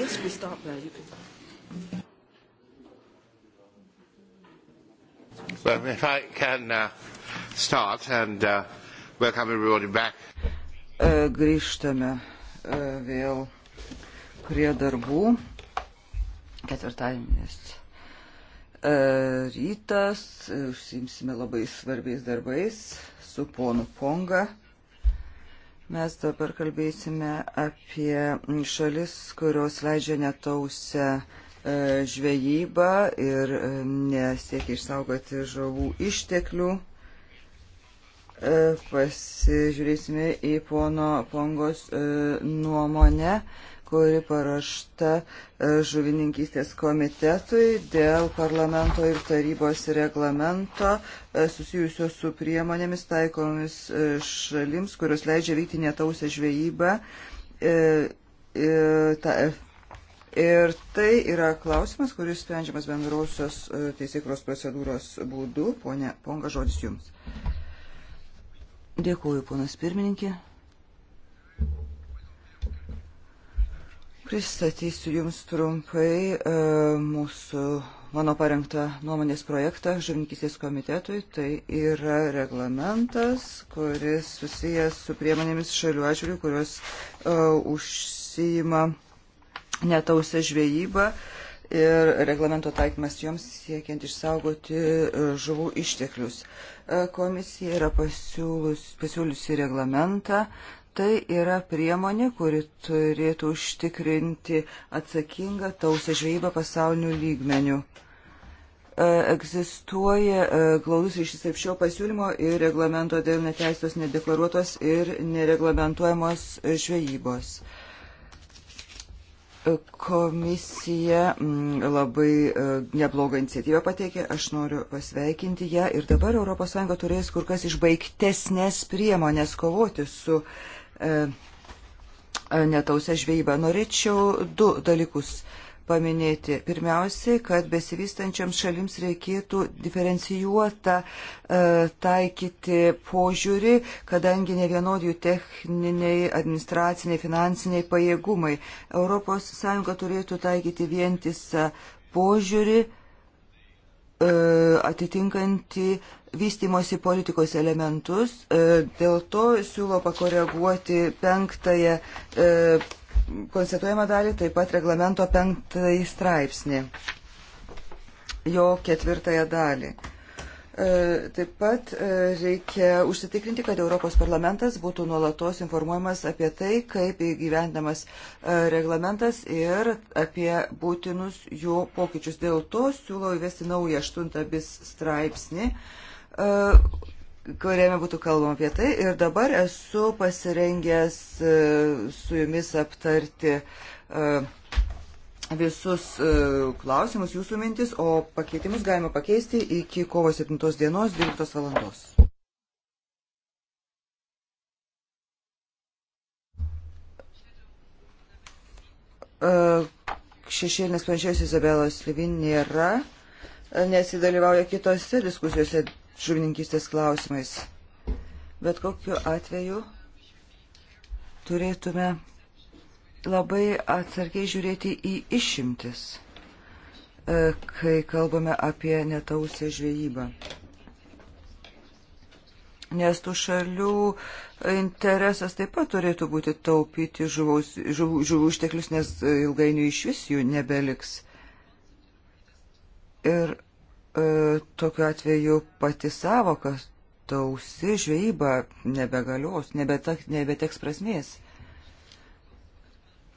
Yes, we start there. You can. Well, if I can uh, start and uh, welcome everybody back. Uh, grįžtame uh, vėl prie darbų. Ketvirtadienis uh, rytas. Užsimsime labai svarbiais darbais su ponu Ponga. Uh, Mes dabar kalbėsime apie šalis, kurios leidžia netausią e, žvejybą ir e, nesiekia išsaugoti žavų išteklių. E, pasižiūrėsime į pono Pongos nuomonę kuri parašta e, žuvininkystės komitetui dėl parlamento ir tarybos reglamento e, susijusio su priemonėmis taikomis e, šalims, kurios leidžia vykti netausią žvejybą. Ir tai yra klausimas, kuris sprendžiamas bendrausios teisėkros procedūros būdu. Pone Ponga, žodis Jums. Dėkuoju, ponas pirmininkė. Pristatysiu Jums trumpai e, mūsų mano parengtą nuomonės projektą žuvininkystės komitetui. Tai yra reglamentas, kuris susijęs su priemonėmis šalių atžvilgių, kurios uh, e, užsijima netausia žvejyba ir reglamento taikymas joms siekiant išsaugoti e, žuvų išteklius. Komisija yra pasiūlus, pasiūliusi reglamentą Tai yra priemonė, kuri turėtų užtikrinti atsakingą tausią žvejybą pasaulinių lygmenių e, egzistuoja e, glaudus ryšys tarp šio pasiūlymo ir reglamento dėl neteistos, nedeklaruotos ir nereglamentuojamos žvejybos. E, komisija mm, labai neblogą iniciatyvą pateikė, aš noriu pasveikinti ją ir dabar ES turės kur kas išbaigtesnės priemonės kovoti su uh, E, e, netausią žvejybą. Norėčiau du dalykus paminėti. Pirmiausiai, kad besivystančiams šalims reikėtų diferencijuotą e, taikyti požiūrį, kadangi ne vienodi jų techniniai, administraciniai, finansiniai pajėgumai. ES turėtų taikyti vientisą požiūrį e, atitinkantį vystimosi politikos elementus. E, dėl to siūlo pakoreguoti penktąją e, konstatuojamą dalį, taip pat reglamento penktąjį straipsnį, jo ketvirtąją dalį. E, taip pat reikia užsitikrinti, kad Europos parlamentas būtų nuolatos informuojamas apie tai, kaip įgyvendamas reglamentas ir apie būtinus jų pokyčius. Dėl to siūlau įvesti naują aštuntą bis straipsnį. Uh, E, kuriame būtų kalbama apie tai. Ir dabar esu pasirengęs e, su jumis aptarti e, visus klausimus, jūsų mintis, o pakeitimus galima pakeisti iki kovo 7 dienos 12 valandos. Šešėlinės panšiaus Izabelos Livin nėra, nes įdalyvauja kitose diskusijose žuvininkystės klausimais. Bet kokiu atveju turėtume labai atsargiai žiūrėti į išimtis, e, kai kalbame apie netausę žvejybą. Nes tų šalių interesas taip pat turėtų būti taupyti žuvaus, žuvų, žuvų išteklius, nes ilgainiui iš vis jų nebeliks. Ir E, tokiu atveju pati savoka tausi žvejyba nebegalios, nebetek, nebeteks prasmės.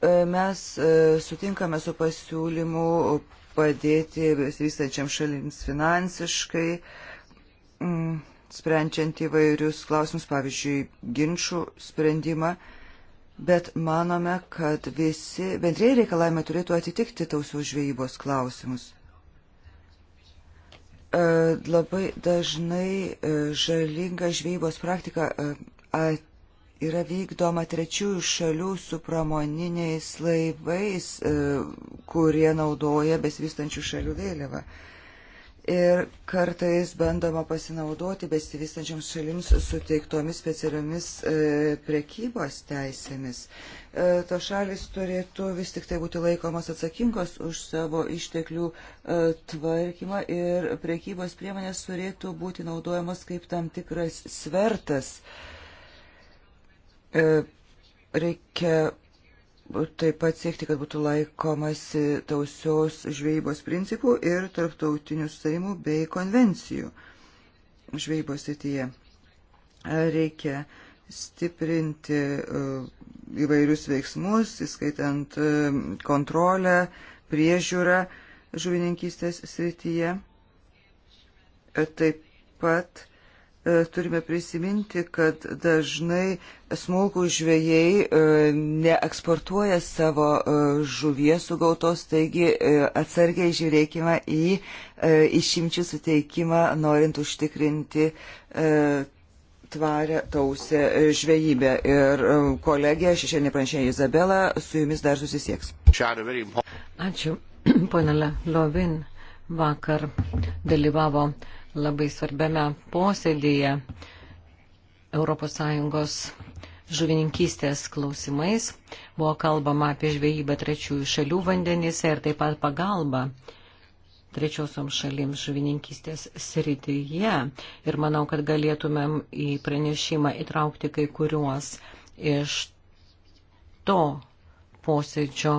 E, mes e, sutinkame su pasiūlymu padėti vystančiam šalims finansiškai, mm, sprendžiant įvairius klausimus, pavyzdžiui, ginčių sprendimą, bet manome, kad visi bendrėjai reikalavimai turėtų atitikti tausios žvejybos klausimus. E, labai dažnai e, žalinga žvejybos praktika e, yra vykdoma trečiųjų šalių su pramoniniais laivais, kurie naudoja besivystančių šalių vėliavą ir kartais bandoma pasinaudoti besivystančiams šalims suteiktomis specialiomis e, prekybos teisėmis. E, to šalis turėtų vis tik tai būti laikomas atsakingos už savo išteklių e, tvarkymą ir prekybos priemonės turėtų būti naudojamos kaip tam tikras svertas. E, reikia taip pat siekti, kad būtų laikomasi tausios žvejybos principų ir tarptautinių sustarimų bei konvencijų žvejybos srityje. Reikia stiprinti e, įvairius veiksmus, įskaitant e, kontrolę, priežiūrą žuvininkystės srityje. E, taip pat E, turime prisiminti, kad dažnai smulkų žvėjai e, neeksportuoja savo e, žuvies sugautos, taigi atsargiai žiūrėkime į išimčių suteikimą, norint užtikrinti tvarę tausę žvejybę. Ir kolegė, šešėlė pranešė Izabela, su jumis dar susisieks. Ačiū. Pone Lovin vakar dalyvavo labai svarbiame posėdėje ES žuvininkystės klausimais. Buvo kalbama apie žvejybą trečiųjų šalių vandenyse ir taip pat pagalbą trečiosiom šalims žuvininkystės srityje. Ir manau, kad galėtumėm į pranešimą įtraukti kai kuriuos iš to posėdžio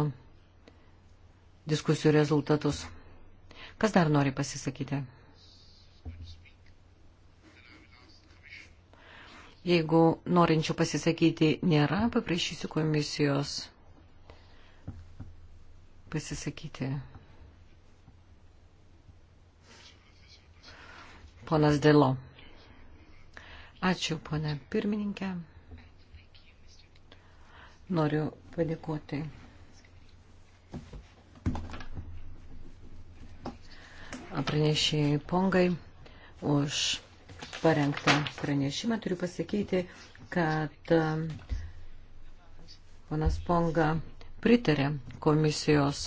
diskusijų rezultatus. Kas dar nori pasisakyti? Jeigu norinčių pasisakyti nėra, paprašysiu komisijos pasisakyti. Ponas Dėlo. Ačiū, ponė pirmininkė. Noriu padėkoti pranešėjai Pongai už parengtą pranešimą. Turiu pasakyti, kad um, ponas Ponga pritarė komisijos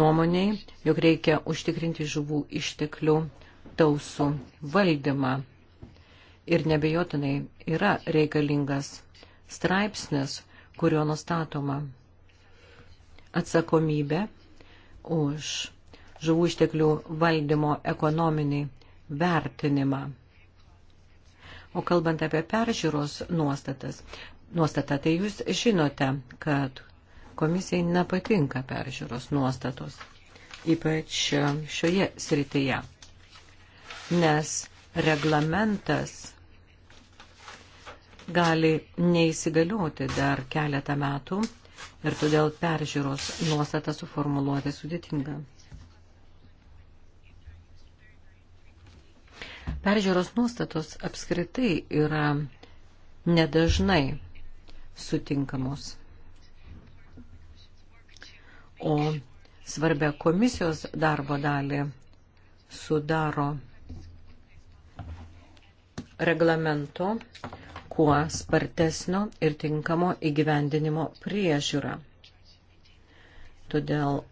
nuomoniai, jog reikia užtikrinti žuvų išteklių tausų valdymą. Ir nebejotinai yra reikalingas straipsnis, kurio nustatoma atsakomybė už žuvų išteklių valdymo ekonominį vertinimą. O kalbant apie peržiūros nuostatas, nuostatą, tai jūs žinote, kad komisijai nepatinka peržiūros nuostatos, ypač šioje srityje, nes reglamentas gali neįsigalioti dar keletą metų ir todėl peržiūros nuostatą suformuluoti sudėtinga. Peržiūros nuostatos apskritai yra nedažnai sutinkamos. O svarbę komisijos darbo dalį sudaro reglamento kuo spartesnio ir tinkamo įgyvendinimo priežiūra. Todėl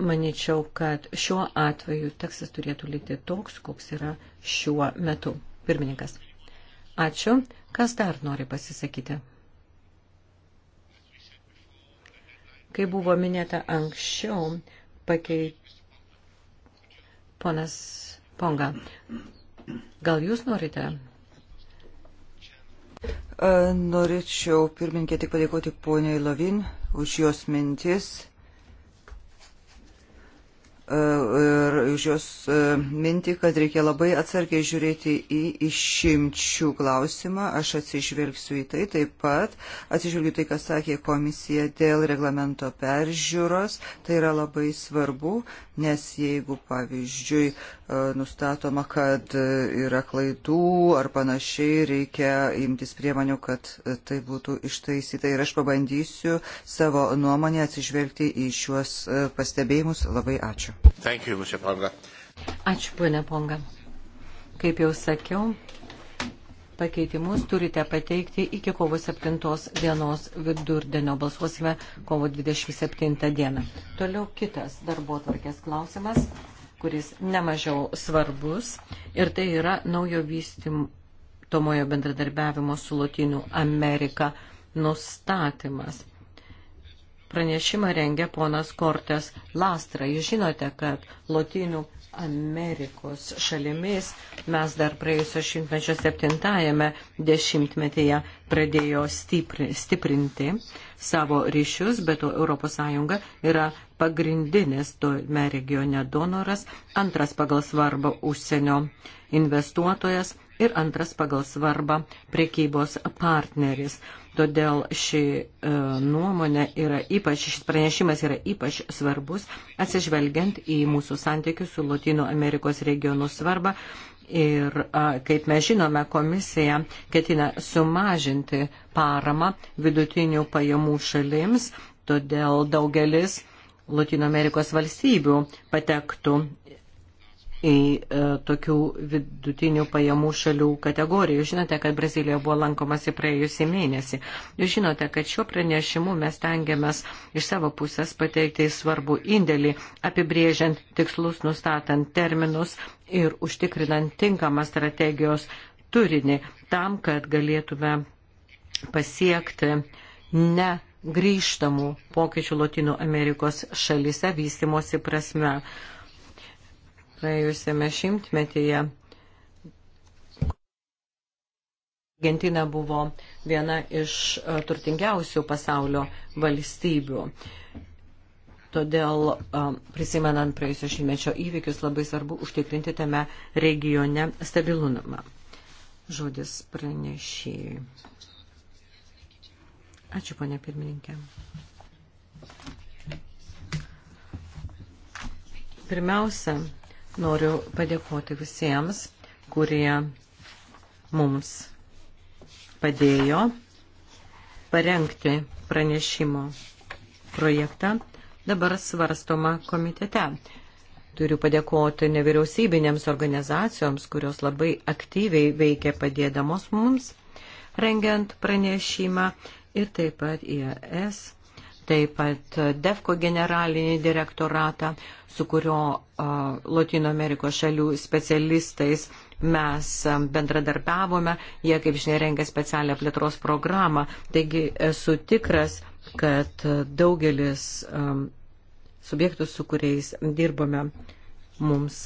manyčiau, kad šiuo atveju tekstas turėtų likti toks, koks yra šiuo metu. Pirmininkas. Ačiū. Kas dar nori pasisakyti? Kai buvo minėta anksčiau, pakei... Ponas Ponga, gal jūs norite Norėčiau pirmininkė tik padėkoti poniai Lavin už jos mintis ir iš jos e, mintį, kad reikia labai atsargiai žiūrėti į išimčių klausimą. Aš atsižvelgsiu į tai taip pat. Atsižvelgiu tai, ką sakė komisija dėl reglamento peržiūros. Tai yra labai svarbu, nes jeigu, pavyzdžiui, nustatoma, kad yra klaidų ar panašiai, reikia imtis priemonių, kad tai būtų ištaisyta. Ir aš pabandysiu savo nuomonę atsižvelgti į šiuos e, pastebėjimus. Labai ačiū. Thank you, ačiū, ponė Ponga. Kaip jau sakiau, pakeitimus turite pateikti iki kovo 7 dienos vidurdienio. Balsuosime kovo 27 dieną. Toliau kitas darbo tvarkės klausimas kuris nemažiau svarbus ir tai yra naujo vystymojo bendradarbiavimo su Latinų Amerika nustatymas. Pranešimą rengia ponas Kortes Lastra. Jūs žinote, kad Latinų Amerikos šalimis mes dar praėjusio šimtmečio septintajame dešimtmetyje pradėjo stipri, stiprinti savo ryšius, bet ES yra pagrindinis tome regione donoras, antras pagal svarbą užsienio investuotojas ir antras pagal svarbą prekybos partneris. Todėl ši e, nuomonė yra ypač, šis pranešimas yra ypač svarbus, atsižvelgiant į mūsų santykius su Latino Amerikos regionų svarbą ir, kaip mes žinome, komisija ketina sumažinti paramą vidutinių pajamų šalims, todėl daugelis Latino Amerikos valstybių patektų į e, tokių vidutinių pajamų šalių kategorijų. Žinote, kad Brazilija buvo lankomasi praėjusį mėnesį. Jūs žinote, kad šiuo pranešimu mes tengiamės iš savo pusės pateikti svarbų indėlį, apibrėžiant tikslus, nustatant terminus ir užtikrinant tinkamą strategijos turinį tam, kad galėtume pasiekti ne grįžtamų pokyčių Latino Amerikos šalise vystimosi prasme. Praėjusiame šimtmetyje Argentina buvo viena iš e, turtingiausių pasaulio valstybių. Todėl, e, prisimenant praėjusio šimtmečio įvykius, labai svarbu užtikrinti tame regione stabilumą. Žodis pranešėjai. Ačiū, ponė pirmininkė. Pirmiausia, noriu padėkoti visiems, kurie mums padėjo parengti pranešimo projektą dabar svarstoma komitete. Turiu padėkoti nevyriausybinėms organizacijoms, kurios labai aktyviai veikia padėdamos mums, rengiant pranešimą ir taip pat IAS, taip pat DEFCO generalinį direktoratą, su kurio Latino Amerikos šalių specialistais mes bendradarbiavome, jie, kaip žinia, rengia specialią plėtros programą. Taigi esu tikras, kad daugelis subjektų, su kuriais dirbome, mums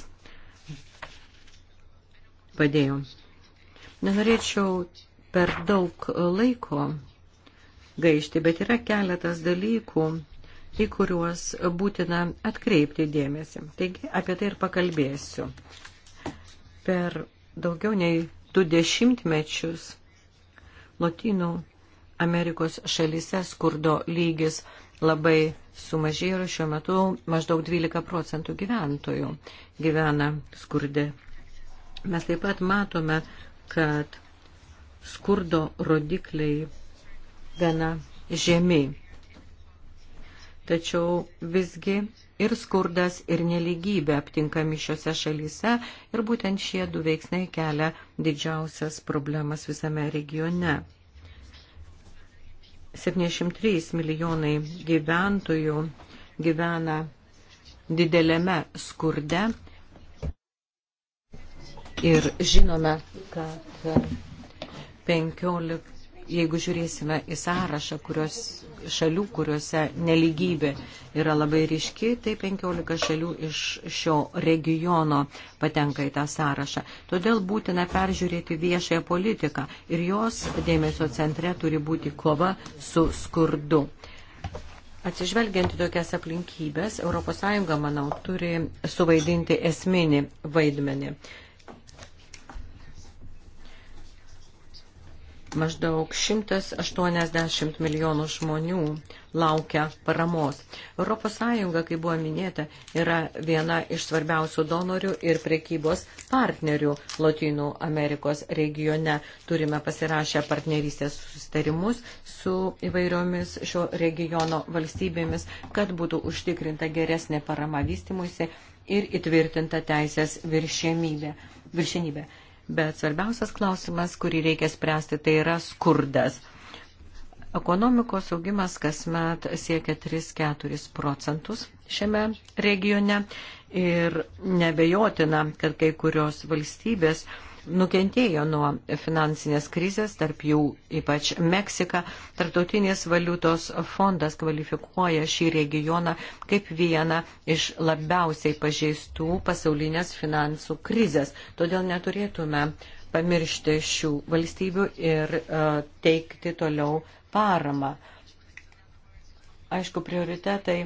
padėjo. Nenorėčiau per daug laiko gaišti, bet yra keletas dalykų, į kuriuos būtina atkreipti dėmesį. Taigi apie tai ir pakalbėsiu. Per daugiau nei du dešimtmečius Latinų Amerikos šalyse skurdo lygis labai sumažėjo ir šiuo metu maždaug 12 procentų gyventojų gyvena skurde. Mes taip pat matome, kad skurdo rodikliai gana žemi. Tačiau visgi ir skurdas, ir neligybė aptinkami šiuose šalyse ir būtent šie du veiksniai kelia didžiausias problemas visame regione. 73 milijonai gyventojų gyvena didelėme skurde ir žinome, kad 15 jeigu žiūrėsime į sąrašą kurios, šalių, kuriuose neligybė yra labai ryški, tai 15 šalių iš šio regiono patenka į tą sąrašą. Todėl būtina peržiūrėti viešąją politiką ir jos dėmesio centre turi būti kova su skurdu. Atsižvelgiant į tokias aplinkybės, ES, manau, turi suvaidinti esminį vaidmenį. Maždaug 180 milijonų žmonių laukia paramos. ES, kaip buvo minėta, yra viena iš svarbiausių donorių ir prekybos partnerių Latinų Amerikos regione. Turime pasirašę partnerystės sustarimus su įvairiomis šio regiono valstybėmis, kad būtų užtikrinta geresnė parama vystimuisi ir įtvirtinta teisės viršienybė. viršienybė bet svarbiausias klausimas, kurį reikia spręsti, tai yra skurdas. Ekonomikos augimas kasmet siekia 3-4 procentus šiame regione ir nebejotina, kad kai kurios valstybės nukentėjo nuo finansinės krizės, tarp jų ypač Meksika. Tartautinės valiutos fondas kvalifikuoja šį regioną kaip vieną iš labiausiai pažeistų pasaulinės finansų krizės. Todėl neturėtume pamiršti šių valstybių ir uh, teikti toliau paramą. Aišku, prioritetai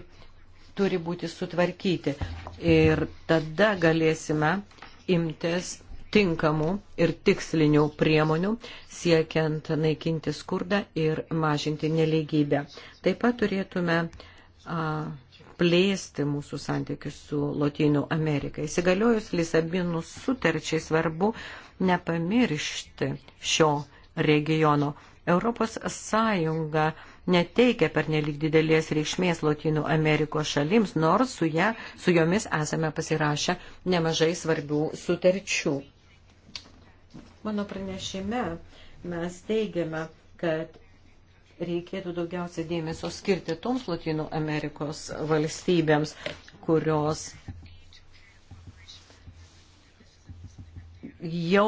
turi būti sutvarkyti. Ir tada galėsime imtis tinkamų ir tikslinių priemonių siekiant naikinti skurdą ir mažinti neligybę. Taip pat turėtume a, plėsti mūsų santykius su Lotynų Amerika. Įsigaliojus Lisabinų sutarčiai svarbu nepamiršti šio regiono. Europos Sąjunga neteikia per nelik didelės reikšmės Lotynų Amerikos šalims, nors su, ja, su jomis esame pasirašę nemažai svarbių sutarčių. Mano pranešime mes teigiame, kad reikėtų daugiausia dėmesio skirti toms Latinų Amerikos valstybėms, kurios jau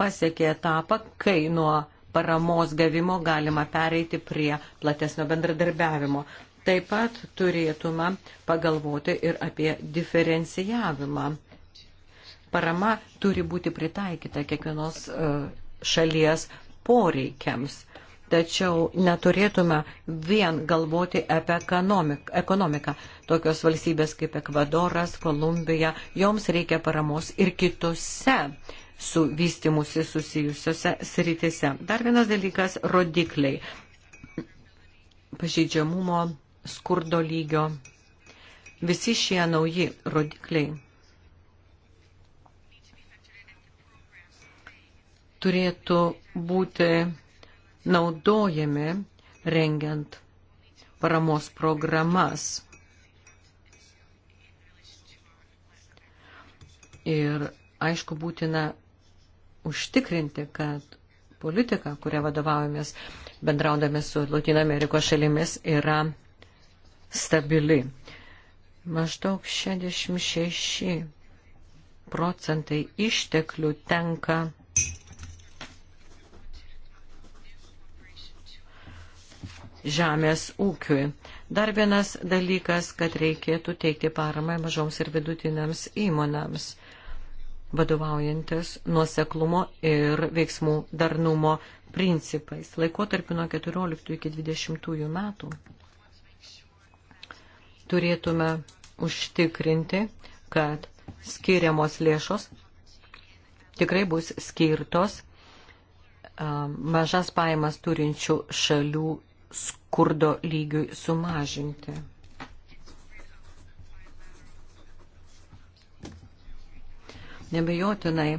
pasiekė etapą, kai nuo paramos gavimo galima pereiti prie platesnio bendradarbiavimo. Taip pat turėtume pagalvoti ir apie diferencijavimą Parama turi būti pritaikyta kiekvienos e, šalies poreikiams. Tačiau neturėtume vien galvoti apie ekonomiką. ekonomiką. Tokios valstybės kaip Ekvadoras, Kolumbija, joms reikia paramos ir kitose su vystimusi susijusiose sritise. Dar vienas dalykas - rodikliai. Pažeidžiamumo, skurdo lygio. Visi šie nauji rodikliai turėtų būti naudojami rengiant paramos programas. Ir aišku, būtina užtikrinti, kad politika, kurią vadovaujamės bendraudami su Latino Amerikos šalimis, yra stabili. Maždaug 66 procentai išteklių tenka žemės ūkiui. Dar vienas dalykas, kad reikėtų teikti paramą mažoms ir vidutinėms įmonėms, vadovaujantis nuoseklumo ir veiksmų darnumo principais. Laikotarpiu nuo 14 iki 20 metų turėtume užtikrinti, kad skiriamos lėšos tikrai bus skirtos mažas paimas turinčių šalių skurdo lygiui sumažinti. Nebejotinai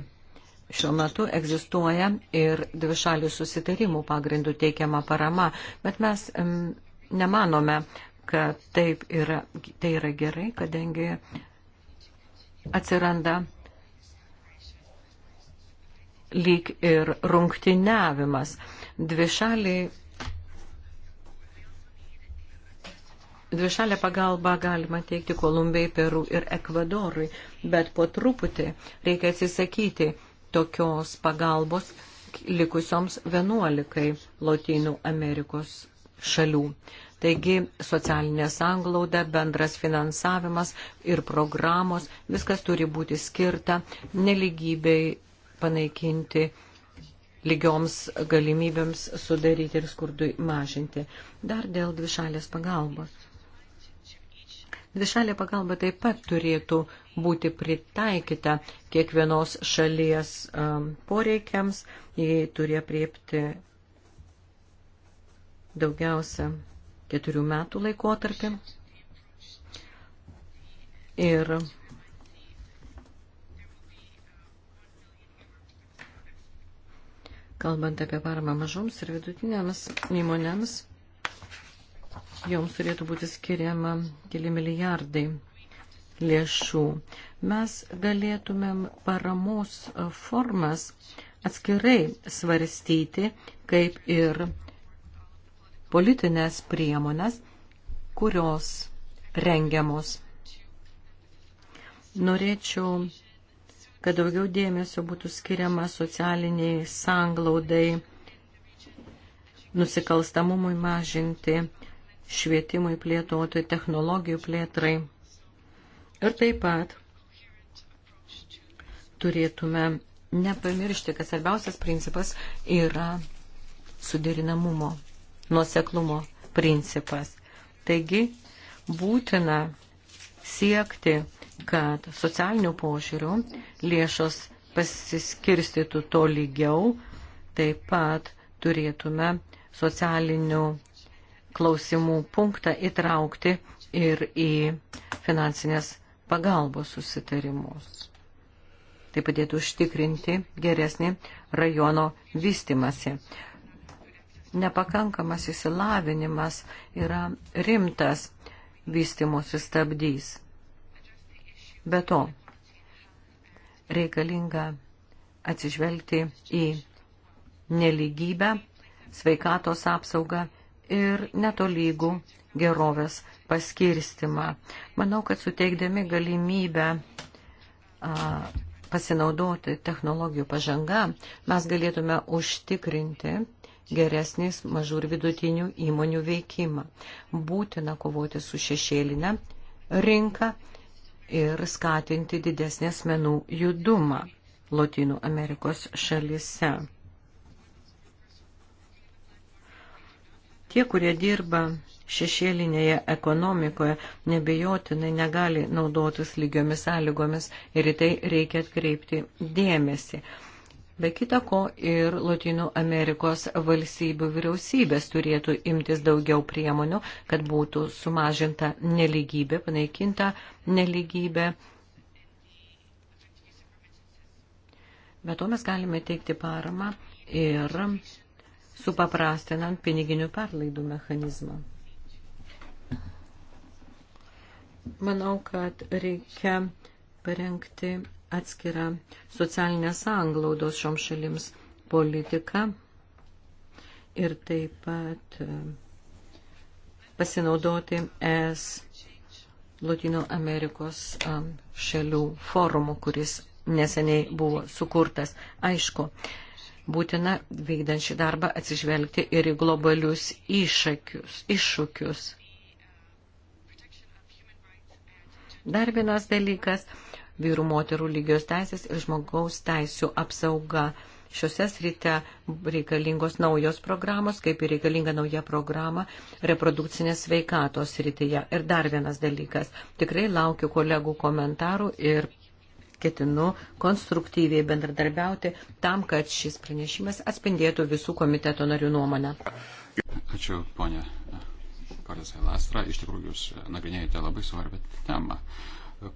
Šiuo metu egzistuoja ir dvišalių susitarimų pagrindų teikiama parama, bet mes m, nemanome, kad taip yra, tai yra gerai, kadangi atsiranda lyg ir rungtiniavimas. Dvišaliai Dvišalę pagalbą galima teikti Kolumbijai, Peru ir Ekvadorui, bet po truputį reikia atsisakyti tokios pagalbos likusioms 11 Lotynų Amerikos šalių. Taigi socialinė sanglauda, bendras finansavimas ir programos, viskas turi būti skirta neligybei panaikinti lygioms galimybėms sudaryti ir skurdui mažinti. Dar dėl dvišalės pagalbos. Dvišalė pagalba taip pat turėtų būti pritaikyta kiekvienos šalies um, poreikiams, jie turi apriepti daugiausia keturių metų laikotarpį. Ir kalbant apie paramą mažoms ir vidutinėms įmonėms, joms turėtų būti skiriama keli milijardai lėšų. Mes galėtumėm paramos formas atskirai svarstyti, kaip ir politinės priemonės, kurios rengiamos. Norėčiau, kad daugiau dėmesio būtų skiriama socialiniai sanglaudai, nusikalstamumui mažinti, švietimui plėtoti, technologijų plėtrai. Ir taip pat turėtume nepamiršti, kad svarbiausias principas yra suderinamumo, nuoseklumo principas. Taigi būtina siekti, kad socialinių požiūrių lėšos pasiskirstytų to lygiau, taip pat turėtume socialinių klausimų punktą įtraukti ir į finansinės pagalbos susitarimus. Tai padėtų užtikrinti geresnį rajono vystimasi. Nepakankamas įsilavinimas yra rimtas vystimosi stabdys. Be to, reikalinga atsižvelgti į neligybę, sveikatos apsaugą ir netolygų gerovės paskirstimą. Manau, kad suteikdami galimybę a, pasinaudoti technologijų pažanga, mes galėtume užtikrinti geresnis mažų ir vidutinių įmonių veikimą. Būtina kovoti su šešėlinė rinka ir skatinti didesnės menų judumą Lotynų Amerikos šalise. Tie, kurie dirba šešėlinėje ekonomikoje, nebejotinai negali naudotis lygiomis sąlygomis ir į tai reikia atkreipti dėmesį. Be kita ko ir Latino Amerikos valstybių vyriausybės turėtų imtis daugiau priemonių, kad būtų sumažinta neligybė, panaikinta neligybė. Be to mes galime teikti paramą ir supaprastinant piniginių perlaidų mechanizmą. Manau, kad reikia parengti atskirą socialinės anglaudos šioms šalims politiką ir taip pat e, pasinaudoti es Latino Amerikos e, šalių forumu, kuris neseniai buvo sukurtas. Aišku, būtina vykdant šį darbą atsižvelgti ir į globalius iššakius, iššūkius. Dar vienas dalykas - vyrų moterų lygios teisės ir žmogaus teisų apsauga. Šiuose srite reikalingos naujos programos, kaip ir reikalinga nauja programa reprodukcinės sveikatos srityje. Ir dar vienas dalykas. Tikrai laukiu kolegų komentarų ir ketinu konstruktyviai bendradarbiauti tam, kad šis pranešimas atspindėtų visų komiteto narių nuomonę. Ačiū, ponė Korisai Lastra. Iš tikrųjų, jūs nagrinėjate labai svarbią temą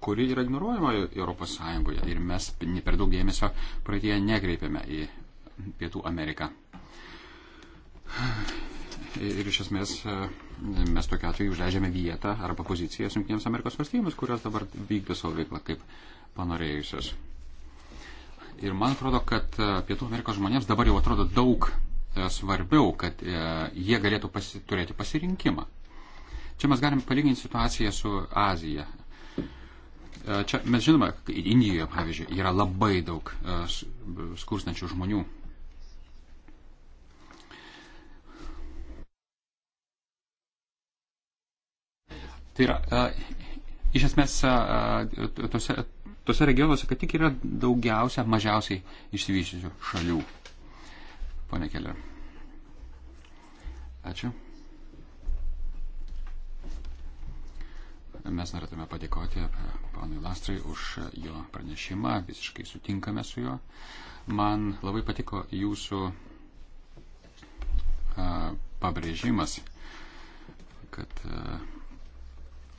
kuri yra ignoruojama Europos Sąjungoje ir mes per daug dėmesio praeitie nekreipiame į Pietų Ameriką. Ir iš esmės e, mes tokiu atveju užleidžiame vietą arba pozicijas Junktinėms Amerikos valstybėms, kurios dabar vykdo savo veiklą kaip panorėjusios. Ir man atrodo, kad e, Pietų Amerikos žmonėms dabar jau atrodo daug e, svarbiau, kad jie galėtų pasi, turėti pasirinkimą. Čia mes galim palyginti situaciją su Azija. Čia mes žinome, Indijoje, pavyzdžiui, yra labai daug skurstančių žmonių Tai yra, iš esmės, tose, tose regionuose, kad tik yra daugiausia, mažiausiai išsivyščiusių šalių. Pone Keller. Ačiū. Mes norėtume padėkoti panui Lastrai už jo pranešimą, visiškai sutinkame su juo. Man labai patiko jūsų a, pabrėžimas, kad a,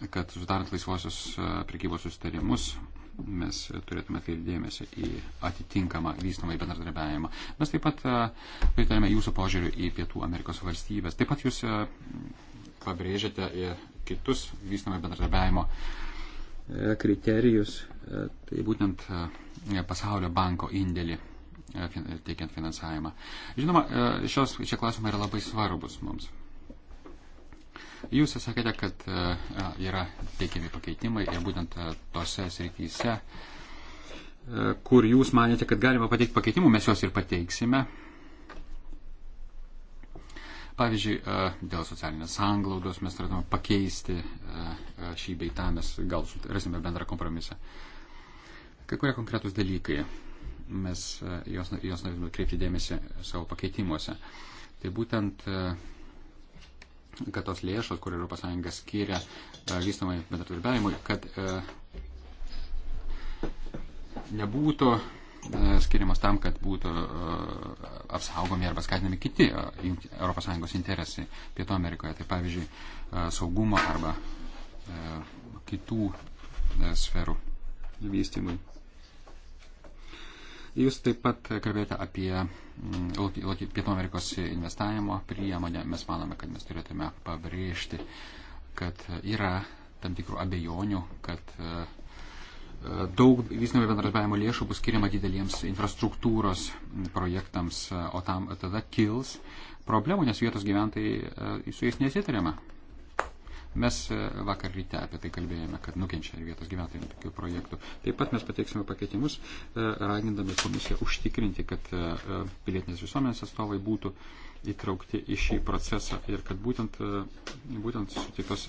kad sudarant laisvosios e, prekybos susitarimus mes turėtume atkreipti dėmesį į atitinkamą vystamą į bendradarbiavimą. Mes taip pat e, pritarėme jūsų požiūriu į Pietų Amerikos valstybės. Taip pat jūs e, pabrėžiate kitus vystamą bendradarbiavimo kriterijus, tai būtent pasaulio banko indėlį teikiant finansavimą. Žinoma, šios, šie klausimai yra labai svarbus mums. Jūs sakėte, kad e, yra teikiami pakeitimai ir būtent e, tose srityse, e, kur jūs manėte, kad galima pateikti pakeitimų, mes juos ir pateiksime. Pavyzdžiui, dėl socialinės sanglaudos mes turėtume pakeisti šį beitą, mes gal rasime bendrą kompromisą. Kai kurie konkretūs dalykai, mes jos, jos norėtume kreipti dėmesį savo pakeitimuose. Tai būtent kad tos lėšos, kur ES skiria e, vystamai bendradarbiavimui, kad e, nebūtų e, skiriamas tam, kad būtų apsaugomi arba skatinami kiti ES interesai Pietų Amerikoje, tai pavyzdžiui saugumo arba kitų sferų vystymui. Jūs taip pat kalbėjote apie Pietų Amerikos investavimo priemonę, mes manome, kad mes turėtume pabrėžti, kad yra tam tikrų abejonių, kad e, e, daug vystymo bendradarbiavimo lėšų bus skiriama dideliems infrastruktūros projektams, e, o tam tada kils problemų, nes vietos gyventojai su jais nesitariama. Mes e, vakar ryte apie tai kalbėjome, kad nukenčia ir vietos gyventojai nuo tokių projektų. Taip pat mes pateiksime pakeitimus, e, ragindami komisiją užtikrinti, kad e, pilietinės visuomenės atstovai būtų įtraukti į šį procesą ir kad būtent, būtent sutiktos,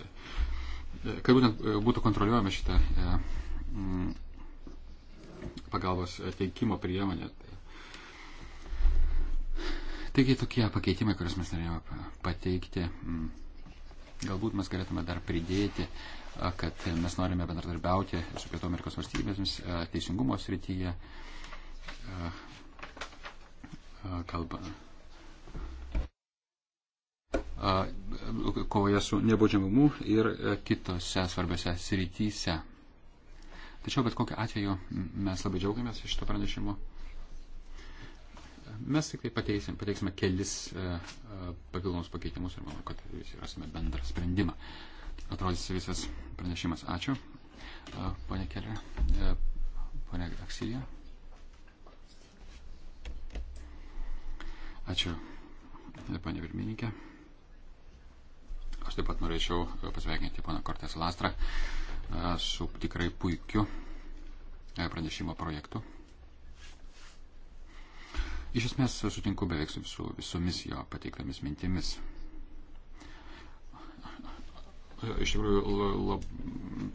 kad būtent būtų kontroliuojama šitą pagalbos teikimo priemonė. Taigi tokie pakeitimai, kuriuos mes norėjome pateikti. Mm. Galbūt mes galėtume dar pridėti, kad mes norime bendradarbiauti su Pietų Amerikos valstybėmis teisingumo srityje. Kalba. kovoje su nebaudžiamumu ir kitose svarbiose srityse. Tačiau bet kokiu atveju mes labai džiaugiamės iš šito pranešimo. Mes tik tai pateisim, pateiksime kelis e, e, papildomus pakeitimus ir manau, kad visi rasime bendrą sprendimą. Atrodys visas pranešimas. Ačiū. E, pane Keller, pane Aksilija. Ačiū, panė Virmininkė. Aš taip pat norėčiau pasveikinti pana Kortes Lastrą su tikrai puikiu pranešimo projektu. Iš esmės sutinku beveik su visu, visomis jo pateiktomis mintimis. Iš tikrųjų, lab,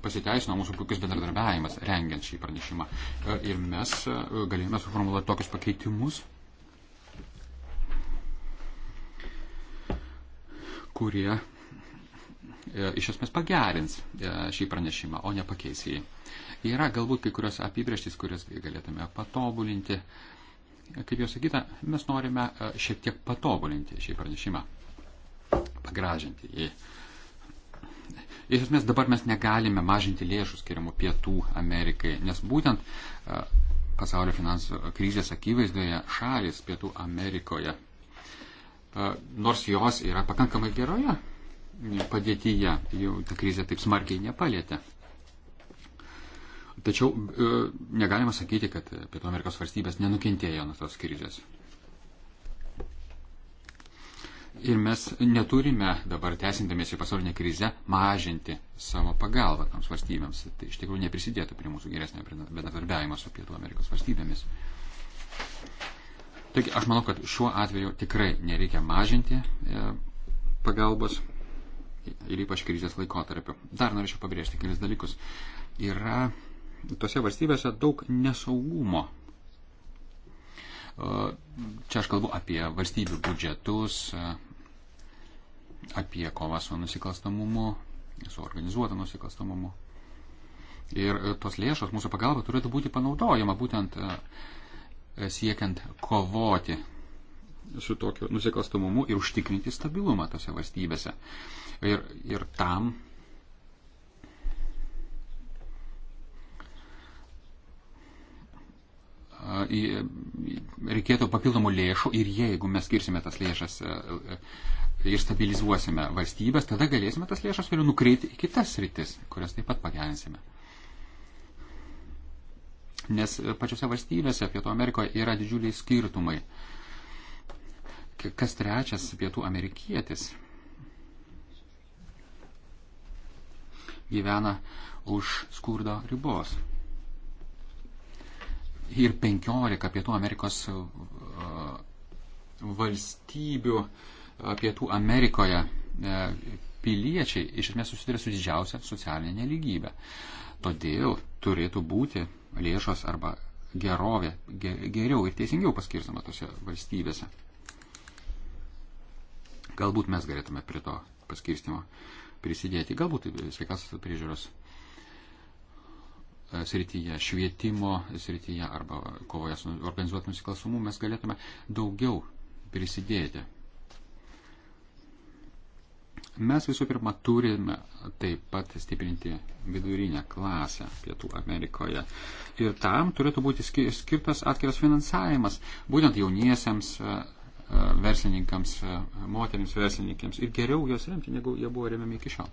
pasiteisino mūsų puikus bendradarbiavimas rengiant šį pranešimą. E, ir mes e, galėjome suformuoluoti tokius pakeitimus, kurie e, iš esmės pagerins šį pranešimą, o ne pakeis jį. Yra galbūt kai kurios apibrieštys, kurias galėtume patobulinti, kaip jau sakyta, mes norime e, šiek tiek patobulinti šį pranešimą, pagražinti jį. Iš esmės dabar mes negalime mažinti lėšų skiriamų Pietų Amerikai, nes būtent e, pasaulio finansų krizės akivaizdoje šalis Pietų Amerikoje, e, nors jos yra pakankamai geroje padėtyje, jau ta krizė taip smarkiai nepalėtė. Tačiau e, negalima sakyti, kad Pietų Amerikos valstybės nenukentėjo nuo tos krizės. Ir mes neturime dabar, tęsindamėsi pasaulinę krizę, mažinti savo pagalbą toms valstybėms. Tai iš tikrųjų neprisidėtų prie mūsų geresnio bendradarbiavimo su Pietų Amerikos valstybėmis. Taigi aš manau, kad šiuo atveju tikrai nereikia mažinti e, pagalbos ir ypač krizės laikotarpiu. Dar norėčiau pabrėžti kelis dalykus. Yra tose valstybėse daug nesaugumo. E, čia aš kalbu apie valstybių biudžetus, e, apie kovą su nusikalstamumu, su organizuotu nusikalstamumu. Ir e, tos lėšos, mūsų pagalba turėtų būti panaudojama būtent siekiant kovoti su tokiu nusikalstamumu ir užtikrinti stabilumą tose valstybėse. Ir, ir tam reikėtų papildomų lėšų ir jeigu mes skirsime tas lėšas e, e, ir stabilizuosime valstybės, tada galėsime tas lėšas vėliau nukreipti į kitas rytis, kurias taip pat pagerinsime. Nes e, pačiose valstybėse Pietų Amerikoje yra didžiuliai skirtumai. Kas trečias pietų amerikietis gyvena už skurdo ribos ir 15 Pietų Amerikos uh, valstybių uh, Pietų Amerikoje uh, piliečiai iš esmės susiduria su didžiausia socialinė neligybė. Todėl turėtų būti lėšos arba gerovė geriau ir teisingiau paskirstama tose valstybėse. Galbūt mes galėtume prie to paskirstimo prisidėti. Galbūt sveikatos priežiūros srityje, švietimo srityje arba kovoje su organizuotų nusikalstamų mes galėtume daugiau prisidėti. Mes visų pirma turime taip pat stiprinti vidurinę klasę Pietų Amerikoje. Ir tam turėtų būti skirtas atskiras finansavimas būtent jauniesiems e, e, verslininkams, e, moteriams verslininkams ir geriau juos remti, negu jie buvo remiami iki šiol.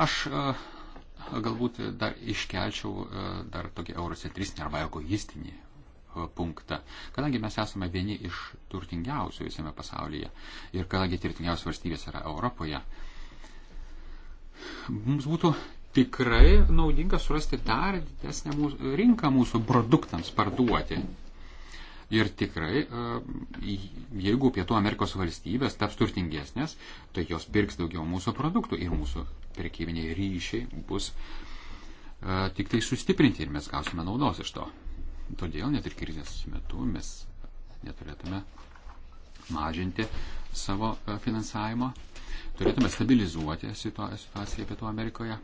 Aš e, galbūt dar iškelčiau e, dar tokį eurocentristinį arba egoistinį e, punktą. Kadangi mes esame vieni iš turtingiausių visame pasaulyje ir kadangi turtingiausios valstybės yra Europoje, mums būtų tikrai naudinga surasti dar didesnę mūsų, rinką mūsų produktams parduoti. Ir tikrai, e, jeigu Pietų Amerikos valstybės taps turtingesnės, tai jos pirks daugiau mūsų produktų ir mūsų prekybiniai ryšiai bus e, tik tai sustiprinti ir mes gausime naudos iš to. Todėl net ir krizės metu mes neturėtume mažinti savo e, finansavimo, turėtume stabilizuoti situaciją Pietų Amerikoje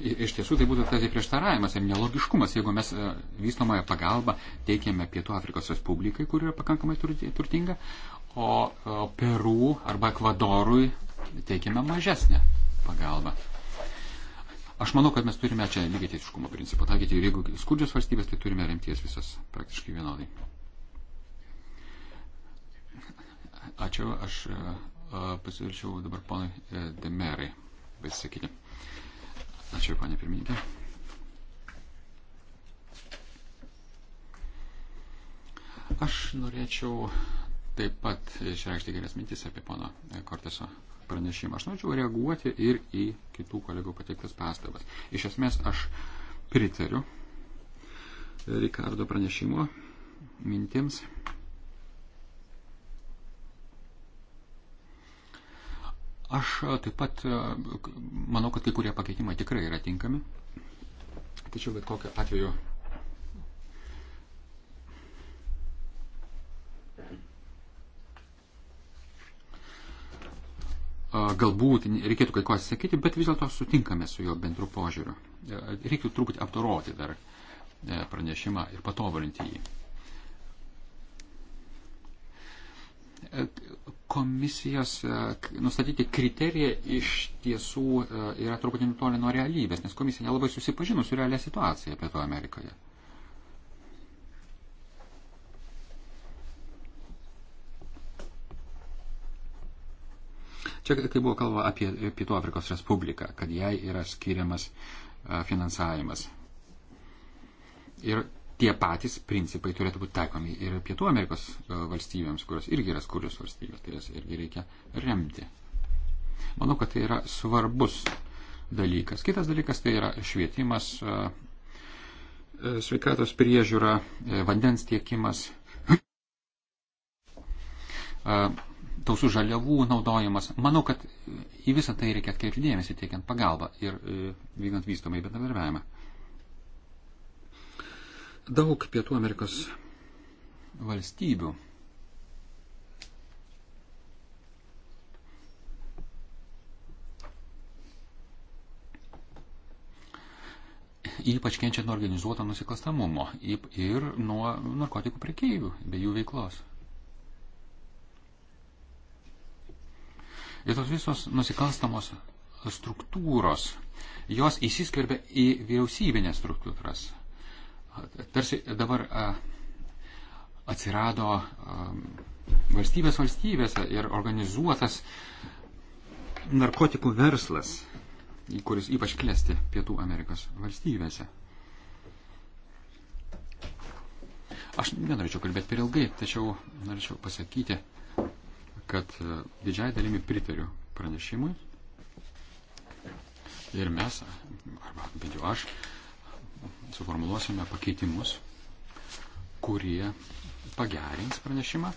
iš tiesų tai būtų tarsi prieštaravimas ir nelogiškumas, jeigu mes e, vystomąją pagalbą teikėme Pietų Afrikos Respublikai, kur yra pakankamai turtinga, o Peru arba Ekvadorui teikėme mažesnę pagalbą. Aš manau, kad mes turime čia lygiateisiškumo principą taikyti ir jeigu skurdžios valstybės, tai turime remti jas visas praktiškai vienodai. Ačiū, aš e, e, pasiūlyčiau dabar ponui Demerai pasisakyti. Ačiū, panė pirmininkė. Aš norėčiau taip pat išreikšti geras mintis apie pono Korteso pranešimą. Aš norėčiau reaguoti ir į kitų kolegų pateiktas pastabas. Iš esmės aš pritariu Rikardo pranešimo mintims Aš e, taip pat e, manau, kad kai kurie pakeitimai tikrai yra tinkami. Tačiau bet kokiu atveju. E, galbūt reikėtų kai ko atsisakyti, bet vis dėlto sutinkame su jo bendru požiūriu. Reikėtų truputį apdoroti dar pranešimą ir patobulinti jį. komisijos e, nustatyti kriterijai iš tiesų e, yra truputį nutolę nuo realybės, nes komisija nelabai susipažino su realia situacija Pietų Amerikoje. Čia, kai buvo kalba apie Pietų Afrikos Respubliką, kad jai yra skiriamas e, finansavimas. Ir tie patys principai turėtų būti taikomi ir Pietų Amerikos e, valstybėms, kurios irgi yra skurios valstybės, tai jas irgi reikia remti. Manau, kad tai yra svarbus dalykas. Kitas dalykas tai yra švietimas, e, e, sveikatos priežiūra, vandens tiekimas, tausų žaliavų naudojimas. Manau, kad į visą tai reikia atkreipti dėmesį tiekiant pagalbą ir vykdant vystomą į bendradarbiavimą. Daug Pietų Amerikos valstybių ypač kenčia nuo organizuoto nusikalstamumo ir nuo narkotikų prekeivių bei jų veiklos. Ir tos visos nusikalstamos struktūros, jos įsiskverbia į vyriausybinės struktūras tarsi dabar atsirado valstybės valstybėse ir organizuotas narkotikų verslas, kuris ypač klesti Pietų Amerikos valstybėse. Aš nenorėčiau kalbėti per ilgai, tačiau norėčiau pasakyti, kad didžiai dalimi pritariu pranešimui. Ir mes, arba bent jau aš, suformuluosime pakeitimus, kurie pagerins pranešimą.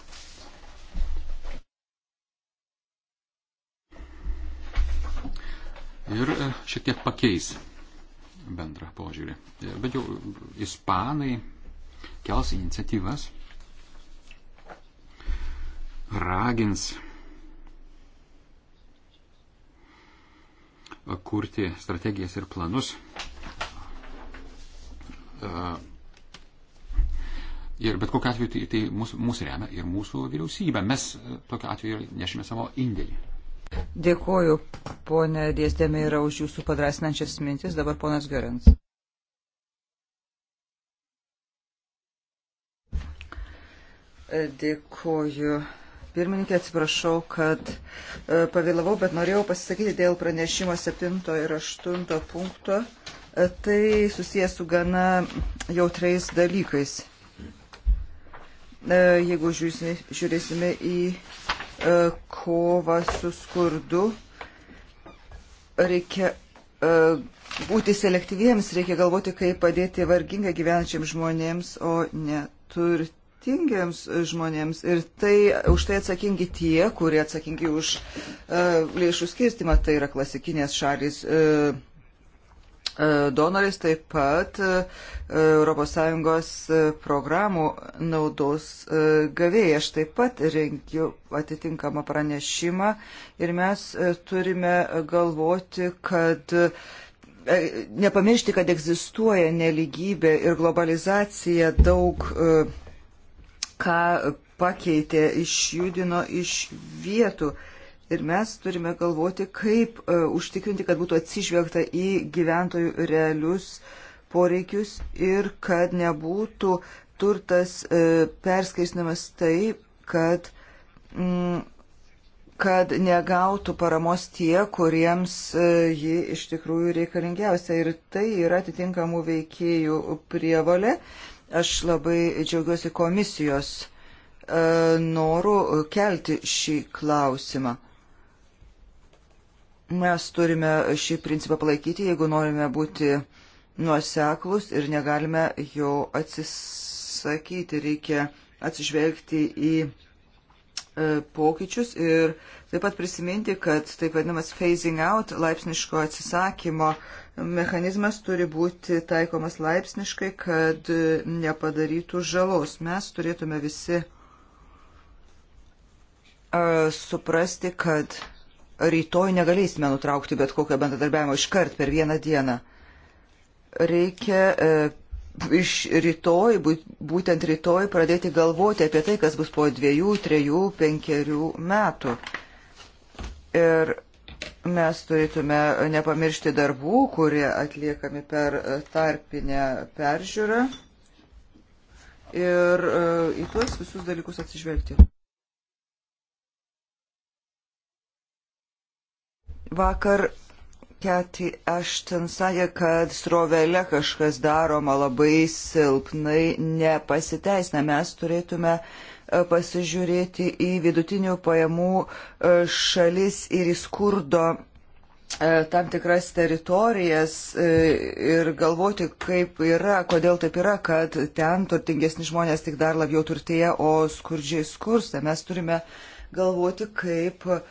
Ir e, šiek tiek pakeis bendrą požiūrį. E, bet jau e, ispanai kels iniciatyvas, ragins kurti strategijas ir planus Ir bet kokiu atveju tai, tai mūsų, mūsų remia ir mūsų vyriausybė. Mes e, tokiu atveju nešime savo indėlį. Dėkuoju, ponė Dėsdėmė, yra už jūsų padrasinančias mintis. Dabar ponas Gerins. E, dėkuoju. Pirmininkė, atsiprašau, kad e, pavėlavau, bet norėjau pasisakyti dėl pranešimo 7 ir 8 punkto. Tai susijęs su gana jautriais dalykais. E, jeigu žiūrėsime į e, kovą su skurdu, reikia e, būti selektyviems, reikia galvoti, kaip padėti vargingai gyvenančiams žmonėms, o ne turtingiems žmonėms. Ir tai, už tai atsakingi tie, kurie atsakingi už uh, lėšų skirstimą, tai yra klasikinės šalis uh, donorais, taip pat ES e, programų naudos e, gavėjai. Aš taip pat rengiu atitinkamą pranešimą ir mes e, turime galvoti, kad nepamiršti, kad egzistuoja neligybė ir globalizacija daug ką pakeitė, išjudino iš vietų. Uh, Ir mes turime galvoti, kaip uh, užtikrinti, kad būtų atsižvelgta į gyventojų realius poreikius ir kad nebūtų turtas uh, e, perskaisnamas taip, kad, mm, kad negautų paramos tie, kuriems uh, ji iš tikrųjų reikalingiausia. Ir tai yra atitinkamų veikėjų prievalė. Aš labai džiaugiuosi komisijos norų kelti šį klausimą. Mes turime šį principą palaikyti, jeigu norime būti nuoseklus ir negalime jo atsisakyti. Reikia atsižvelgti į e, pokyčius ir taip pat prisiminti, kad taip vadinamas phasing out laipsniško atsisakymo mechanizmas turi būti taikomas laipsniškai, kad e, nepadarytų žalos. Mes turėtume visi e, suprasti, kad rytoj negalėsime nutraukti bet kokio bendradarbiavimo iškart per vieną dieną. Reikia e, iš rytoj, būtent rytoj pradėti galvoti apie tai, kas bus po dviejų, trejų, penkerių metų. Ir mes turėtume nepamiršti darbų, kurie atliekami per tarpinę peržiūrą ir e, į tuos visus dalykus atsižvelgti. Vakar Keti Ashton sakė, kad srovelė kažkas daroma labai silpnai, nepasiteisina. Mes turėtume e, pasižiūrėti į vidutinių pajamų e, šalis ir į skurdo e, tam tikras teritorijas ir galvoti, kaip yra, kodėl taip yra, kad ten turtingesni žmonės tik dar labiau turtėja, o skurdžiai skursta. Mes turime galvoti, kaip uh,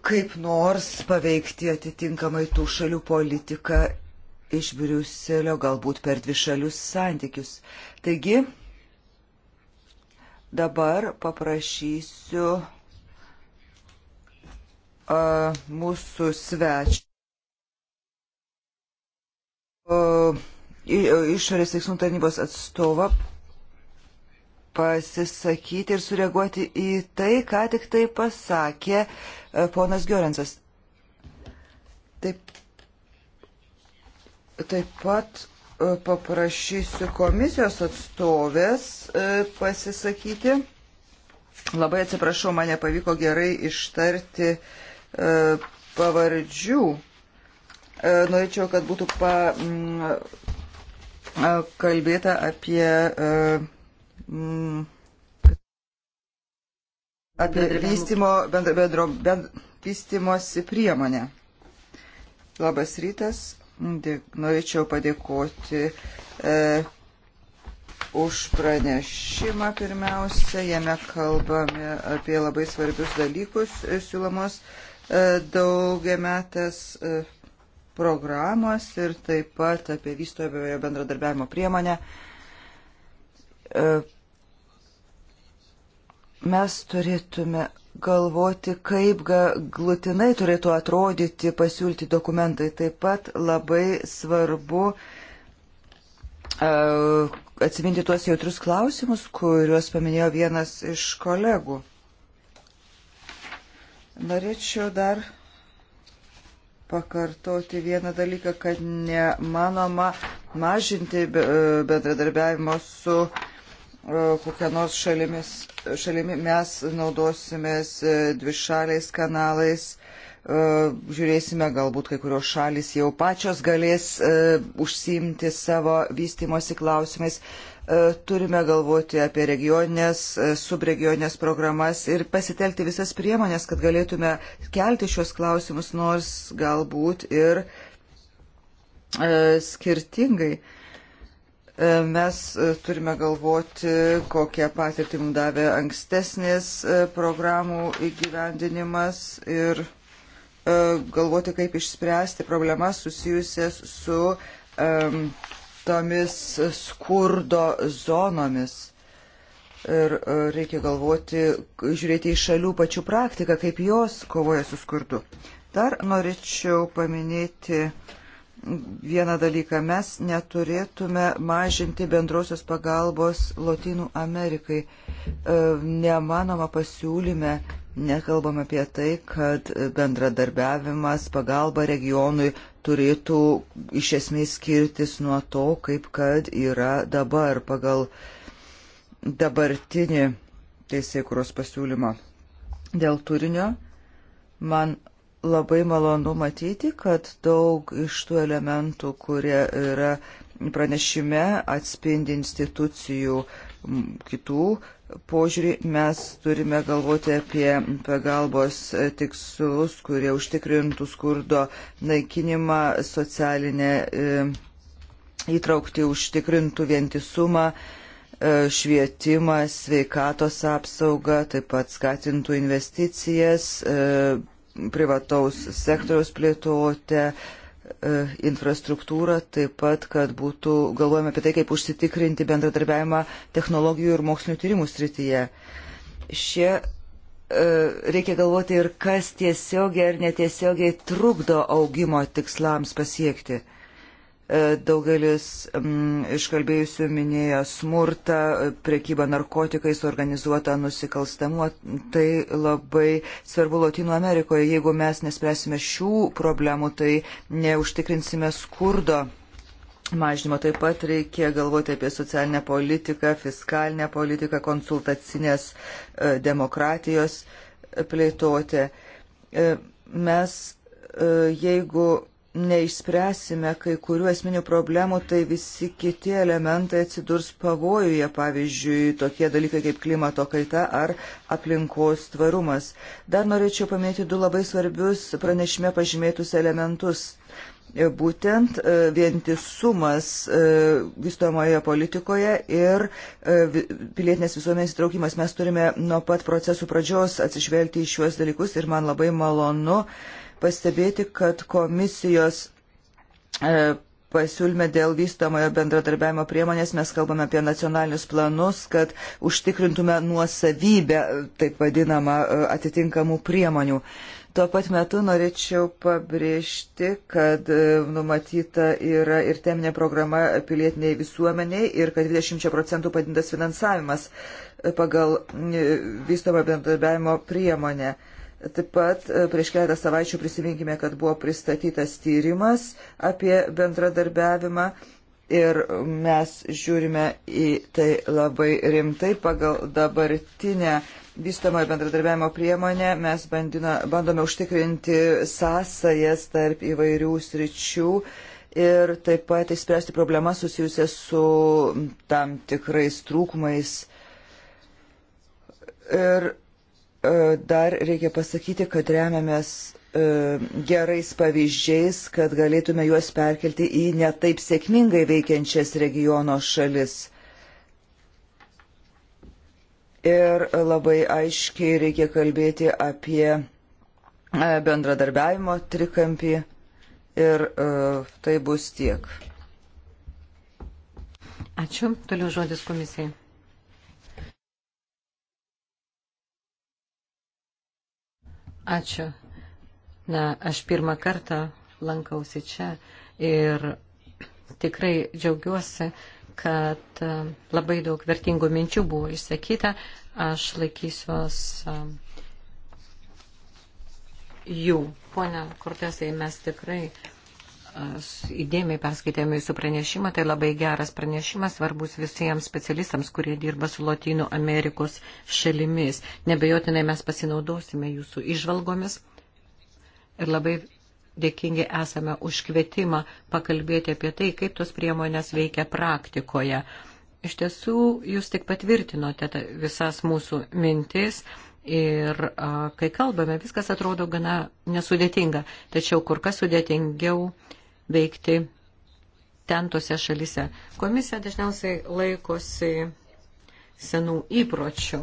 kaip nors paveikti atitinkamai tų šalių politiką iš Briuselio, galbūt per dvi šalius santykius. Taigi, dabar paprašysiu uh, mūsų svečių. Uh, išorės veiksmų tarnybos atstovą pasisakyti ir sureaguoti į tai, ką tik tai pasakė e, ponas Giorensas. Taip, taip pat e, paprašysiu komisijos atstovės e, pasisakyti. Labai atsiprašau, mane pavyko gerai ištarti pavardžių. Norėčiau, kad būtų pa, kalbėta apie mm, apie vystymo, bendro, bendro, bend, vystimosi priemonę. Labas rytas, norėčiau padėkoti e, už pranešimą pirmiausia. Jame kalbame apie labai svarbius dalykus e, siūlomos e, daugiametės e, programos ir taip pat apie vystojojo bendradarbiavimo priemonę. E, mes turėtume galvoti, kaip glutinai turėtų atrodyti pasiūlyti dokumentai. Taip pat labai svarbu uh, atsiminti tuos jautrus klausimus, kuriuos paminėjo vienas iš kolegų. Norėčiau dar pakartoti vieną dalyką, kad nemanoma mažinti e, bendradarbiavimo su uh, E, kokią nors šalimis, šalimi mes naudosimės e, dvišaliais kanalais, e, žiūrėsime, galbūt kai kurios šalis jau pačios galės užsiimti savo vystimosi klausimais. Turime galvoti apie regionės, subregionės programas ir pasitelkti visas priemonės, kad galėtume kelti šios klausimus, nors galbūt ir skirtingai. E, mes e, turime galvoti, kokią patirtį mums davė ankstesnės e, programų įgyvendinimas ir galvoti, kaip išspręsti problemas susijusias su um, tomis skurdo zonomis. Ir reikia galvoti, žiūrėti į šalių pačių praktiką, kaip jos kovoja su skurdu. Dar norėčiau paminėti uh, vieną dalyką. Mes neturėtume mažinti bendrosios pagalbos Latinų Amerikai. E, nemanoma pasiūlyme, nekalbam apie tai, kad bendradarbiavimas, pagalba regionui turėtų iš esmės skirtis nuo to, kaip kad yra dabar pagal dabartinį teisėkuros pasiūlymą. Dėl turinio man labai malonu matyti, kad daug iš tų elementų, kurie yra pranešime, atspindi institucijų kitų požiūrį. Mes turime galvoti apie pagalbos tikslus, kurie užtikrintų skurdo naikinimą, socialinę e, įtraukti, užtikrintų vientisumą e, švietimą, sveikatos apsaugą, taip pat skatintų investicijas, e, privataus sektoriaus plėtotę, e, infrastruktūrą, taip pat, kad būtų galvojame apie tai, kaip užsitikrinti bendradarbiavimą technologijų ir mokslinio tyrimų srityje. Šie e, reikia galvoti ir kas tiesiogiai ar netiesiogiai trukdo augimo tikslams pasiekti. E, daugelis m, mm, iškalbėjusių minėjo smurtą, e, prekybą narkotikais, organizuotą nusikalstamą. Tai labai svarbu Latino Amerikoje. Jeigu mes nespręsime šių problemų, tai neužtikrinsime skurdo mažinimo. Taip pat reikia galvoti apie socialinę politiką, fiskalinę politiką, konsultacinės e, demokratijos plėtoti. Mes, jeigu neišspręsime kai kurių esminių problemų, tai visi kiti elementai atsidurs pavojuje, pavyzdžiui, tokie dalykai kaip klimato kaita ar aplinkos tvarumas. Dar norėčiau paminėti du labai svarbius pranešime pažymėtus elementus. Būtent e, vientisumas e, vystojamoje politikoje ir e, pilietinės visuomenės įtraukimas. Mes turime nuo pat procesų pradžios atsižvelgti į šiuos dalykus ir man labai malonu, pastebėti, kad komisijos e, pasiūlyme dėl vystamojo bendradarbiavimo priemonės mes kalbame apie nacionalinius planus, kad užtikrintume nuosavybę, e, taip vadinamą, e, atitinkamų priemonių. Tuo pat metu norėčiau pabrėžti, kad numatyta yra ir teminė programa pilietiniai visuomeniai ir kad 20 procentų padintas finansavimas pagal vystomo bendradarbiavimo priemonę. Taip pat e, prieš keletą savaičių prisiminkime, kad buvo pristatytas tyrimas apie bendradarbiavimą ir mes žiūrime į tai labai rimtai. Pagal dabartinę vystamojo bendradarbiavimo priemonę mes bandina, bandome užtikrinti sąsajas tarp įvairių sričių ir taip pat įspręsti problemas susijusias su tam tikrais trūkumais. Ir E, dar reikia pasakyti, kad remiamės e, gerais pavyzdžiais, kad galėtume juos perkelti į netaip sėkmingai veikiančias regiono šalis. Ir labai aiškiai reikia kalbėti apie e, bendradarbiavimo trikampį ir tai bus tiek. Ačiū. Toliau žodis komisijai. Ačiū. Na, aš pirmą kartą lankausi čia ir tikrai džiaugiuosi, kad e, labai daug vertingų minčių buvo išsakyta. Aš laikysiuos e, jų. Pone Kortesai, mes tikrai įdėmiai perskaitėme jūsų pranešimą, tai labai geras pranešimas, svarbus visiems specialistams, kurie dirba su Latino Amerikos šalimis. Nebejotinai mes pasinaudosime jūsų išvalgomis ir labai dėkingi esame už kvietimą pakalbėti apie tai, kaip tos priemonės veikia praktikoje. Iš tiesų, jūs tik patvirtinote visas mūsų mintis Ir a, kai kalbame, viskas atrodo gana nesudėtinga, tačiau kur kas sudėtingiau veikti ten tose šalise. Komisija dažniausiai laikosi senų įpročių,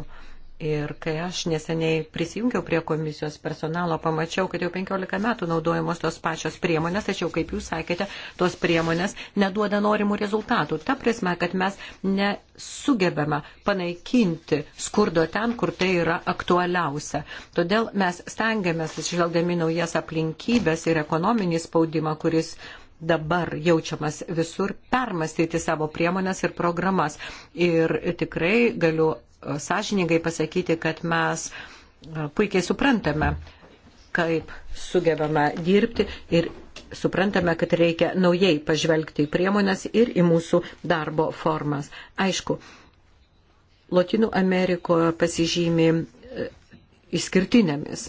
Ir kai aš neseniai prisijungiau prie komisijos personalo, pamačiau, kad jau 15 metų naudojamos tos pačios priemonės, tačiau, kaip jūs sakėte, tos priemonės neduoda norimų rezultatų. Ta prasme, kad mes nesugebame panaikinti skurdo ten, kur tai yra aktualiausia. Todėl mes stengiamės, išvelgdami naujas aplinkybės ir ekonominį spaudimą, kuris dabar jaučiamas visur, permastyti savo priemonės ir programas. Ir tikrai galiu sąžiningai pasakyti, kad mes puikiai suprantame, kaip sugebame dirbti ir suprantame, kad reikia naujai pažvelgti į priemonės ir į mūsų darbo formas. Aišku, Latinų Amerikoje pasižymi e, išskirtinėmis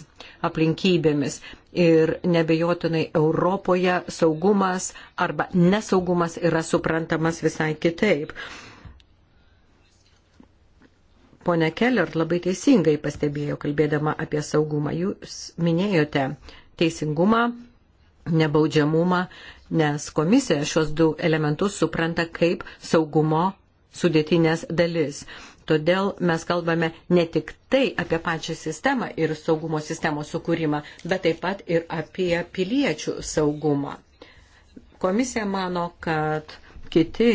aplinkybėmis ir nebejotinai Europoje saugumas arba nesaugumas yra suprantamas visai kitaip. Pone Keller labai teisingai pastebėjo, kalbėdama apie saugumą. Jūs minėjote teisingumą, nebaudžiamumą, nes komisija šios du elementus supranta kaip saugumo sudėtinės dalis. Todėl mes kalbame ne tik tai apie pačią sistemą ir saugumo sistemos sukūrimą, bet taip pat ir apie piliečių saugumą. Komisija mano, kad kiti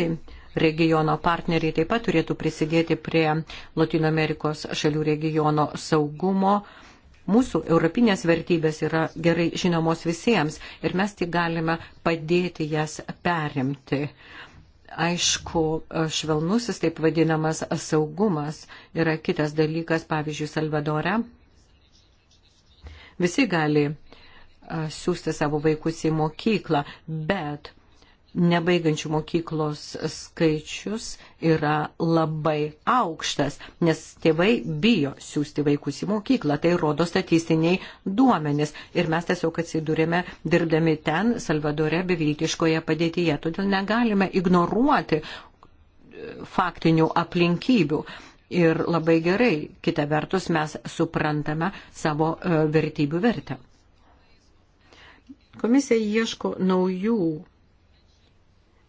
regiono partneriai taip pat turėtų prisidėti prie Latino Amerikos šalių regiono saugumo. Mūsų europinės vertybės yra gerai žinomos visiems ir mes tik galime padėti jas perimti. Aišku, švelnusis taip vadinamas saugumas yra kitas dalykas, pavyzdžiui, Salvadore. Visi gali siūsti savo vaikus į mokyklą, bet nebaigančių mokyklos skaičius yra labai aukštas, nes tėvai bijo siūsti vaikus į mokyklą, tai rodo statistiniai duomenys. Ir mes tiesiog atsidūrėme dirbdami ten, Salvadore, beviltiškoje padėtyje. Todėl negalime ignoruoti e, faktinių aplinkybių. Ir labai gerai, kita vertus, mes suprantame savo e, vertybių vertę. Komisija ieško naujų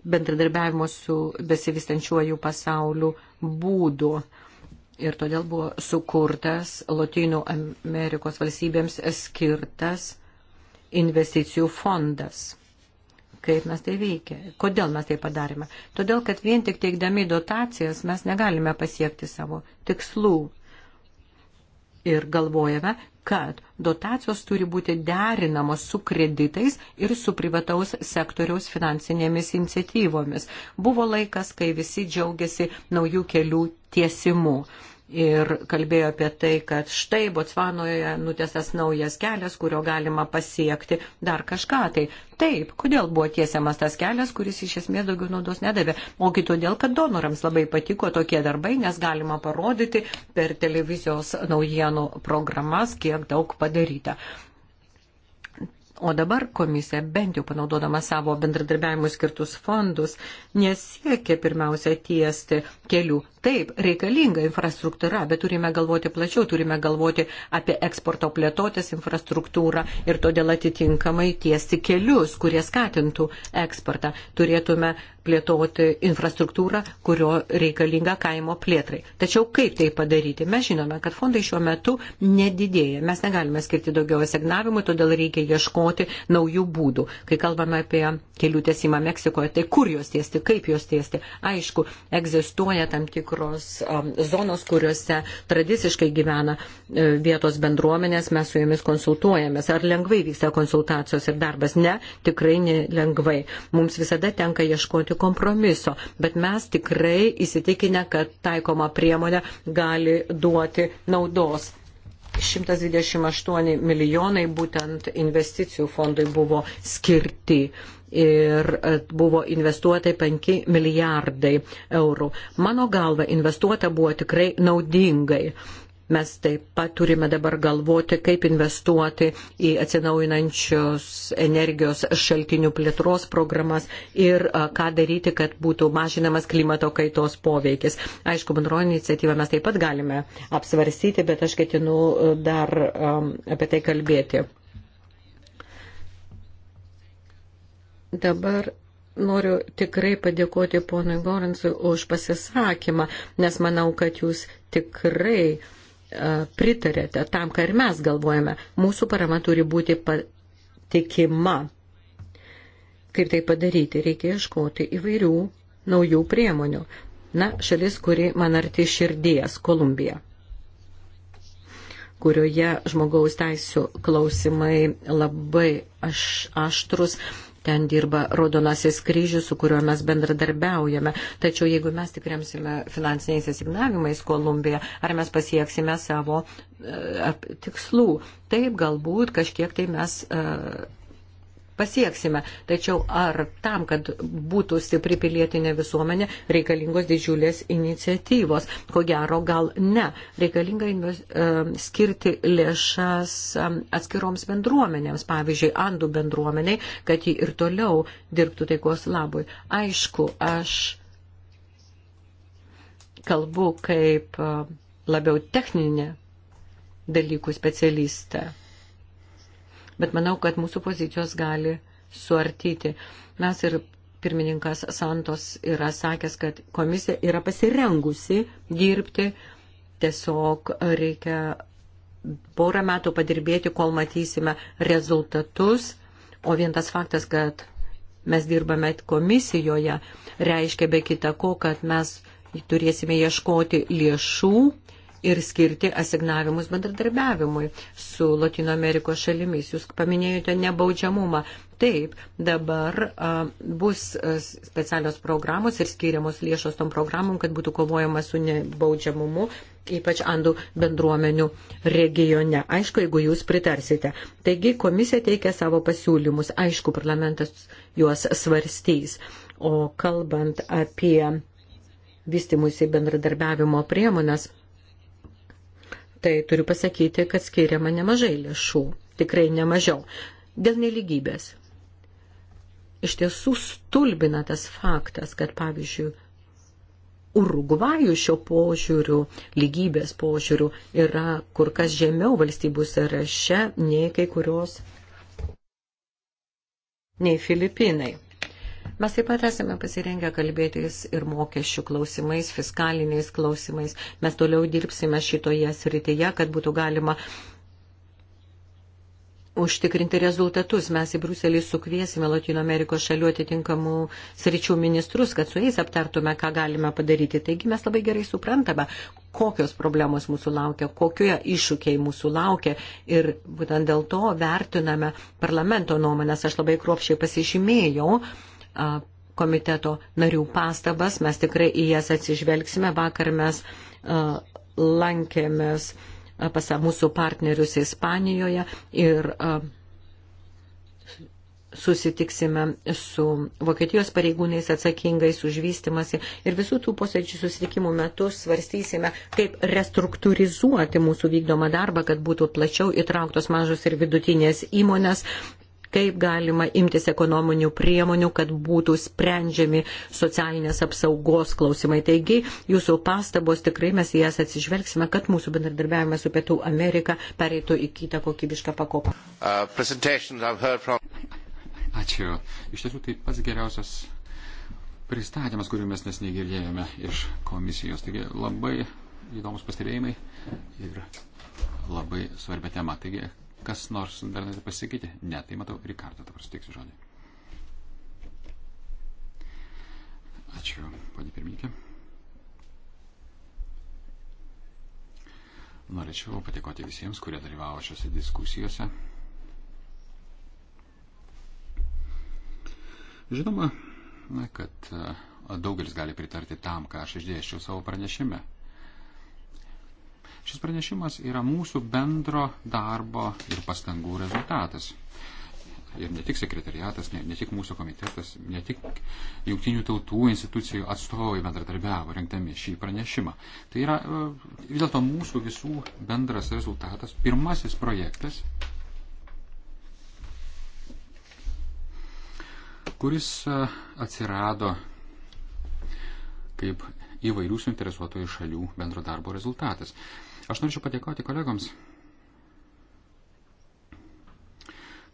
bendradarbiavimo su besivystančiuoju pasauliu būdų. Ir todėl buvo sukurtas Lotynų Amerikos valstybėms skirtas investicijų fondas. Kaip mes tai veikia? Kodėl mes tai padarėme? Todėl, kad vien tik teikdami dotacijas mes negalime pasiekti savo tikslų. Ir galvojame, kad dotacijos turi būti derinamos su kreditais ir su privataus sektoriaus finansinėmis iniciatyvomis. Buvo laikas, kai visi džiaugiasi naujų kelių tiesimu ir kalbėjo apie tai, kad štai Botsvanoje nutestas naujas kelias, kurio galima pasiekti dar kažką. Tai taip, kodėl buvo tiesiamas tas kelias, kuris iš esmės daugiau naudos nedavė. Ogi todėl, kad donorams labai patiko tokie darbai, nes galima parodyti per televizijos naujienų programas, kiek daug padaryta. O dabar komisija, bent jau panaudodama savo bendradarbiavimui skirtus fondus, nesiekia pirmiausia tiesti kelių. Taip, reikalinga infrastruktūra, bet turime galvoti plačiau, turime galvoti apie eksporto plėtotės infrastruktūrą ir todėl atitinkamai tiesti kelius, kurie skatintų eksportą. Turėtume plėtoti infrastruktūrą, kurio reikalinga kaimo plėtrai. Tačiau kaip tai padaryti? Mes žinome, kad fondai šiuo metu nedidėja. Mes negalime skirti daugiau asignavimų, todėl reikia ieškoti naujų būdų. Kai kalbame apie kelių tiesimą Meksikoje, tai kur juos tiesti, kaip juos tiesti. Aišku, egzistuoja tam tikros um, zonos, kuriuose tradiciškai gyvena e, vietos bendruomenės, mes su jomis konsultuojamės. Ar lengvai vyksta konsultacijos ir darbas? Ne, tikrai nelengvai. Mums visada tenka ieškoti kompromiso, bet mes tikrai įsitikinę, kad taikoma priemonė gali duoti naudos. 128 milijonai būtent investicijų fondui buvo skirti ir e, buvo investuota 5 milijardai eurų. Mano galva, investuota buvo tikrai naudingai Mes taip pat turime dabar galvoti, kaip investuoti į atsinaujinančios energijos šaltinių plėtros programas ir ką daryti, kad būtų mažinamas klimato kaitos poveikis. Aišku, bendroji iniciatyva mes taip pat galime apsvarstyti, bet aš ketinu dar apie tai kalbėti. Dabar noriu tikrai padėkoti ponui Gorensui už pasisakymą, nes manau, kad jūs tikrai uh, pritarėte tam, ką ir mes galvojame. Mūsų parama turi būti patikima. Kaip tai padaryti? Reikia iškoti įvairių naujų priemonių. Na, šalis, kuri man arti širdies - Kolumbija kurioje žmogaus teisų klausimai labai aš, aštrus ten dirba Raudonasis kryžius, su kuriuo mes bendradarbiaujame. Tačiau jeigu mes tik remsime finansiniais asignavimais Kolumbiją, ar mes pasieksime savo e, tikslų? Taip, galbūt kažkiek tai mes. E, pasieksime. Tačiau ar tam, kad būtų stipri pilietinė visuomenė, reikalingos didžiulės iniciatyvos? Ko gero, gal ne. Reikalinga invest, uh, e, skirti lėšas um, atskiroms bendruomenėms, pavyzdžiui, Andų bendruomeniai, kad ji ir toliau dirbtų taikos labui. Aišku, aš kalbu kaip e, labiau techninė dalykų specialistė bet manau, kad mūsų pozicijos gali suartyti. Mes ir pirmininkas Santos yra sakęs, kad komisija yra pasirengusi dirbti, tiesiog reikia porą metų padirbėti, kol matysime rezultatus, o vien tas faktas, kad mes dirbame komisijoje, reiškia be kita ko, kad mes turėsime ieškoti lėšų ir skirti asignavimus bendradarbiavimui su Latino Amerikos šalimis. Jūs paminėjote nebaudžiamumą. Taip, dabar a, bus specialios programos ir skiriamos lėšos tom programom, kad būtų kovojama su nebaudžiamumu, ypač andų bendruomenių regione. Aišku, jeigu jūs pritarsite. Taigi, komisija teikia savo pasiūlymus. Aišku, parlamentas juos svarstys. O kalbant apie vystimusi bendradarbiavimo priemonės, tai turiu pasakyti, kad skiriama nemažai lėšų, tikrai nemažiau. Dėl neligybės. Iš tiesų stulbina tas faktas, kad pavyzdžiui, Urugvajų šio požiūrių, lygybės požiūrių yra kur kas žemiau valstybių sąraše nei kai kurios, nei Filipinai. Mes taip pat esame pasirengę kalbėtis ir mokesčių klausimais, fiskaliniais klausimais. Mes toliau dirbsime šitoje srityje, kad būtų galima užtikrinti rezultatus. Mes į Bruselį sukviesime Latino Amerikos šalių atitinkamų sričių ministrus, kad su jais aptartume, ką galime padaryti. Taigi mes labai gerai suprantame, kokios problemos mūsų laukia, kokie iššūkiai mūsų laukia ir būtent dėl to vertiname parlamento nuomonės. Aš labai kruopšiai pasižymėjau komiteto narių pastabas, mes tikrai į jas atsižvelgsime. Vakar mes lankėmės pas mūsų partnerius Ispanijoje ir susitiksime su Vokietijos pareigūnais atsakingais už vystimasi ir visų tų posėdžių susitikimų metu svarstysime, kaip restruktūrizuoti mūsų vykdomą darbą, kad būtų plačiau įtrauktos mažos ir vidutinės įmonės, kaip galima imtis ekonominių priemonių, kad būtų sprendžiami socialinės apsaugos klausimai. Taigi, jūsų pastabos tikrai mes į jas atsižvelgsime, kad mūsų bendradarbiavimas su Pietų Amerika pereitų į kitą kokybišką pakopą. Uh, from... Ačiū. Iš tiesų tai pats geriausias pristatymas, kurį mes nesnegirdėjome iš komisijos. Taigi labai įdomus pastebėjimai ir labai svarbia tema. Taigi Kas nors dar norite pasakyti? Ne, tai matau, Rikardą dabar suteiksiu žodį. Ačiū, ponė pirmininkė. Norėčiau patikoti visiems, kurie dalyvavo šiuose diskusijose. Žinoma, kad daugelis gali pritarti tam, ką aš išdėščiau savo pranešime. Šis pranešimas yra mūsų bendro darbo ir pastangų rezultatas. Ir ne tik sekretariatas, ne, ne tik mūsų komitetas, ne tik jungtinių tautų institucijų atstovai bendradarbiavo rengdami šį pranešimą. Tai yra e, vis dėlto mūsų visų bendras rezultatas, pirmasis projektas, kuris e, atsirado kaip įvairių suinteresuotojų šalių bendro darbo rezultatas. Aš norėčiau padėkoti kolegoms,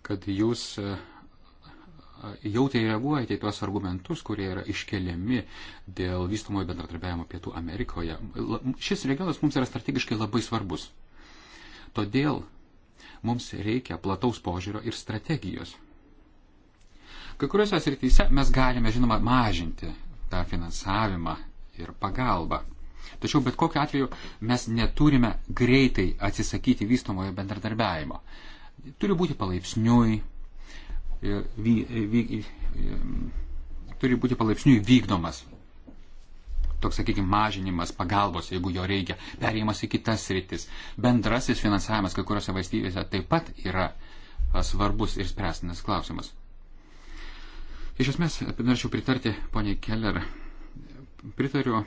kad jūs e, jautriai reaguojate į tuos argumentus, kurie yra iškeliami dėl vystumojo bendradarbiavimo Pietų Amerikoje. Šis regionas mums yra strategiškai labai svarbus. Todėl mums reikia plataus požiūrio ir strategijos. Kai kuriuose srityse mes galime, žinoma, mažinti tą finansavimą ir pagalbą Tačiau bet kokiu atveju mes neturime greitai atsisakyti vystomojo bendradarbiavimo. Turi būti palaipsniui, e, vy, e, vy, e, turi būti palaipsniui vykdomas toks, sakykime, mažinimas pagalbos, jeigu jo reikia, perėjimas į kitas rytis. Bendrasis finansavimas kai kuriuose valstybėse taip pat yra svarbus ir spręstinas klausimas. Iš esmės, norėčiau pritarti poniai Keller. Pritariu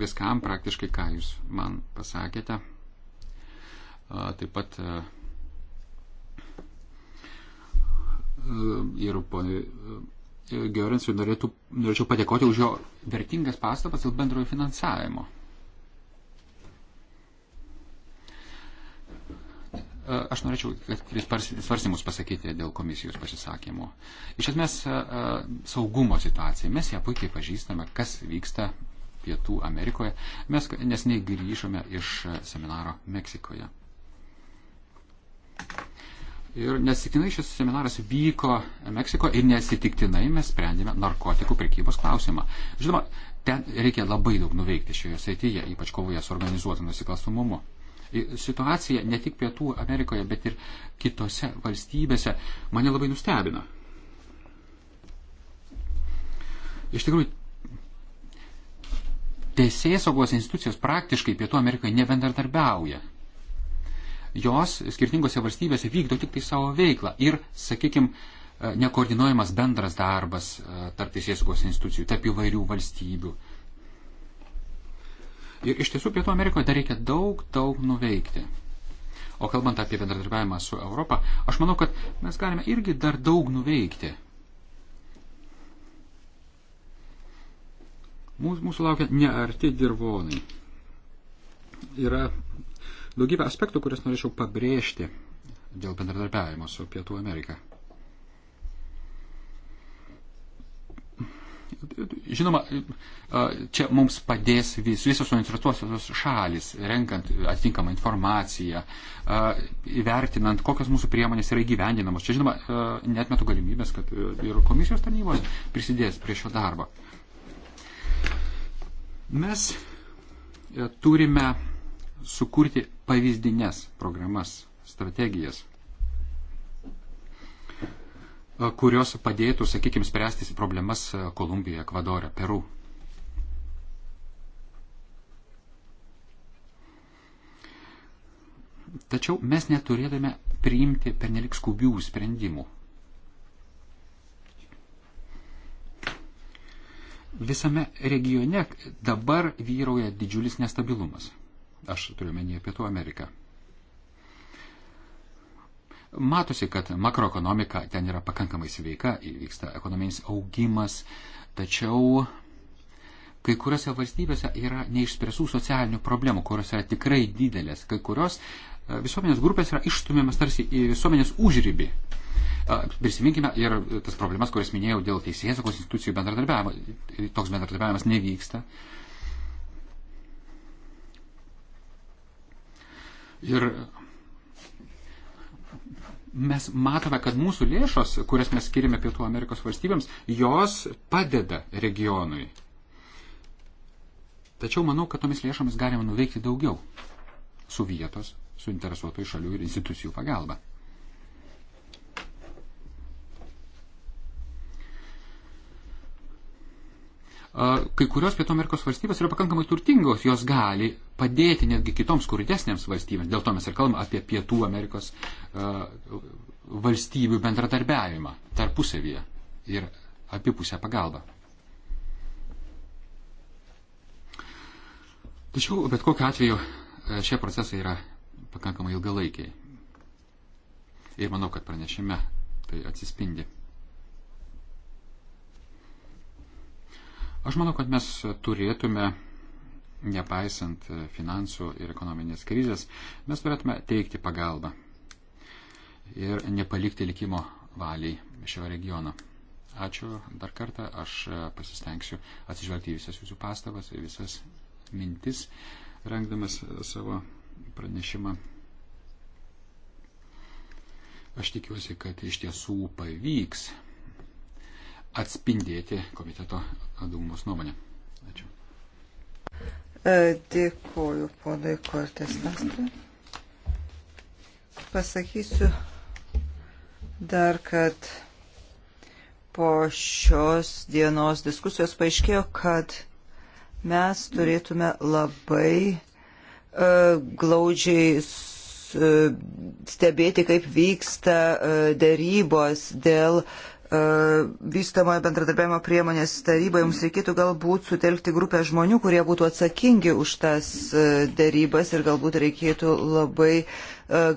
viskam praktiškai, ką jūs man pasakėte. Taip pat ir Gerensui norėčiau padėkoti už jo vertingas pastabas dėl bendrojo finansavimo. Aš norėčiau tris svarstymus pasakyti dėl komisijos pasisakymų. Iš esmės, saugumo situacija. Mes ją puikiai pažįstame, kas vyksta Pietų Amerikoje. Mes nesnei grįžome iš seminaro Meksikoje. Ir nesitiktinai šis seminaras vyko Meksikoje ir nesitiktinai mes sprendėme narkotikų prekybos klausimą. Žinoma, ten reikia labai daug nuveikti šioje srityje, ypač kovoje su organizuotu nusikalstumumu. Situacija ne tik Pietų Amerikoje, bet ir kitose valstybėse mane labai nustebino. Iš tikrųjų, Teisėjai saugos institucijos praktiškai Pietų Amerikoje nebendradarbiauja. Jos skirtingose valstybėse vykdo tik tai savo veiklą ir, sakykime, nekoordinuojamas bendras darbas e, tarp teisėjai saugos institucijų, tarp įvairių valstybių. Ir iš tiesų Pietų Amerikoje dar reikia daug, daug nuveikti. O kalbant apie bendradarbiavimą su Europą, aš manau, kad mes galime irgi dar daug nuveikti. Mūsų laukia nearti dirvonai. Yra daugybė aspektų, kurias norėčiau pabrėžti dėl bendradarbiavimo su Pietų Amerika. Žinoma, čia mums padės vis, visos suinteresuotosios šalis, renkant atitinkamą informaciją, įvertinant, kokios mūsų priemonės yra įgyvendinamos. Čia, žinoma, net metu galimybės, kad ir komisijos tarnybos prisidės prie šio darbo. Mes e, turime sukurti pavyzdinės programas, strategijas, e, kurios padėtų, sakykime, spręsti problemas e, Kolumbijoje, Ekvadore, Peru. Tačiau mes neturėtume priimti pernelik skubių sprendimų. visame regione dabar vyrauja didžiulis nestabilumas. Aš turiu menyje Pietų Ameriką. Matosi, kad makroekonomika ten yra pakankamai sveika, įvyksta ekonominis augimas, tačiau kai kuriuose valstybėse yra neišspręstų socialinių problemų, kurios yra tikrai didelės, kai kurios visuomenės grupės yra išstumiamas tarsi į visuomenės užrybį. Prisiminkime ir tas problemas, kurias minėjau dėl teisėsaugos institucijų bendradarbiavimo. Toks bendradarbiavimas nevyksta. Ir mes matome, kad mūsų lėšos, kurias mes skiriame Pietų Amerikos valstybėms, jos padeda regionui. Tačiau manau, kad tomis lėšomis galima nuveikti daugiau su vietos suinteresuotų šalių ir institucijų pagalba. Kai kurios Pietų Amerikos valstybės yra pakankamai turtingos, jos gali padėti netgi kitoms skurdesnėms valstybėms. Dėl to mes ir kalbame apie Pietų Amerikos valstybių bendradarbiavimą tarpusavyje ir abipusę pagalbą. Tačiau bet kokiu atveju šie procesai yra pakankamai ilgalaikiai. Ir manau, kad pranešime tai atsispindi. Aš manau, kad mes turėtume, nepaisant finansų ir ekonominės krizės, mes turėtume teikti pagalbą ir nepalikti likimo valiai šio regiono. Ačiū dar kartą, aš pasistengsiu atsižvelgti į visas jūsų pastabas ir visas mintis, rengdamas savo pranešimą. Aš tikiuosi, kad iš tiesų pavyks atspindėti komiteto daugumos nuomonę. Ačiū. E, Dėkuoju, ponai Kortės Lastrui. Pasakysiu dar, kad po šios dienos diskusijos paaiškėjo, kad mes turėtume labai E, glaudžiai e, stebėti, kaip vyksta e, dėrybos dėl uh, E, vystamojo bendradarbiavimo priemonės tarybai mums reikėtų galbūt sutelkti grupę žmonių, kurie būtų atsakingi už tas e, darybas ir galbūt reikėtų labai e,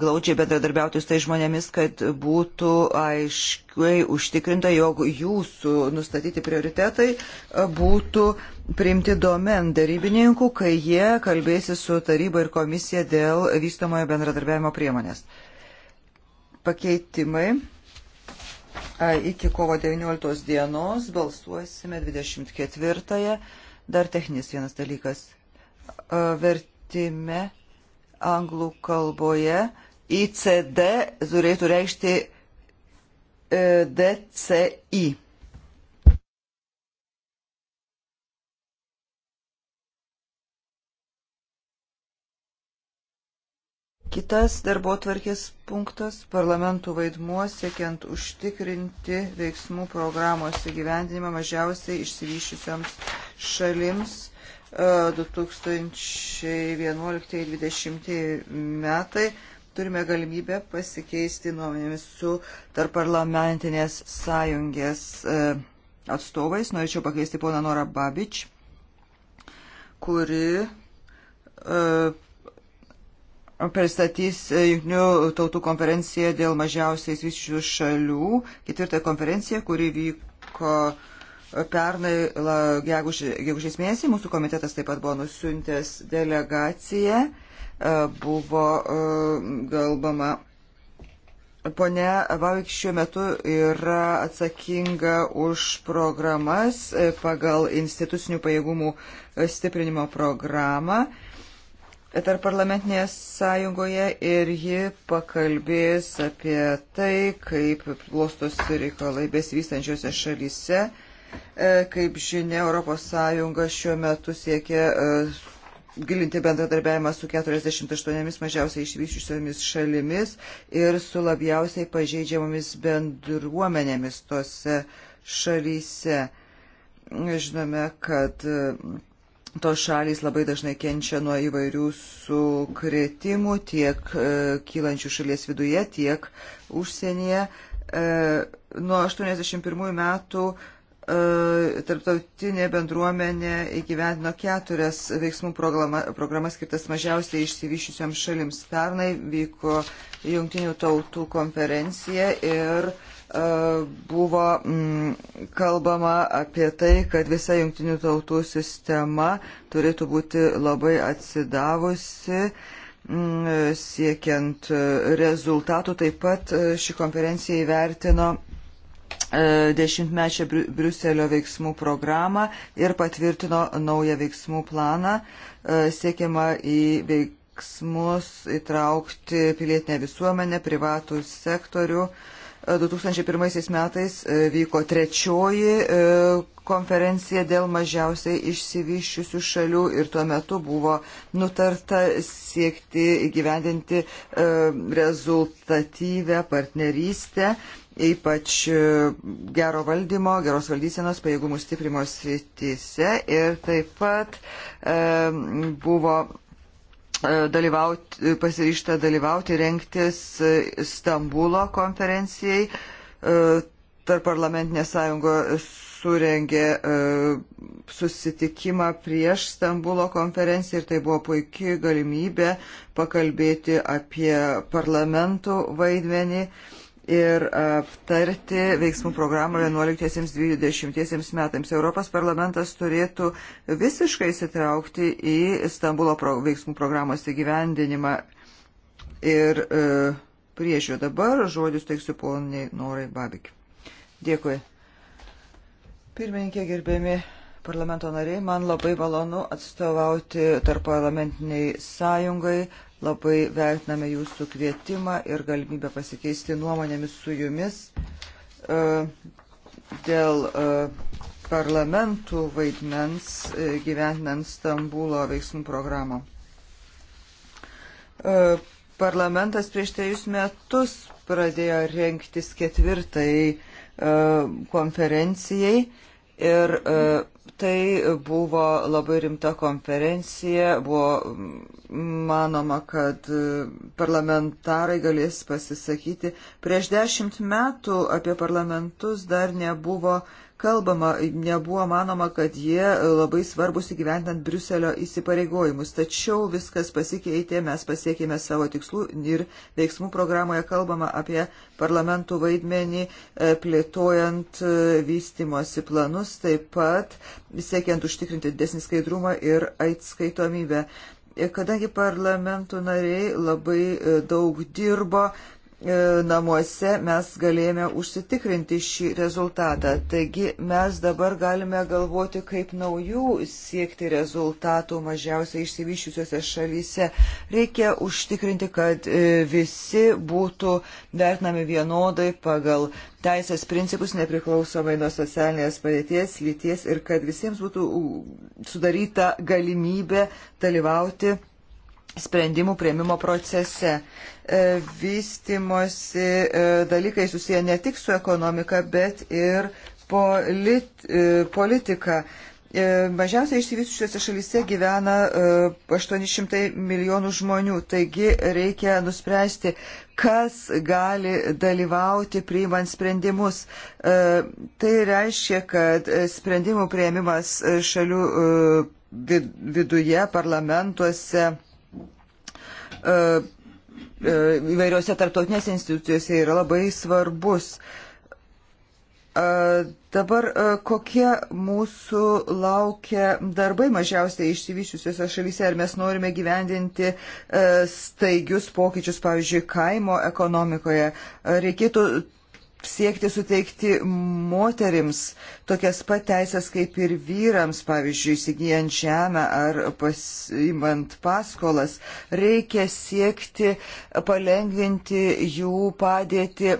glaudžiai bendradarbiauti su tai žmonėmis, kad būtų aiškiai užtikrinta, jog jūsų nustatyti prioritetai būtų priimti domen darybininkų, kai jie kalbėsi su taryba ir komisija dėl vystamojo bendradarbiavimo priemonės. Pakeitimai iki kovo 19 dienos, balsuosime 24-ąją. Dar techninis vienas dalykas. Vertime anglų kalboje ICD turėtų reikšti e, DCI. Kitas darbo tvarkės punktas - parlamentų vaidmuo siekiant užtikrinti veiksmų programos įgyvendinimą mažiausiai išsivyščiusioms šalims 2011-2020 e, metai. Turime galimybę pasikeisti nuomonėmis su tarp parlamentinės sąjungės e, atstovais. Norėčiau pakeisti poną Norą Babič, kuri e, pristatys e, Junktinių tautų konferenciją dėl mažiausiai svyščių šalių, ketvirtą konferenciją, kuri vyko pernai gegužės mėnesį. Mūsų komitetas taip pat buvo nusiuntęs delegaciją, e, buvo e, galbama. Pone Vavik šiuo metu yra atsakinga už programas pagal institucinių pajėgumų stiprinimo programą tarp parlamentinėje sąjungoje ir ji pakalbės apie tai, kaip klostosi reikalai besivystančiose šalyse. E, kaip žinia, ES šiuo metu siekia e, gilinti bendradarbiavimą su 48 mažiausiai išvyščiusiomis šalimis ir su labiausiai pažeidžiamomis bendruomenėmis tose šalyse. Žinome, kad tos šalys labai dažnai kenčia nuo įvairių sukretimų tiek e, kylančių šalies viduje, tiek užsienyje. E, nuo 81 metų e, tarptautinė bendruomenė įgyvendino keturias veiksmų programa, programas skirtas mažiausiai išsivyščiusiam šalims. Pernai vyko jungtinių tautų konferencija ir e, E, buvo mm, kalbama apie tai, kad visa jungtinių tautų sistema turėtų būti labai atsidavusi mm, siekiant rezultatų. Taip pat e, ši konferencija įvertino e, dešimtmečią Briuselio veiksmų programą ir patvirtino naują veiksmų planą. Siekiama į veiksmus įtraukti pilietinę visuomenę, privatų sektorių, 2001 metais e, vyko trečioji e, konferencija dėl mažiausiai išsivyščiusių šalių ir tuo metu buvo nutarta siekti įgyvendinti e, rezultatyvę partnerystę, ypač gero valdymo, geros valdysenos pajėgumų stiprimo srityse ir taip pat buvo E, e, dalyvauti, pasiryšta dalyvauti, renktis e, Stambulo konferencijai. Tarp parlamentinė sąjunga surengė susitikimą prieš Stambulo konferenciją ir tai buvo puikia galimybė pakalbėti apie parlamentų vaidmenį ir aptarti veiksmų programą 11-20 metams. Europos parlamentas turėtų visiškai įsitraukti į Stambulo pro, veiksmų programos įgyvendinimą ir e, priežiūrą. Dabar žodžius teiksiu poniai Norai Babik. Dėkui. Pirmininkė, gerbėmi parlamento nariai, man labai malonu atstovauti tarp parlamentiniai sąjungai, labai vertiname jūsų kvietimą ir galimybę pasikeisti nuomonėmis su jumis e, dėl e, parlamentų vaidmens e, gyventinant Stambulo veiksmų programą. Parlamentas prieš trejus metus pradėjo renktis ketvirtai konferencijai ir Tai buvo labai rimta konferencija, buvo manoma, kad e, parlamentarai galės pasisakyti. Prieš dešimt metų apie parlamentus dar nebuvo uh, kalbama, nebuvo manoma, kad jie labai svarbus įgyventant Briuselio įsipareigojimus. Tačiau viskas pasikeitė, mes pasiekėme savo tikslų ir veiksmų programoje kalbama apie parlamentų vaidmenį, e, plėtojant e, vystimosi planus, taip pat siekiant užtikrinti didesnį skaidrumą ir atskaitomybę. E, kadangi parlamentų nariai labai daug dirbo, E, namuose mes galėjome užsitikrinti šį rezultatą. Taigi mes dabar galime galvoti, kaip naujų siekti rezultatų mažiausiai išsivyščiusiuose šalyse. Reikia užtikrinti, kad e, visi būtų vertinami vienodai pagal teisės principus nepriklausomai nuo socialinės padėties, lyties ir kad visiems būtų sudaryta galimybė dalyvauti sprendimų prieimimo procese. E, vystimosi e, dalykai susiję ne tik su ekonomika, bet ir polit, e, politika. Mažiausiai išsivystusiuose šalyse gyvena 800 milijonų žmonių, taigi reikia nuspręsti, kas gali dalyvauti priimant sprendimus. Tai reiškia, kad sprendimų prieimimas šalių viduje, parlamentuose E, e, įvairiose tarptautinėse institucijose yra labai svarbus. E, dabar kokie mūsų laukia darbai mažiausiai išsivyščiusiuose šalyse, ar mes norime gyvendinti staigius pokyčius, pavyzdžiui, kaimo ekonomikoje. Reikėtų siekti suteikti moterims tokias pat teisės kaip ir vyrams, pavyzdžiui, įsigijant žemę ar pasimant paskolas, reikia siekti palengvinti jų padėti e,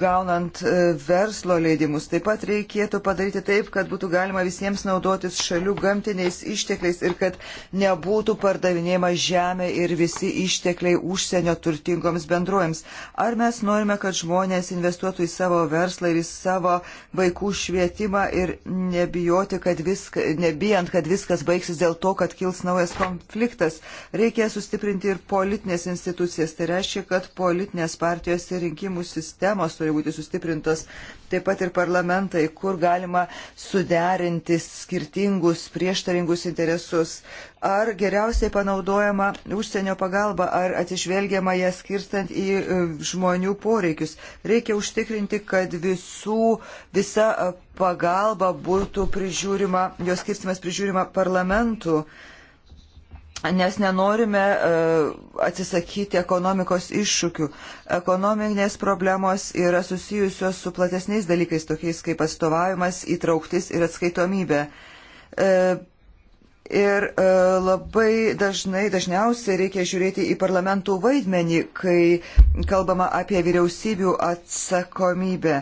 gaunant e, verslo leidimus. Taip pat reikėtų padaryti taip, kad būtų galima visiems naudotis šalių gamtiniais ištekliais ir kad nebūtų pardavinėjama žemė ir visi ištekliai užsienio turtingoms bendruojams. Ar mes norime, kad žmonės investuotų į savo verslą ir į savo vaikų švietimą ir nebijoti, kad viską, nebijant, kad viskas baigsis dėl to, kad kils naujas konfliktas. Reikia sustiprinti ir politinės institucijas. Tai reiškia, kad politinės partijos ir rinkimų sistemos turi būti sustiprintos. Taip pat ir parlamentai, kur galima suderinti skirtingus prieštaringus interesus ar geriausiai panaudojama užsienio pagalba, ar atsižvelgiama ją skirstant į e, žmonių poreikius. Reikia užtikrinti, kad visų, visa e, pagalba būtų prižiūrima, jos skirstimas prižiūrima parlamentų. Nes nenorime e, atsisakyti ekonomikos iššūkių. Ekonominės problemos yra susijusios su platesniais dalykais, tokiais kaip atstovavimas, įtrauktis ir atskaitomybė Ir e, labai dažnai, dažniausiai reikia žiūrėti į parlamentų vaidmenį, kai kalbama apie vyriausybių atsakomybę.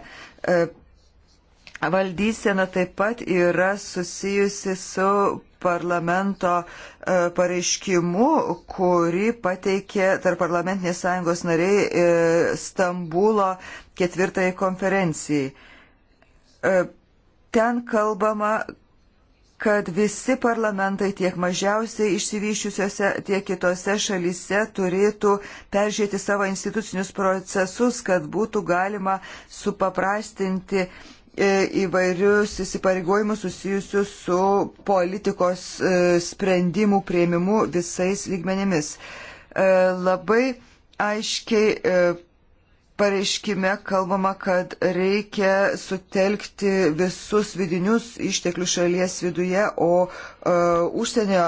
E, valdysena taip pat yra susijusi su parlamento e, pareiškimu, kurį pateikė tarp parlamentinės sąjungos nariai e, Stambulo ketvirtai konferencijai. E, ten kalbama, kad visi parlamentai tiek mažiausiai išsivyščiusiuose, tiek kitose šalyse turėtų peržiūrėti savo institucinius procesus, kad būtų galima supaprastinti e, įvairius įsipareigojimus susijusius su politikos e, sprendimų prieimimu visais lygmenėmis. E, labai aiškiai pareiškime kalbama, kad reikia sutelkti visus vidinius išteklius šalies viduje, o uh, užsienio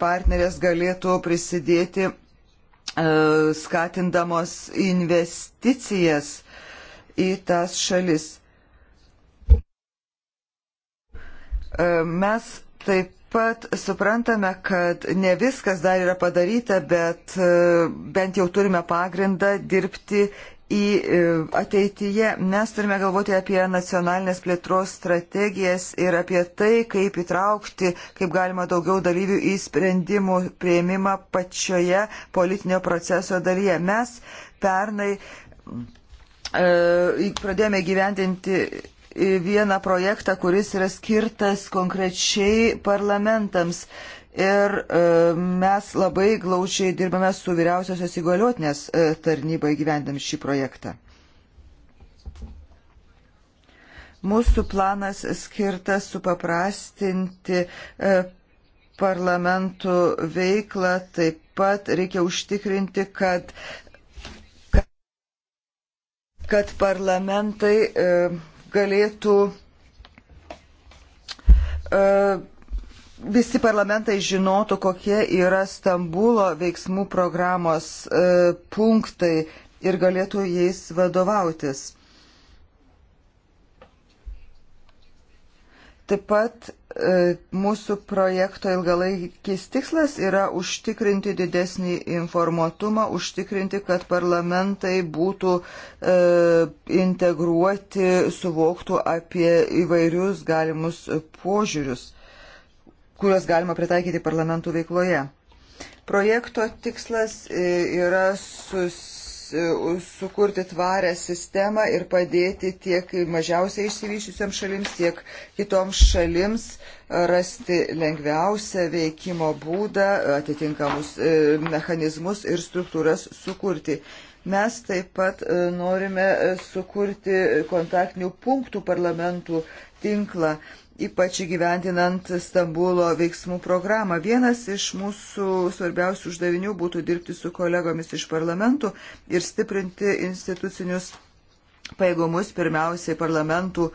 partnerės galėtų prisidėti uh, skatindamos investicijas į tas šalis. Uh, mes taip pat suprantame, kad ne viskas dar yra padaryta, bet bent jau turime pagrindą dirbti į e, ateityje. Mes turime galvoti apie nacionalinės plėtros strategijas ir apie tai, kaip įtraukti, kaip galima daugiau dalyvių į sprendimų prieimimą pačioje politinio proceso dalyje. Mes pernai e, pradėjome gyventinti vieną projektą, kuris yra skirtas konkrečiai parlamentams. E, ir e, mes labai glaučiai dirbame su vyriausiosios įgaliotinės e, tarnybai gyvendami šį projektą. Mūsų planas skirtas supaprastinti e, parlamentų veiklą, taip pat reikia užtikrinti, kad, kad parlamentai galėtų visi parlamentai žinotų, kokie yra Stambulo veiksmų programos e, punktai ir galėtų jais vadovautis. Taip pat e, mūsų projekto ilgalaikis tikslas yra užtikrinti didesnį informuotumą, užtikrinti, kad parlamentai būtų e, integruoti, suvoktų apie įvairius galimus požiūrius kuriuos galima pritaikyti parlamentų veikloje. Projekto tikslas e, yra sus, e, sukurti tvarę sistemą ir padėti tiek mažiausiai išsivyščiusiams šalims, tiek kitoms šalims rasti lengviausią veikimo būdą, atitinkamus e, mechanizmus ir struktūras sukurti. Mes taip pat norime sukurti kontaktinių punktų parlamentų tinklą ypač įgyventinant Stambulo veiksmų programą. Vienas iš mūsų svarbiausių uždavinių būtų dirbti su kolegomis iš parlamentų ir stiprinti institucinius paėgumus, pirmiausiai parlamentų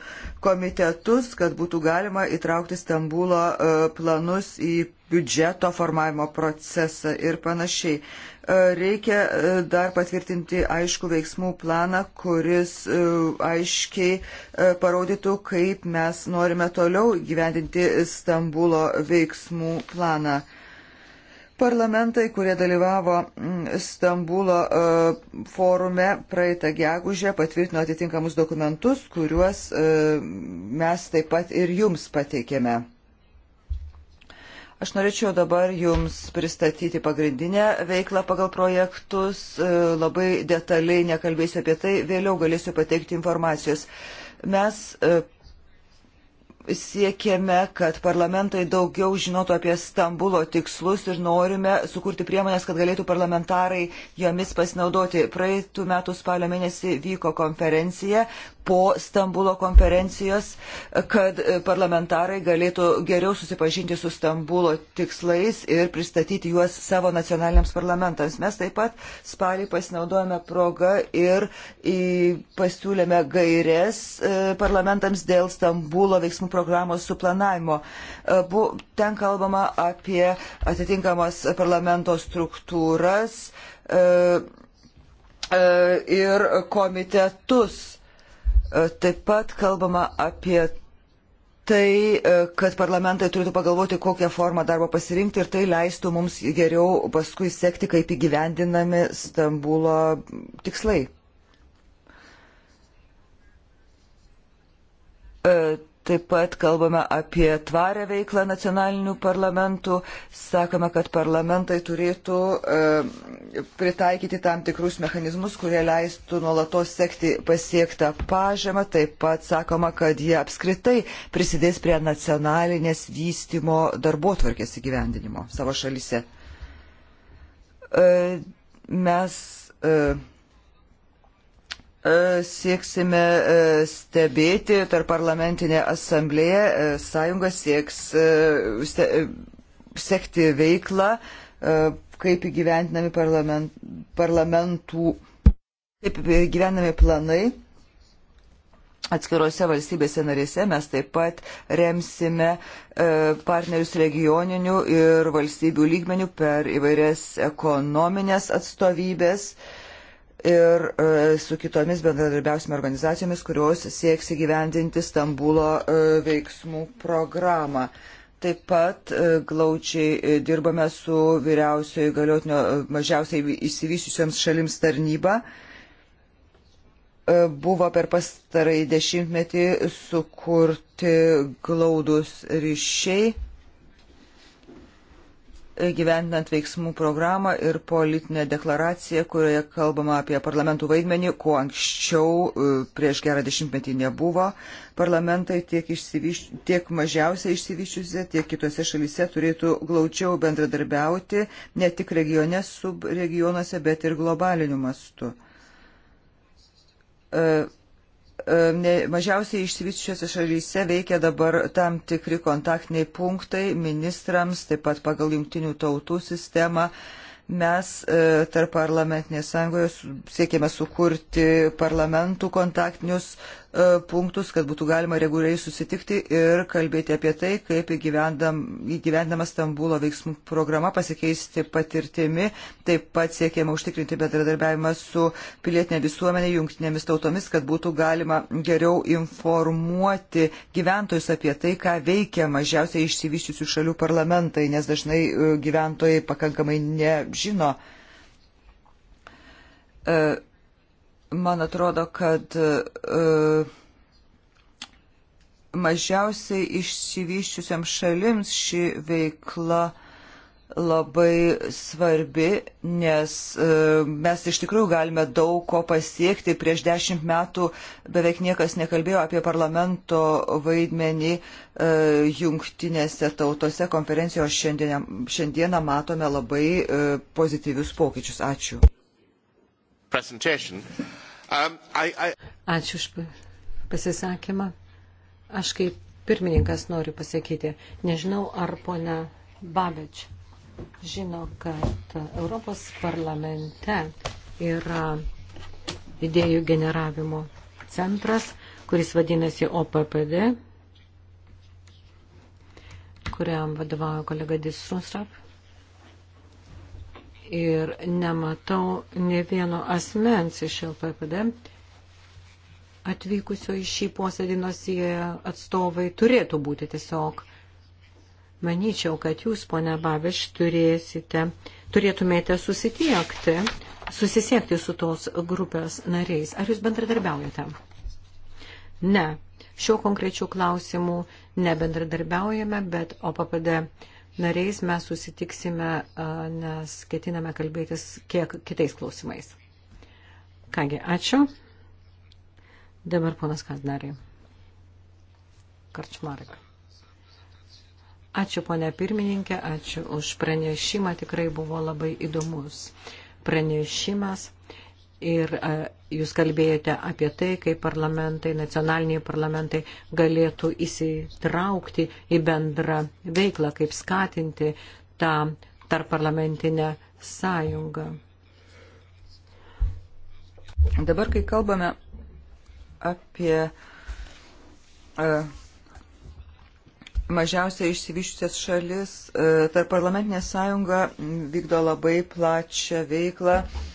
komitetus, kad būtų galima įtraukti Stambulo e, planus į biudžeto formavimo procesą ir panašiai. E, reikia e, dar patvirtinti aišku veiksmų planą, kuris e, aiškiai parodytų, kaip mes norime toliau gyvendinti Stambulo veiksmų planą. Parlamentai, kurie dalyvavo Stambulo forume praeitą gegužę, patvirtino atitinkamus dokumentus, kuriuos mes taip pat ir jums pateikėme. Aš norėčiau dabar Jums pristatyti pagrindinę veiklą pagal projektus. E, labai detaliai nekalbėsiu apie tai, vėliau galėsiu pateikti informacijos. Mes e, siekiame, kad parlamentai daugiau žinotų apie Stambulo tikslus ir norime sukurti priemonės, kad galėtų parlamentarai jomis pasinaudoti. Praeitų metų spalio mėnesį vyko konferencija po Stambulo konferencijos, kad parlamentarai galėtų geriau susipažinti su Stambulo tikslais ir pristatyti juos savo nacionaliniams parlamentams. Mes taip pat spalį pasinaudojame progą ir pasiūlėme gairias e, parlamentams dėl Stambulo veiksmų Horizon programos suplanavimo. E, ten kalbama apie atitinkamas parlamento struktūras e, e, ir komitetus. Taip pat kalbama apie tai, kad parlamentai turėtų pagalvoti, kokią formą darbo pasirinkti ir tai leistų mums geriau paskui sekti, kaip įgyvendinami Stambulo tikslai. Taip pat kalbame apie tvarę veiklą nacionalinių parlamentų. Sakome, kad parlamentai turėtų e, pritaikyti tam tikrus mechanizmus, kurie leistų nuolatos sekti pasiektą pažymą. Taip pat sakoma, kad jie apskritai prisidės prie nacionalinės vystimo darbo tvarkės įgyvendinimo savo šalyse. E, mes. E, E, sieksime e, stebėti tarp parlamentinę asamblėją, e, sąjunga sieks se, sekti veiklą, kaip įgyventinami parlament, parlamentų, kaip įgyvenami planai. Atskiruose valstybėse narėse mes taip pat remsime partnerius regioninių ir valstybių lygmenių per įvairias ekonominės atstovybės. E, ir e, su kitomis bendradarbiausime organizacijomis, kurios sieks įgyvendinti Stambulo e, veiksmų programą. Taip pat e, glaučiai dirbame su vyriausiojo įgaliotinio mažiausiai įsivysiusiams šalims tarnyba. Buvo per pastarąjį dešimtmetį sukurti glaudus ryšiai gyvendinant veiksmų programą ir politinę deklaraciją, kurioje kalbama apie parlamentų vaidmenį, ko anksčiau e, prieš gerą dešimtmetį nebuvo. Parlamentai tiek, išsivyš... tiek mažiausiai išsivyščiusi, tiek kitose šalyse turėtų glaučiau bendradarbiauti ne tik regione, subregionuose, bet ir globaliniu mastu. Uh, E, ne, mažiausiai išsivyščiuose šalyse veikia dabar tam tikri kontaktiniai punktai ministrams, taip pat pagal jungtinių tautų sistemą. Mes e, tarp parlamentinės sąjungoje siekėme sukurti parlamentų kontaktinius E, punktus, kad būtų galima reguliariai susitikti ir kalbėti apie tai, kaip įgyvendama Stambulo veiksmų programa pasikeisti patirtimi. Taip pat siekiama užtikrinti bendradarbiavimą su pilietinė visuomenė, jungtinėmis tautomis, kad būtų galima geriau informuoti gyventojus apie tai, ką veikia mažiausiai išsivyščiusių šalių parlamentai, nes dažnai e, gyventojai pakankamai nežino. Uh, Man atrodo, kad uh, mažiausiai išsivyščiusiam šalims ši veikla labai svarbi, nes uh, mes iš tikrųjų galime daug ko pasiekti. Prieš dešimt metų beveik niekas nekalbėjo apie parlamento vaidmenį uh, jungtinėse tautose konferencijos. Šiandieną, šiandieną matome labai uh, pozityvius pokyčius. Ačiū presentation. Um, I, I... Ačiū už pasisakymą. Aš kaip pirmininkas noriu pasakyti, nežinau, ar ponia Babič žino, kad Europos parlamente yra idėjų generavimo centras, kuris vadinasi OPPD, kuriam vadovauja kolega Disrusrap ir nematau ne vieno asmens iš LPPD atvykusio į šį posėdį, nors jie atstovai turėtų būti tiesiog. Manyčiau, kad jūs, ponia Babiš, turėsite, turėtumėte susitiekti, susisiekti su tos grupės nariais. Ar jūs bendradarbiaujate? Ne. Šiuo konkrečiu klausimu nebendradarbiaujame, bet OPPD nariais mes susitiksime, nes ketiname kalbėtis kiek kitais klausimais. Kągi, ačiū. Dabar ponas Kandnariai. Karčmarek. Ačiū, ponia pirmininkė, ačiū už pranešimą, tikrai buvo labai įdomus pranešimas Ir e, jūs kalbėjote apie tai, kaip parlamentai, nacionaliniai parlamentai galėtų įsitraukti į bendrą veiklą, kaip skatinti tą tarp parlamentinę sąjungą. Dabar, kai kalbame apie e, mažiausiai išsivyščiusias šalis, e, tarp parlamentinė sąjunga vykdo labai plačią veiklą. A,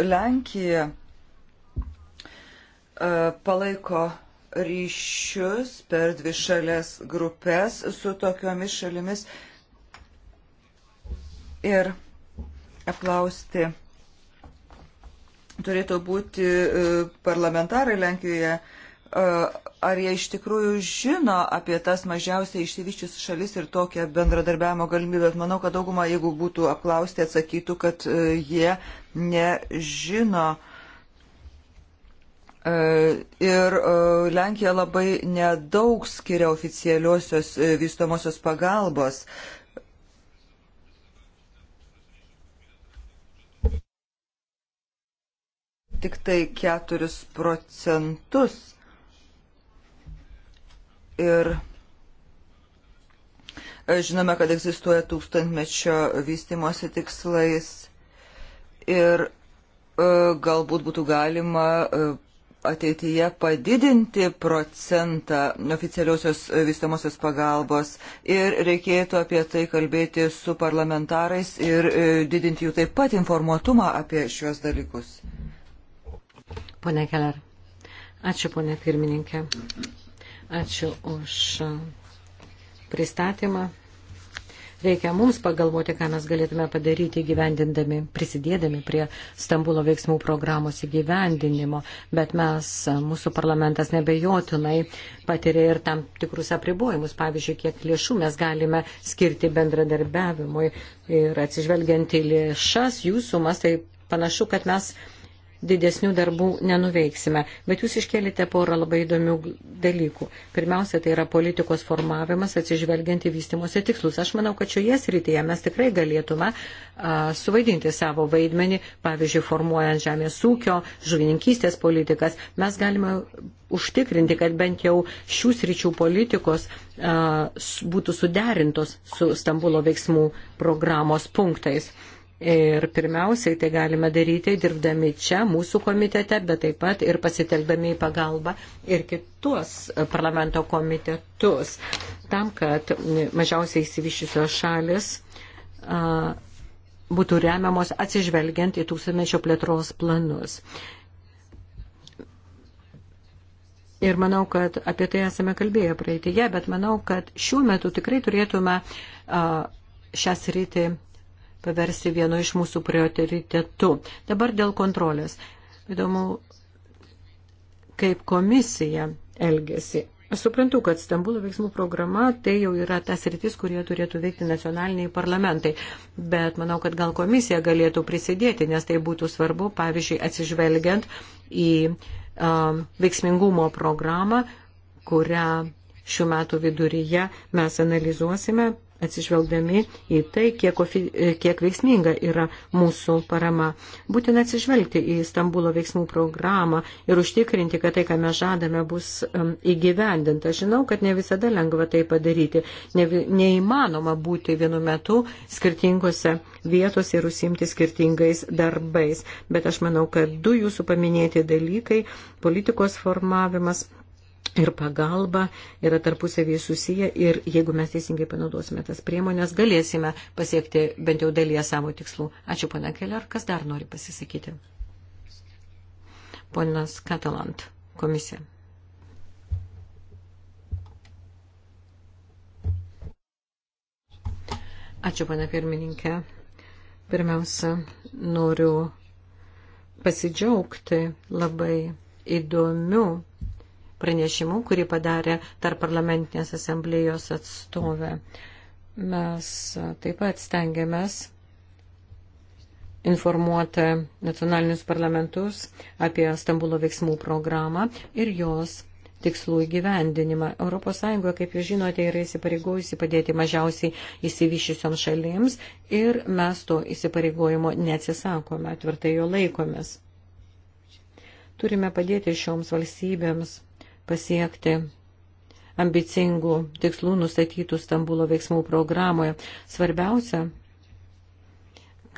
Lenkija e, palaiko ryšius per dvi šalės grupės su tokiomis šalimis ir apklausti turėtų būti e, parlamentarai Lenkijoje E, ar jie iš tikrųjų žino apie tas mažiausiai išsivyščius šalis ir tokią bendradarbiavimo galimybę. Manau, kad dauguma, jeigu būtų apklausti, atsakytų, kad e, jie nežino. E, ir Lenkija labai nedaug skiria oficialiosios vystomosios pagalbos. Tik tai 4 procentus ir e, žinome, kad egzistuoja tūkstantmečio vystimosi tikslais ir e, galbūt būtų galima e, ateityje padidinti procentą oficialiosios vystamosios pagalbos ir reikėtų apie tai kalbėti su parlamentarais ir didinti jų taip pat informuotumą apie šios dalykus. Pone Keller. Ačiū, ponė pirmininkė. Ačiū už pristatymą. Reikia mums pagalvoti, ką mes galėtume padaryti gyvendindami, prisidėdami prie Stambulo veiksmų programos įgyvendinimo, bet mes, mūsų parlamentas nebejotinai patiria ir tam tikrus apribojimus, pavyzdžiui, kiek lėšų mes galime skirti bendradarbiavimui ir atsižvelgiant į lėšas, jų sumas, tai panašu, kad mes didesnių darbų nenuveiksime. Bet jūs iškelite porą labai įdomių dalykų. Pirmiausia, tai yra politikos formavimas atsižvelgiant į vystimosi tikslus. Aš manau, kad šioje srityje mes tikrai galėtume a, suvaidinti savo vaidmenį, pavyzdžiui, formuojant žemės ūkio, žuvininkystės politikas. Mes galime užtikrinti, kad bent jau šių sričių politikos a, būtų suderintos su Stambulo veiksmų programos punktais. Ir pirmiausiai tai galime daryti dirbdami čia, mūsų komitete, bet taip pat ir pasitelkdami į pagalbą ir kitus parlamento komitetus, tam, kad mažiausiai įsivyšusios šalis a, būtų remiamos atsižvelgiant į tūkstantmečio plėtros planus. Ir manau, kad apie tai esame kalbėję praeitėje, bet manau, kad šiuo metu tikrai turėtume a, šią sritį paversti vienu iš mūsų prioritetų. Dabar dėl kontrolės. Įdomu, kaip komisija elgesi. Aš suprantu, kad Stambulo veiksmų programa tai jau yra tas rytis, kurie turėtų veikti nacionaliniai parlamentai. Bet manau, kad gal komisija galėtų prisidėti, nes tai būtų svarbu, pavyzdžiui, atsižvelgiant į um, veiksmingumo programą, kurią šių metų viduryje mes analizuosime atsižvelgdami į tai, kiek, ofi, kiek veiksminga yra mūsų parama. Būtina atsižvelgti į Stambulo veiksmų programą ir užtikrinti, kad tai, ką mes žadame, bus um, įgyvendinta. Žinau, kad ne visada lengva tai padaryti. Ne, neįmanoma būti vienu metu skirtingose vietose ir užsimti skirtingais darbais. Bet aš manau, kad du jūsų paminėti dalykai - politikos formavimas ir pagalba yra tarpusavyje susiję ir jeigu mes teisingai panaudosime tas priemonės, galėsime pasiekti bent jau dalyje savo tikslų. Ačiū, pana Keller. Kas dar nori pasisakyti? Ponas Katalant, komisija. Ačiū, pana pirmininkė. Pirmiausia, noriu pasidžiaugti labai įdomiu pranešimu, kurį padarė tarp parlamentinės asamblėjos atstovė. Mes taip pat stengiamės informuoti nacionalinius parlamentus apie Stambulo veiksmų programą ir jos tikslų įgyvendinimą. ES, kaip jūs žinote, yra įsipareigojusi padėti mažiausiai įsivyšysioms šalims ir mes to įsipareigojimo neatsisakome, tvirtai jo laikomės. Turime padėti šioms valstybėms pasiekti ambicingų tikslų nustatytų Stambulo veiksmų programoje. Svarbiausia,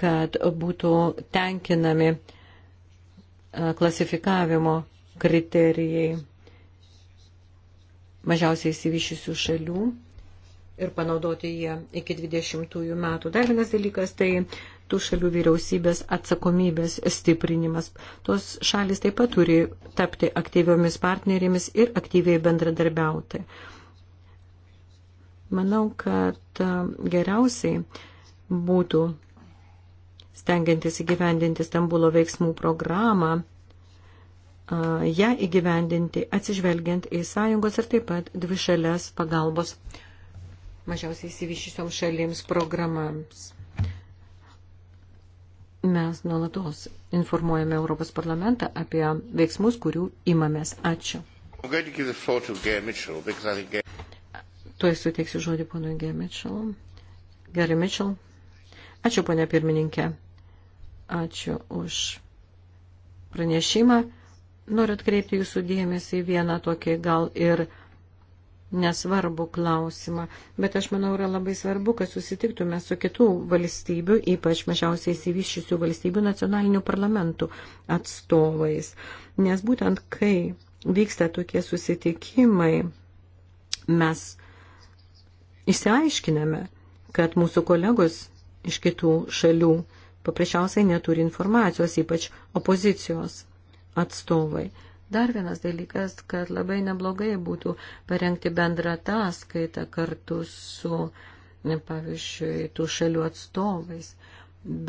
kad būtų tenkinami klasifikavimo kriterijai mažiausiai įsivyšysių šalių ir panaudoti jie iki 20 metų. Dar vienas dalykas tai tų šalių vyriausybės atsakomybės stiprinimas. Tos šalis taip pat turi tapti aktyviomis partnerėmis ir aktyviai bendradarbiauti. Manau, kad geriausiai būtų stengiantis įgyvendinti Stambulo veiksmų programą, ją įgyvendinti atsižvelgiant į sąjungos ir taip pat dvi šalias pagalbos mažiausiai įsivyšysioms šalims programams mes nuolatos informuojame Europos parlamentą apie veiksmus, kurių imamės. Ačiū. Tuoj suteiksiu žodį ponui G. Mitchell. Gary Mitchell. Ačiū, ponia pirmininkė. Ačiū už pranešimą. Noriu atkreipti jūsų dėmesį į vieną tokį gal ir nesvarbu klausimą, bet aš manau yra labai svarbu, kad susitiktume su kitų valstybių, ypač mažiausiai įsivyščiusių valstybių nacionalinių parlamentų atstovais. Nes būtent kai vyksta tokie susitikimai, mes išsiaiškiname, kad mūsų kolegos iš kitų šalių paprasčiausiai neturi informacijos, ypač opozicijos atstovai. Dar vienas dalykas, kad labai neblogai būtų parengti bendrą ataskaitą kartu su, pavyzdžiui, tų šalių atstovais,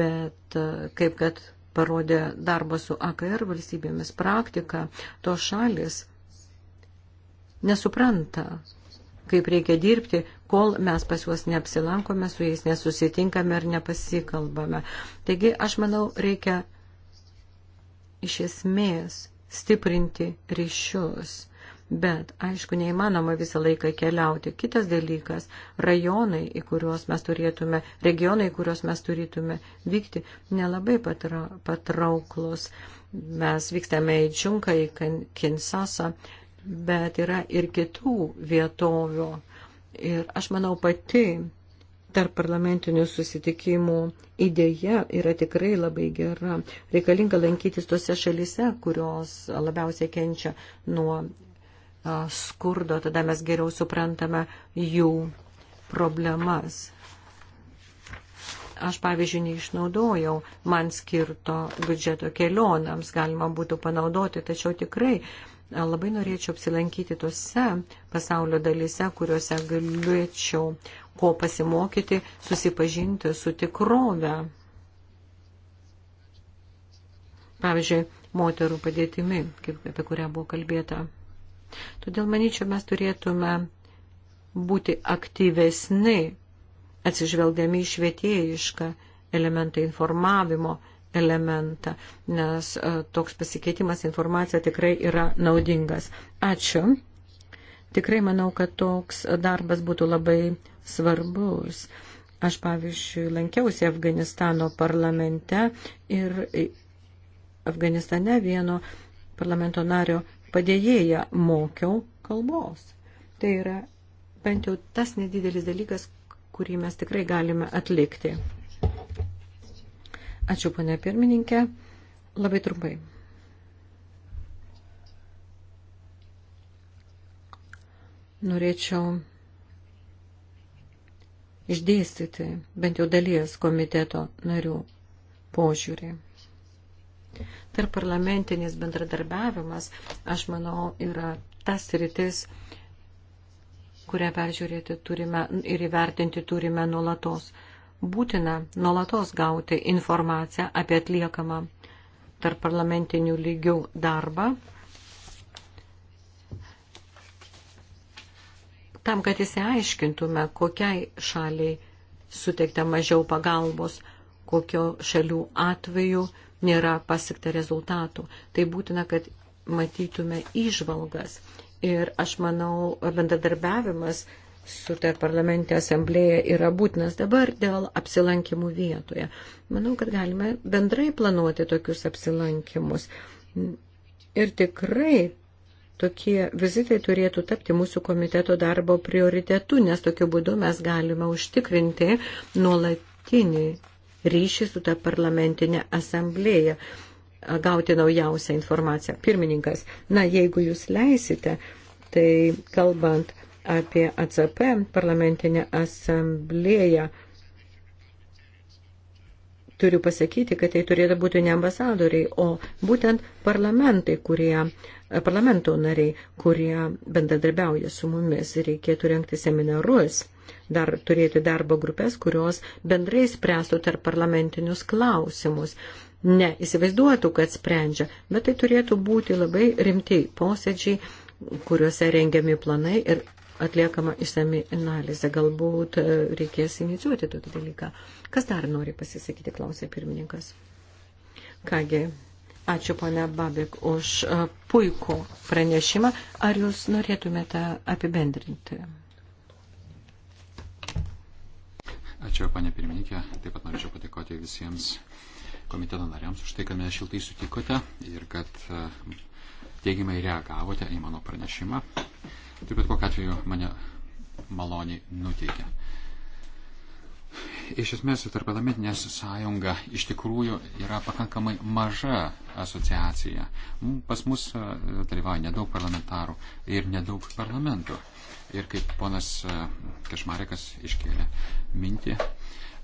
bet e, kaip kad parodė darbo su AKR valstybėmis praktika, to šalis nesupranta, kaip reikia dirbti, kol mes pas juos neapsilankome, su jais nesusitinkame ir nepasikalbame. Taigi, aš manau, reikia iš esmės stiprinti ryšius. Bet, aišku, neįmanoma visą laiką keliauti. Kitas dalykas - rajonai, į kuriuos mes turėtume, regionai, į kuriuos mes turėtume vykti, nelabai patra, patrauklus. Mes vykstame į Čunką, į Kinsasą, bet yra ir kitų vietovių. Ir aš manau pati tarp parlamentinių susitikimų idėja yra tikrai labai gera. Reikalinga lankytis tose šalise, kurios labiausiai kenčia nuo skurdo, tada mes geriau suprantame jų problemas. Aš, pavyzdžiui, neišnaudojau man skirto biudžeto kelionams, galima būtų panaudoti, tačiau tikrai labai norėčiau apsilankyti tose pasaulio dalise, kuriuose galėčiau ko pasimokyti, susipažinti su tikrove. Pavyzdžiui, moterų padėtimi, kaip, apie kurią buvo kalbėta. Todėl, manyčiau, mes turėtume būti aktyvesni, atsižvelgdami į švietėjišką elementą informavimo elementą, nes e, toks pasikeitimas informacija tikrai yra naudingas. Ačiū. Tikrai manau, kad toks darbas būtų labai svarbus. Aš, pavyzdžiui, lankiausi Afganistano parlamente ir Afganistane vieno parlamento nario padėjėją mokiau kalbos. Tai yra bent jau tas nedidelis dalykas, kurį mes tikrai galime atlikti. Ačiū, ponia pirmininkė. Labai trumpai. Norėčiau išdėstyti bent jau dalies komiteto narių požiūrį. Tarp parlamentinis bendradarbiavimas, aš manau, yra tas rytis, kurią peržiūrėti turime ir įvertinti turime nuolatos būtina nuolatos gauti informaciją apie atliekamą tarp parlamentinių lygių darbą, tam, kad įsiaiškintume, kokiai šaliai suteikta mažiau pagalbos, kokio šalių atveju nėra pasiekta rezultatų. Tai būtina, kad matytume įžvalgas. Ir aš manau, bendradarbiavimas su ta parlamente asamblėje yra būtinas dabar dėl apsilankimų vietoje. Manau, kad galime bendrai planuoti tokius apsilankimus. Ir tikrai tokie vizitai turėtų tapti mūsų komiteto darbo prioritetu, nes tokiu būdu mes galime užtikrinti nuolatinį ryšį su ta parlamentinė asamblėje, gauti naujausią informaciją. Pirmininkas, na, jeigu jūs leisite, tai kalbant apie ACP parlamentinę asamblėją, turiu pasakyti, kad tai turėtų būti ne ambasadoriai, o būtent parlamentai, kurie, parlamento nariai, kurie bendradarbiauja su mumis. Reikėtų renkti seminarus, dar turėti darbo grupės, kurios bendrai spręstų tarp parlamentinius klausimus. Ne įsivaizduotų, kad sprendžia, bet tai turėtų būti labai rimti posėdžiai, kuriuose rengiami planai ir atliekama išsami analizė. Galbūt e, reikės inicijuoti tokį dalyką. Kas dar nori pasisakyti, klausė pirmininkas. Kągi, ačiū ponia Babik už e, puikų pranešimą. Ar jūs norėtumėte apibendrinti? Ačiū, panė pirmininkė. Taip pat norėčiau patikoti visiems komiteto nariams už tai, kad mes šiltai sutikote ir kad e, teigiamai reagavote į mano pranešimą. Taip pat kokiu atveju mane maloniai nuteikia. Iš esmės, tarpalamentinė sąjunga iš tikrųjų yra pakankamai maža asociacija. Pas mus e, dalyvauja nedaug parlamentarų ir nedaug parlamentų. Ir kaip ponas e, Kešmarikas iškėlė mintį,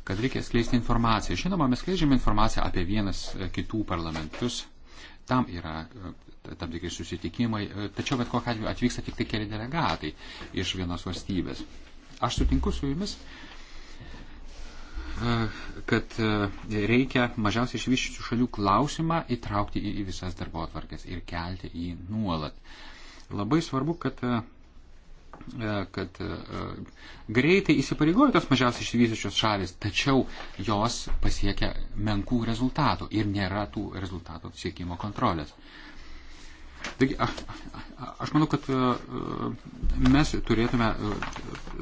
kad reikia skleisti informaciją. Žinoma, mes skleidžiame informaciją apie vienas e, kitų parlamentus. Tam yra tam tikri susitikimai, e, tačiau bet kokiu atveju atvyksta tik tai keli delegatai iš vienos valstybės. Aš sutinku su jumis, e, kad e, reikia mažiausiai išvyščiusių šalių klausimą įtraukti į visas darbo atvarkės ir kelti jį nuolat. Labai svarbu, kad, kad greitai įsipareigoja tos mažiausiai išvyščiusios šalis, tačiau jos pasiekia menkų rezultatų ir nėra tų rezultatų siekimo kontrolės. Uh, Taigi, a, a, aš manau, kad a, e, mes turėtume e,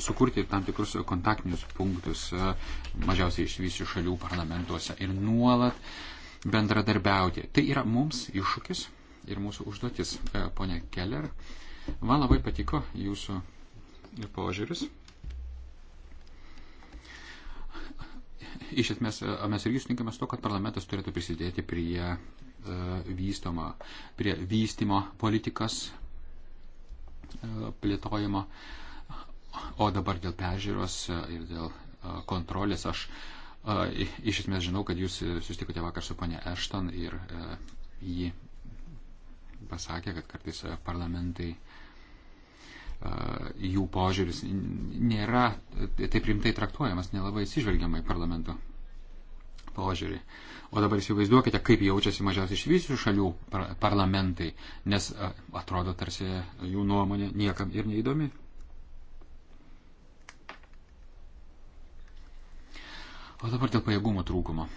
sukurti tam tikrus kontaktinius punktus a, e, mažiausiai išsivysių šalių parlamentuose ir nuolat bendradarbiauti. Tai yra mums iššūkis ir mūsų užduotis. Pone Keller, man labai patiko jūsų požiūris. Iš esmės, mes irgi sutinkame su to, kad parlamentas turėtų prisidėti prie E, vystoma prie vystimo politikas e, plėtojimo. O dabar dėl peržiūros ir dėl e, kontrolės aš iš esmės žinau, kad jūs susitikote vakar su ponė Ešton ir ji pasakė, kad kartais parlamentai jų požiūris nėra taip rimtai traktuojamas, nelabai atsižvelgiamai parlamento požiūrį. O dabar įsivaizduokite, kaip jaučiasi mažiausiai išvysių šalių par parlamentai, nes atrodo tarsi jų nuomonė niekam ir neįdomi. O dabar dėl pajėgumų trūkumo.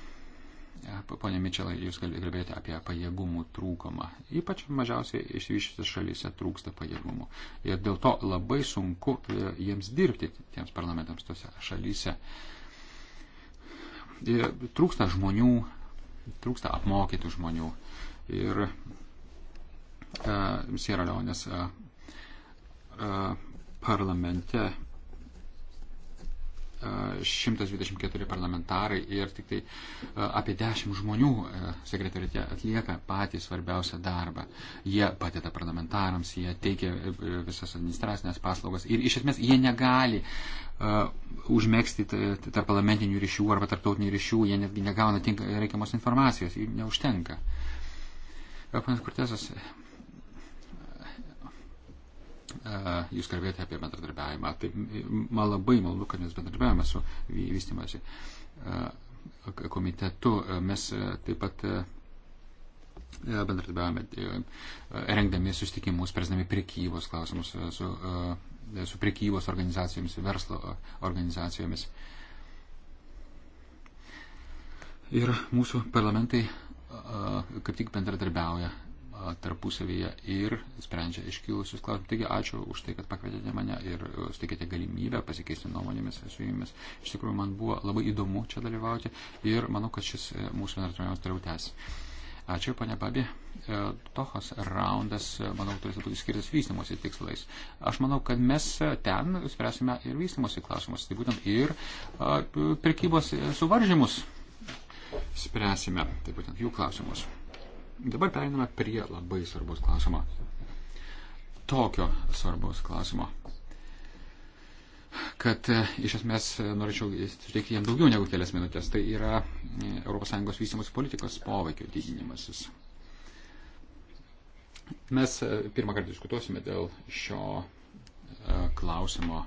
Pone Mičelai, jūs kalbėjote apie pajėgumų trūkumą. Ypač mažiausiai išsivyščiusios šalyse trūksta pajėgumų. Ir dėl to labai sunku e, jiems dirbti, tiems parlamentams tose šalyse. Ir trūksta žmonių, trūksta apmokytų žmonių. Ir e, Sierra Leonės e, e, parlamente 124 parlamentarai ir tik tai e, apie 10 žmonių e, sekretorite atlieka patį svarbiausią darbą. Jie padeda parlamentarams, jie teikia e, visas administracinės paslaugas ir iš esmės jie negali uh, užmėgsti tarp parlamentinių ryšių arba tarptautinių ryšių, jie netgi negauna reikiamos informacijos, jų neužtenka. Panas Kurtesas Jūs kalbėjote apie bendradarbiavimą. Tai man labai malonu, kad mes bendradarbiavame su vystimasi komitetu. Mes taip pat bendradarbiavame, rengdami susitikimus, spręsdami priekybos klausimus su, su priekybos organizacijomis, verslo organizacijomis. Ir mūsų parlamentai kaip tik bendradarbiauja tarpusavyje ir sprendžia iškilusius klausimus. Taigi ačiū už tai, kad pakvietėte mane ir e, suteikėte galimybę pasikeisti nuomonėmis su jumis. Iš tikrųjų, man buvo labai įdomu čia dalyvauti ir manau, kad šis e, mūsų bendradarbiavimas toliau tęsis. Ačiū, ponia Babi. E, Tohos raundas, manau, turėtų būti skirtas vystimosi tikslais. Aš manau, kad mes ten spręsime ir vystimosi klausimus, tai būtent ir prekybos suvaržymus spręsime, tai būtent jų klausimus. Dabar periname prie labai svarbus klausimo. Tokio svarbus klausimo, kad e, iš esmės e, norėčiau suteikti jam daugiau negu kelias minutės. Tai yra ES vystimos politikos poveikio didinimasis. Mes e, pirmą kartą diskutuosime dėl šio klausimo.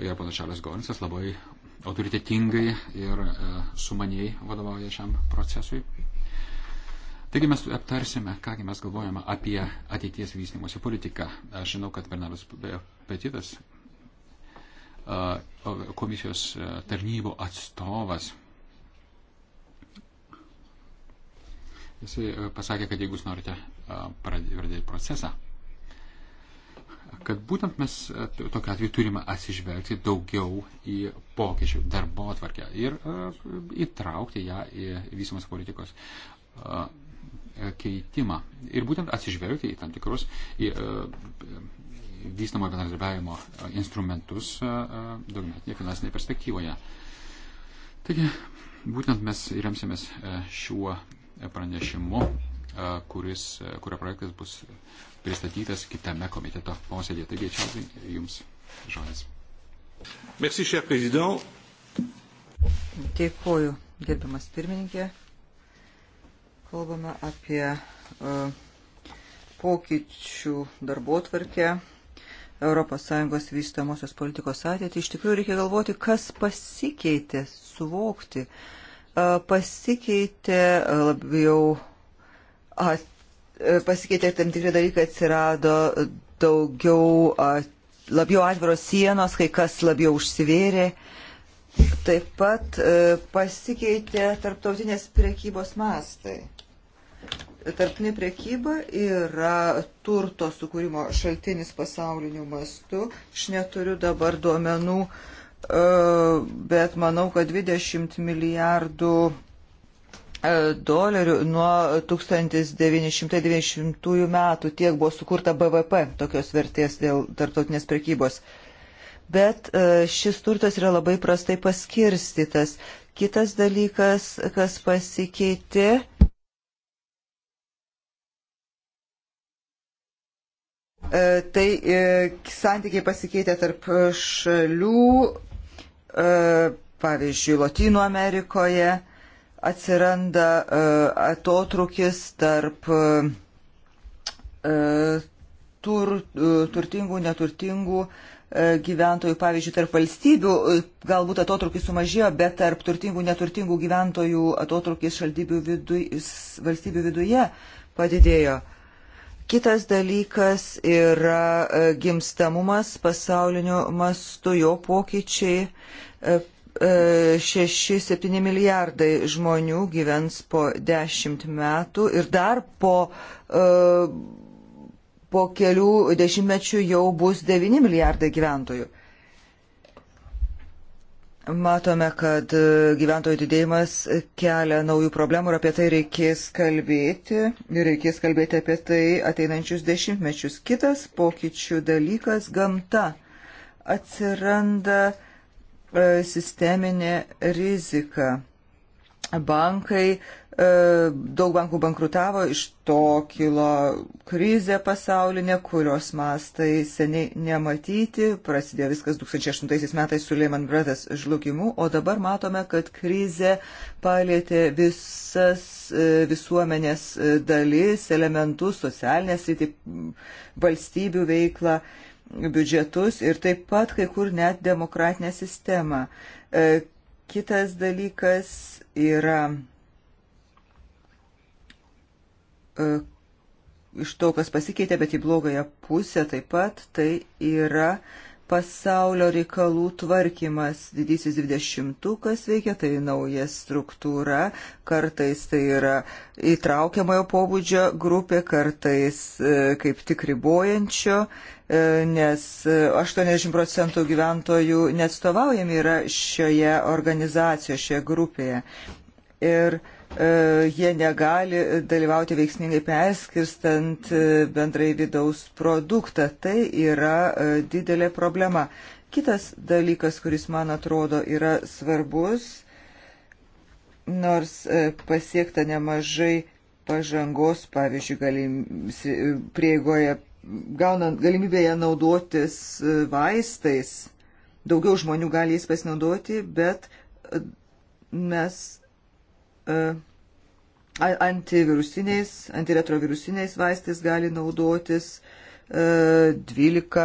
Ir panas Šarlis Gorinsas labai autoritetingai ir sumaniai vadovauja šiam procesui. Taigi mes aptarsime, kągi mes galvojame apie ateities vystimosi politiką. Aš žinau, kad Bernaras Petitas, komisijos tarnybų atstovas, jisai pasakė, kad jeigu jūs norite pradėti procesą, kad būtent mes tokiu atveju turime atsižvelgti daugiau į pokyčių darbo atvarkę ir įtraukti ją į vysimos politikos E, keitimą ir būtent atsižvelgti į tam tikrus į, į e, e, vystamo bendradarbiavimo instrumentus daugmetinėje finansinėje perspektyvoje. Taigi, būtent mes remsimės šiuo pranešimu, kuris, kurio projektas bus pristatytas kitame komiteto posėdėje. Taigi, čia jums žodis. Merci, cher président. Dėkuoju, gerbiamas pirmininkė. Kalbame apie e, pokyčių darbo tvarkę. ES vystamosios politikos ateitį, iš tikrųjų reikia galvoti, kas pasikeitė, suvokti. E, pasikeitė e, labiau, at, pasikeitė tam tikri dalykai, atsirado daugiau, at, labiau atviros sienos, kai kas labiau užsivėrė. Taip pat pasikeitė tarptautinės priekybos mastai. Tarptinė prekyba yra turto sukūrimo šaltinis pasauliniu mastu. Aš neturiu dabar duomenų, e, bet manau, kad 20 milijardų e, dolerių nuo 1990 metų tiek buvo sukurta BVP tokios vertės dėl tarptautinės prekybos. Bet e, šis turtas yra labai prastai paskirstytas. Kitas dalykas, kas pasikeitė, E, tai e, santykiai pasikeitė tarp šalių, e, pavyzdžiui, Latino Amerikoje atsiranda atotrukis tarp tur, turtingų, neturtingų gyventojų, pavyzdžiui, tarp valstybių, galbūt atotrukis sumažėjo, bet tarp turtingų, neturtingų gyventojų atotrukis viduj, valstybių viduje padidėjo. Uh, Kitas dalykas yra e, gimstamumas pasauliniu mastu, jo pokyčiai. 6-7 e, e, milijardai žmonių gyvens po 10 metų ir dar po, po kelių dešimtmečių jau bus 9 milijardai gyventojų. Matome, kad e, gyventojų didėjimas kelia naujų problemų ir apie tai reikės kalbėti. Ir reikės kalbėti apie tai ateinančius dešimtmečius. Kitas pokyčių dalykas - gamta. Atsiranda e, sisteminė rizika. Bankai e, E, daug bankų bankrutavo, iš to kilo krizė pasaulinė, kurios mastai seniai nematyti, prasidėjo viskas 2008 metais su Lehman Brothers žlugimu, o dabar matome, kad krizė palėtė visas e, visuomenės e, dalis, elementus, socialinę sritį, valstybių veiklą, biudžetus ir taip pat kai kur net demokratinę sistemą. Kitas dalykas yra E, iš to, kas pasikeitė, bet į blogąją pusę taip pat, tai yra pasaulio reikalų tvarkymas. Didysis dvidešimtukas veikia, tai nauja struktūra, kartais tai yra įtraukiamojo pobūdžio grupė, kartais e, kaip tik ribojančio, e, nes 80 procentų gyventojų neatstovaujami yra šioje organizacijoje, šioje grupėje. Ir uh, E, jie negali dalyvauti veiksmingai perskirstant e, bendrai vidaus produktą. Tai yra e, didelė problema. Kitas dalykas, kuris man atrodo yra svarbus, nors pasiekta nemažai pažangos, pavyzdžiui, galim, prieigoje, gaunant galimybėje naudotis vaistais, daugiau žmonių gali jais pasinaudoti, bet mes E, antivirusiniais, antiretrovirusiniais vaistais gali naudotis 12 e,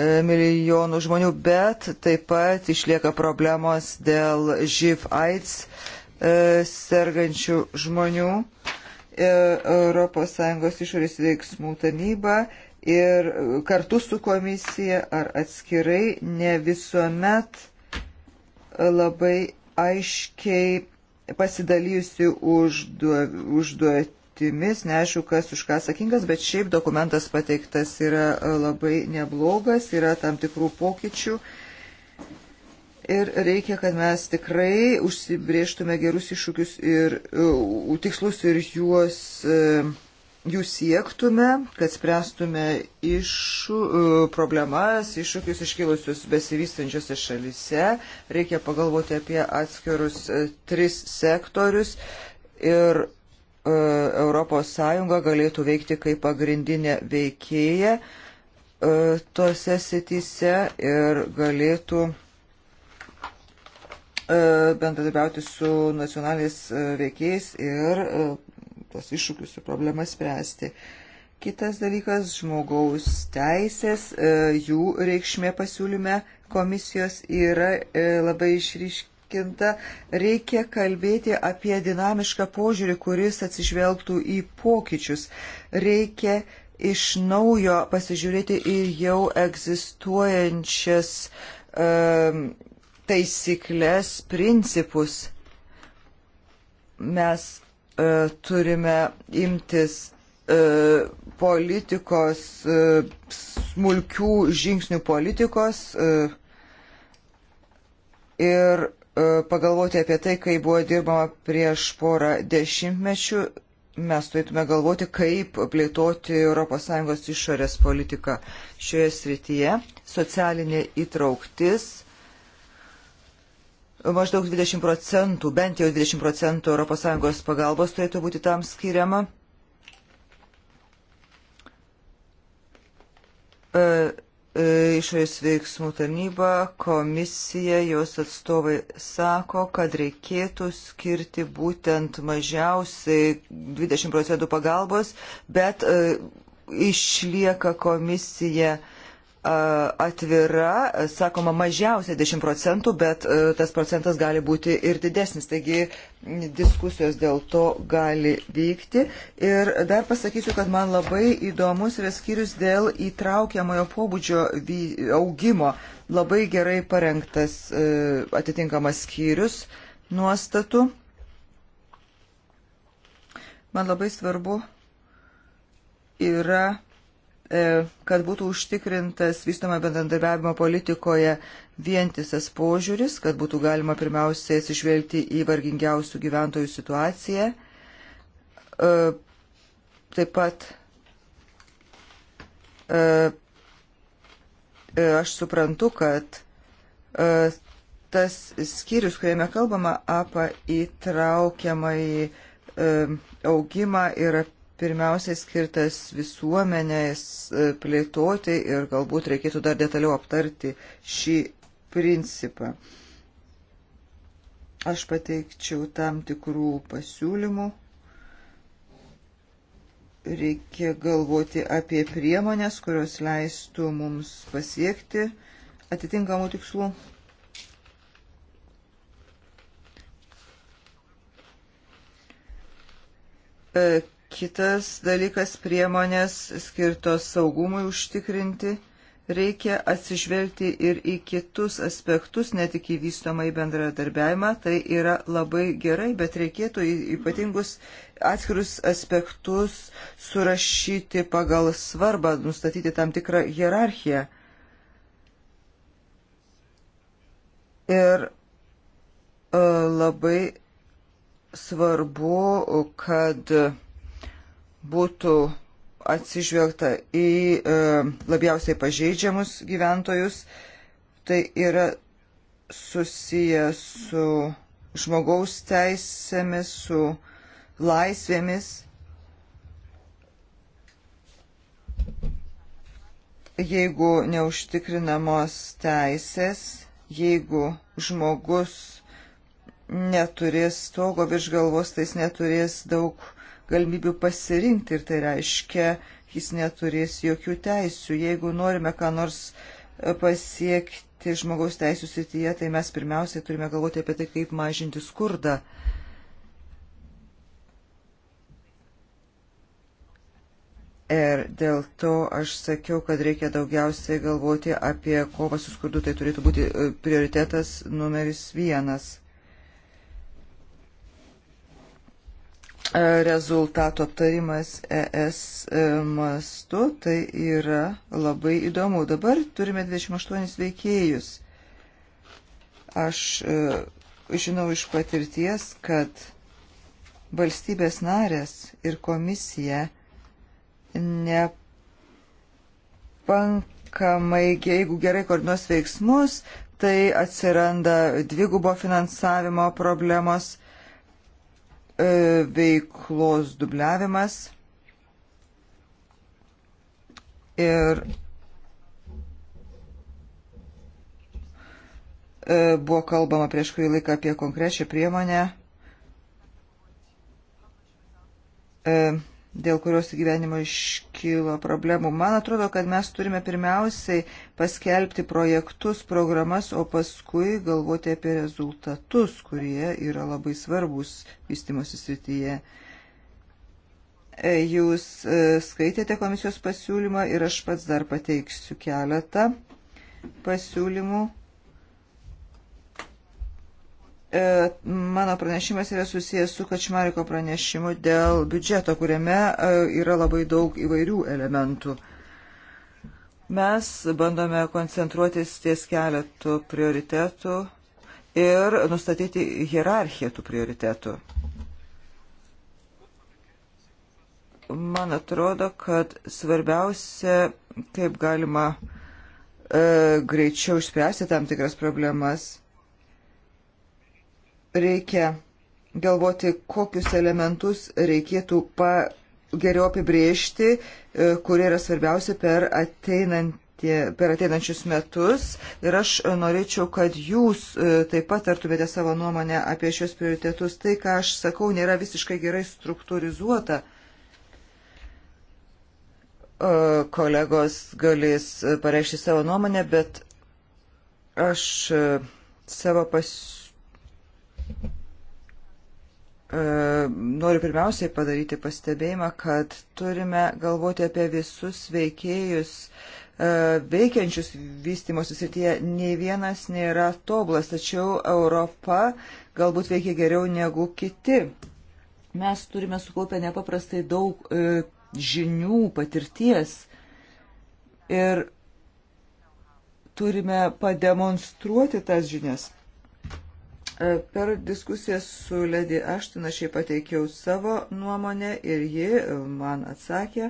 e, milijonų žmonių, bet taip pat išlieka problemos dėl živ AIDS sergančių žmonių. ES išorės veiksmų taryba ir kartu su komisija ar atskirai ne visuomet labai aiškiai pasidalyjusi užduo, užduotimis, neaišku, kas už ką sakingas, bet šiaip dokumentas pateiktas yra e, labai neblogas, yra tam tikrų pokyčių. Ir reikia, kad mes tikrai užsibrieštume gerus iššūkius ir e, tikslus ir juos. Uh, jų siektume, kad spręstume išu, e, problemas, iššūkius iškilusius besivystančiose šalise. Reikia pagalvoti apie atskirus e, tris sektorius ir ES galėtų veikti kaip pagrindinė veikėja e, tose sityse ir galėtų bendradarbiauti su nacionaliniais veikėjais ir tos iššūkius ir problemas spręsti. Kitas dalykas - žmogaus teisės, e, jų reikšmė pasiūlyme komisijos yra e, labai išryškinta. Reikia kalbėti apie dinamišką požiūrį, kuris atsižvelgtų į pokyčius. Reikia iš naujo pasižiūrėti į jau egzistuojančias um, taisyklės, principus. Mes E, turime imtis e, politikos, e, smulkių žingsnių politikos ir pagalvoti apie tai, kai buvo dirbama prieš porą dešimtmečių, mes turėtume galvoti, kaip plėtoti ES išorės politiką šioje srityje. Socialinė įtrauktis Maždaug 20 procentų, bent jau 20 procentų ES pagalbos turėtų būti tam skiriama. E, e, išorės veiksmų tarnyba, komisija, jos atstovai sako, kad reikėtų skirti būtent mažiausiai 20 procentų pagalbos, bet e, išlieka komisija uh, atvira, sakoma, mažiausiai 10 procentų, bet tas procentas gali būti ir didesnis. Taigi diskusijos dėl to gali vykti. Ir dar pasakysiu, kad man labai įdomus yra skyrius dėl įtraukiamojo pobūdžio augimo. Labai gerai parengtas e, atitinkamas skyrius nuostatų. Man labai svarbu yra E, kad būtų užtikrintas vystoma bendradarbiavimo politikoje vientisas požiūris, kad būtų galima pirmiausiai atsižvelgti į vargingiausių gyventojų situaciją. E, taip pat e, aš suprantu, kad tas skyrius, kuriame kalbama apie įtraukiamą į augimą ir apie pirmiausiai skirtas visuomenės e, plėtoti ir galbūt reikėtų dar detaliau aptarti šį principą. Aš pateikčiau tam tikrų pasiūlymų. Reikia galvoti apie priemonės, kurios leistų mums pasiekti atitinkamų tikslų. E, Kitas dalykas - priemonės skirtos saugumui užtikrinti. Reikia atsižvelgti ir į kitus aspektus, ne tik į vystomą į bendradarbiavimą. Tai yra labai gerai, bet reikėtų ypatingus atskirus aspektus surašyti pagal svarbą, nustatyti tam tikrą hierarchiją. Ir e, labai svarbu, kad būtų atsižvelgta į e, labiausiai pažeidžiamus gyventojus. Tai yra susiję su žmogaus teisėmis, su laisvėmis. Jeigu neužtikrinamos teisės, jeigu žmogus neturės stogo virš galvos, tai jis neturės daug galimybių pasirinkti ir tai reiškia, jis neturės jokių teisių. Jeigu norime ką nors e, pasiekti žmogaus teisų srityje, tai mes pirmiausiai turime galvoti apie tai, kaip mažinti skurdą. Ir dėl to aš sakiau, kad reikia daugiausiai galvoti apie kovą su skurdu, tai turėtų būti e, prioritetas numeris vienas. rezultato aptarimas ES e, mastu, tai yra labai įdomu. Dabar turime 28 veikėjus. Aš e, žinau iš patirties, kad valstybės narės ir komisija nepankamai, jeigu gerai koordinuos veiksmus, tai atsiranda dvigubo finansavimo problemos E, veiklos dubliavimas ir e, buvo kalbama prieš kurį laiką apie konkrečią priemonę e, dėl kurios gyvenimo iškilo problemų. Man atrodo, kad mes turime pirmiausiai paskelbti projektus, programas, o paskui galvoti apie rezultatus, kurie yra labai svarbus vystimosi srityje. E, jūs e, skaitėte komisijos pasiūlymą ir aš pats dar pateiksiu keletą pasiūlymų E, mano pranešimas yra susijęs su Kačmariko pranešimu dėl biudžeto, kuriame e, yra labai daug įvairių elementų. Mes bandome koncentruotis ties keletų prioritetų ir nustatyti hierarchiją tų prioritetų. Man atrodo, kad svarbiausia, kaip galima e, greičiau išspręsti tam tikras problemas reikia galvoti, kokius elementus reikėtų pa, geriau apibriežti, e, kurie yra svarbiausi per, ateinantį, per ateinančius metus. Ir aš norėčiau, kad jūs e, taip pat artumėte savo nuomonę apie šios prioritetus. Tai, ką aš sakau, nėra visiškai gerai struktūrizuota. E, kolegos galės pareikšti savo nuomonę, bet aš savo pasiūlymą E, noriu pirmiausiai padaryti pastebėjimą, kad turime galvoti apie visus veikėjus, e, veikiančius vystimosi srityje. Nei vienas nėra toblas, tačiau Europa galbūt veikia geriau negu kiti. Mes turime sukaupę nepaprastai daug e, žinių, patirties ir turime pademonstruoti tas žinias Per diskusiją su Ledi Aštin aš jai pateikiau savo nuomonę ir ji e, man atsakė,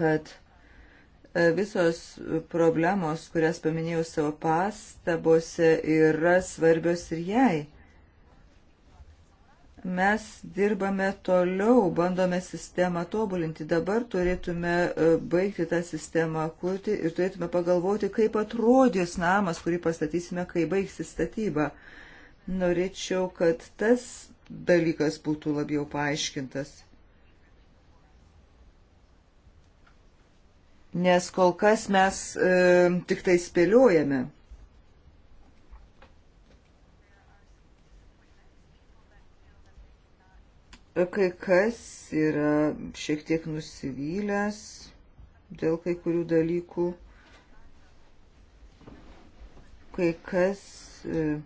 kad e, visos problemos, kurias paminėjau savo pastabose, yra svarbios ir jai. Mes dirbame toliau, bandome sistemą tobulinti. Dabar turėtume e, baigti tą sistemą kurti ir turėtume pagalvoti, kaip atrodys namas, kurį pastatysime, kai baigsi statybą. Norėčiau, kad tas dalykas būtų labiau paaiškintas. Nes kol kas mes e, tik tai spėliojame. Kai kas yra šiek tiek nusivylęs dėl kai kurių dalykų, kai kas e,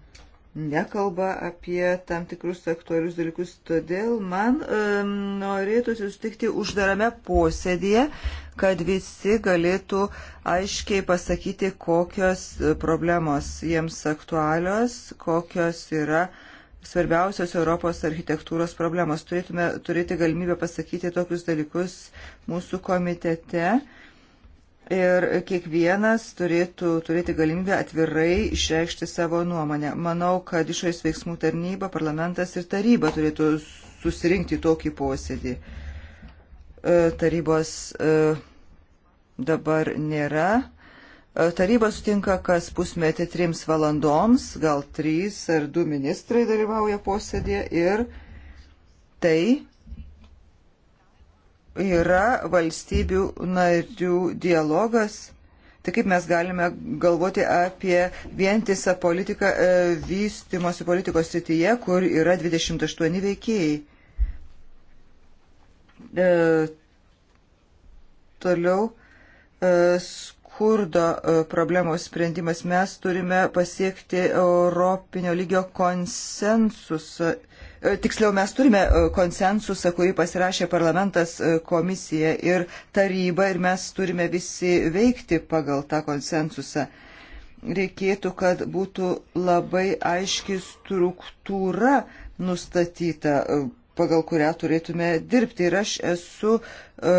nekalba apie tam tikrus aktualius dalykus. Todėl man um, e, norėtųsi sutikti uždarame posėdėje, kad visi galėtų aiškiai pasakyti, kokios problemos jiems aktualios, kokios yra uh, svarbiausios Europos architektūros problemos. Turėtume turėti galimybę pasakyti tokius dalykus mūsų komitete. Ir kiekvienas turėtų turėti galimybę atvirai išreikšti savo nuomonę. Manau, kad išorės veiksmų tarnyba, parlamentas ir taryba turėtų susirinkti tokį posėdį. E, tarybos e, dabar nėra E, taryba sutinka kas pusmetį trims valandoms, gal trys ar du ministrai dalyvauja posėdėje ir tai yra valstybių narių dialogas. Tai kaip mes galime galvoti apie vientisą politiką e, vystimosi politikos srityje, kur yra 28 veikėjai. E, toliau e, skurdo e, problemos sprendimas. Mes turime pasiekti europinio lygio konsensusą. E, tiksliau, mes turime e, konsensusą, kurį pasirašė parlamentas, komisija ir taryba ir mes turime visi veikti pagal tą konsensusą. Reikėtų, kad būtų labai aiški struktūra nustatyta pagal kurią turėtume dirbti. Ir aš esu e,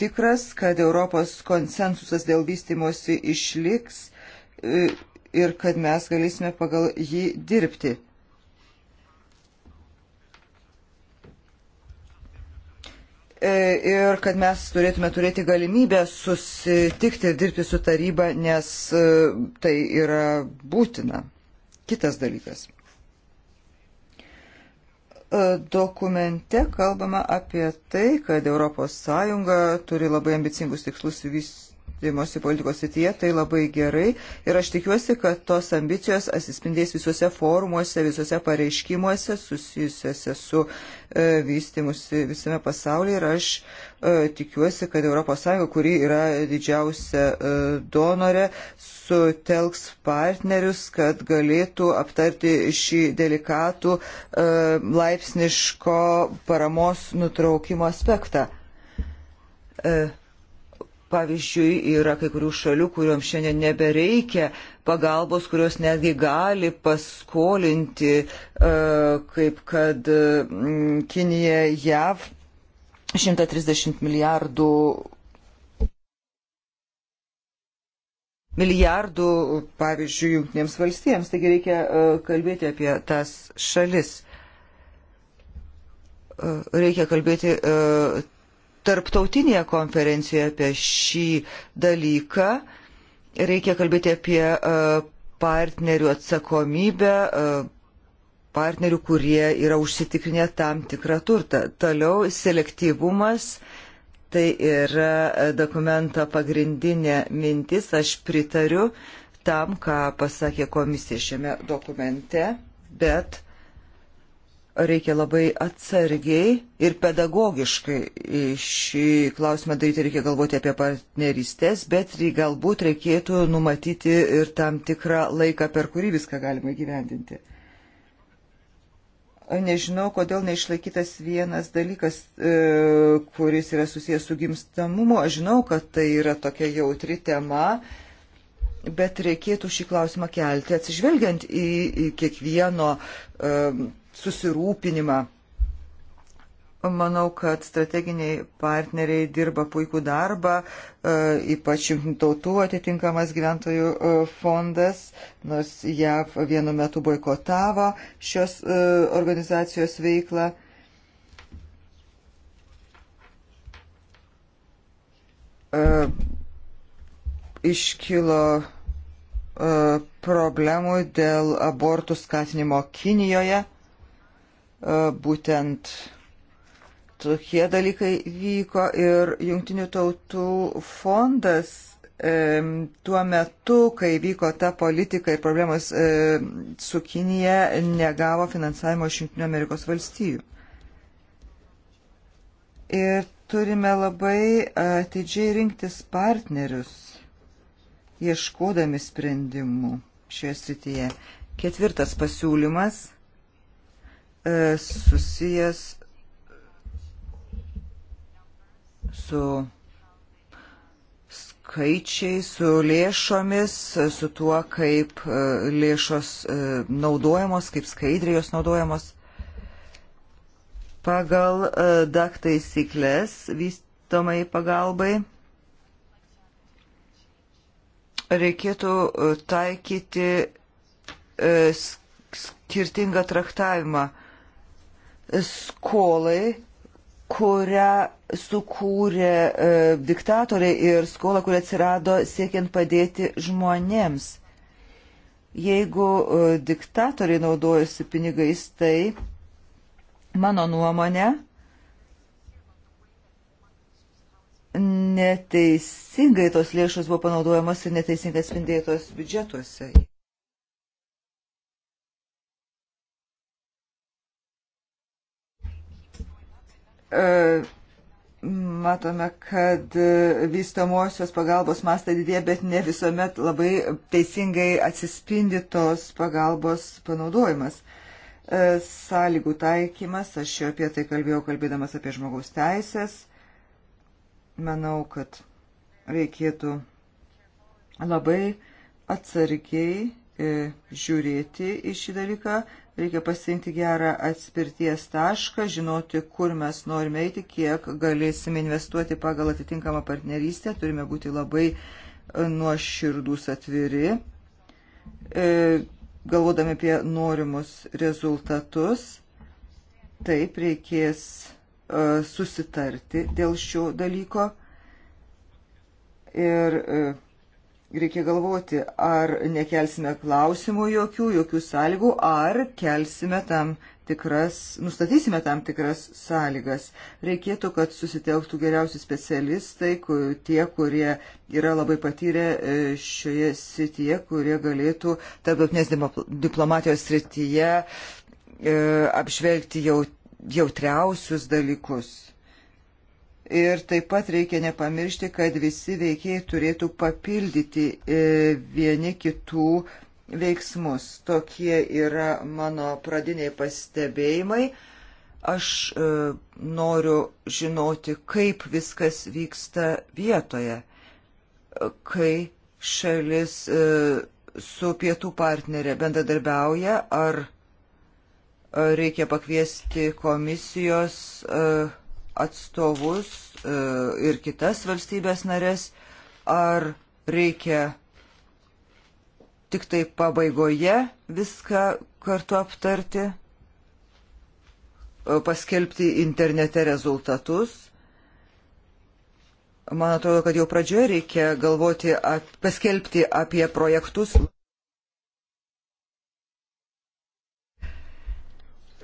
tikras, kad Europos konsensusas dėl vystimosi išliks e, ir kad mes galėsime pagal jį dirbti. E, ir kad mes turėtume turėti galimybę susitikti ir dirbti su taryba, nes e, tai yra būtina. Kitas dalykas. Dokumente kalbama apie tai, kad ES turi labai ambicingus tikslus vis vystimosi politikos sityje, tai labai gerai. Ir aš tikiuosi, kad tos ambicijos atsispindės visuose forumuose, visuose pareiškimuose susijusiuose su e, vystimusi visame pasaulyje. Ir aš e, tikiuosi, kad ES, kuri yra didžiausia e, donore, sutelks partnerius, kad galėtų aptarti šį delikatų e, laipsniško paramos nutraukimo aspektą. E, Pavyzdžiui, yra kai kurių šalių, kuriuom šiandien nebereikia pagalbos, kurios netgi gali paskolinti, e, kaip kad mm, Kinija JAV 130 milijardų milijardų, pavyzdžiui, jungtinėms valstijams. Taigi reikia e, kalbėti apie tas šalis. E, reikia kalbėti tarptautinėje konferencijoje apie šį dalyką. Reikia kalbėti apie e, partnerių atsakomybę, e, partnerių, kurie yra užsitikrinę tam tikrą turtą. Toliau selektyvumas. Tai yra e, dokumento pagrindinė mintis. Aš pritariu tam, ką pasakė komisija šiame dokumente, bet uh, reikia labai atsargiai ir pedagogiškai šį klausimą daryti, reikia galvoti apie partnerystės, bet tai galbūt reikėtų numatyti ir tam tikrą laiką, per kurį viską galima gyvendinti. Nežinau, kodėl neišlaikytas vienas dalykas, e, kuris yra susijęs su gimstamumu. Aš žinau, kad tai yra tokia jautri tema, bet reikėtų šį klausimą kelti atsižvelgiant į, į kiekvieno e, susirūpinimą. Manau, kad strateginiai partneriai dirba puikų darbą, e, ypač jungtinių tautų atitinkamas gyventojų e, fondas, nors JAV vienu metu boikotavo šios e, organizacijos veiklą. Iškilo problemų dėl abortų skatinimo Kinijoje E, būtent tokie dalykai vyko ir jungtinių tautų fondas e, tuo metu, kai vyko ta politika ir problemos e, su Kinija, negavo finansavimo iš Junktinių Amerikos valstijų. Ir turime labai atidžiai rinktis partnerius, ieškodami sprendimų šioje srityje. Ketvirtas pasiūlymas E, susijęs su skaičiai, su lėšomis, su tuo, kaip e, lėšos e, naudojamos, kaip skaidrėjos naudojamos. Pagal DAK taisyklės vystomai pagalbai reikėtų taikyti skirtingą traktavimą skolai, kurią sukūrė e, diktatoriai ir skolą, kuri atsirado siekiant padėti žmonėms. Jeigu e, diktatoriai naudojasi pinigais, tai mano nuomonė neteisingai tos lėšos buvo panaudojamos ir neteisingai atspindėtos biudžetuose. E, matome, kad vystamosios pagalbos mastai didėja, bet ne visuomet labai teisingai atsispindi tos pagalbos panaudojimas. E, sąlygų taikymas, aš jau apie tai kalbėjau kalbėdamas apie žmogaus teisės. Manau, kad reikėtų labai atsargiai e, žiūrėti į šį dalyką, Reikia pasirinkti gerą atspirties tašką, žinoti, kur mes norime eiti, kiek galėsime investuoti pagal atitinkamą partnerystę, turime būti labai e, nuoširdus atviri, e, galvodami apie norimus rezultatus. Taip reikės e, susitarti dėl šio dalyko ir reikia galvoti, ar nekelsime klausimų jokių, jokių sąlygų, ar kelsime tam tikras, nustatysime tam tikras sąlygas. Reikėtų, kad susitelktų geriausi specialistai, kur, tie, kurie yra labai patyrę e, šioje srityje, kurie galėtų tarptautinės diplomatijos srityje e, apžvelgti jau, jautriausius dalykus. Ir taip pat reikia nepamiršti, kad visi veikėjai turėtų papildyti e, vieni kitų veiksmus. Tokie yra mano pradiniai pastebėjimai. Aš e, noriu žinoti, kaip viskas vyksta vietoje, kai šalis e, su pietų partnerė bendradarbiauja, ar e, reikia pakviesti komisijos. E, atstovus e, ir kitas valstybės narės, ar reikia tik tai pabaigoje viską kartu aptarti, e, paskelbti internete rezultatus. Man atrodo, kad jau pradžioje reikia galvoti, ap, paskelbti apie projektus.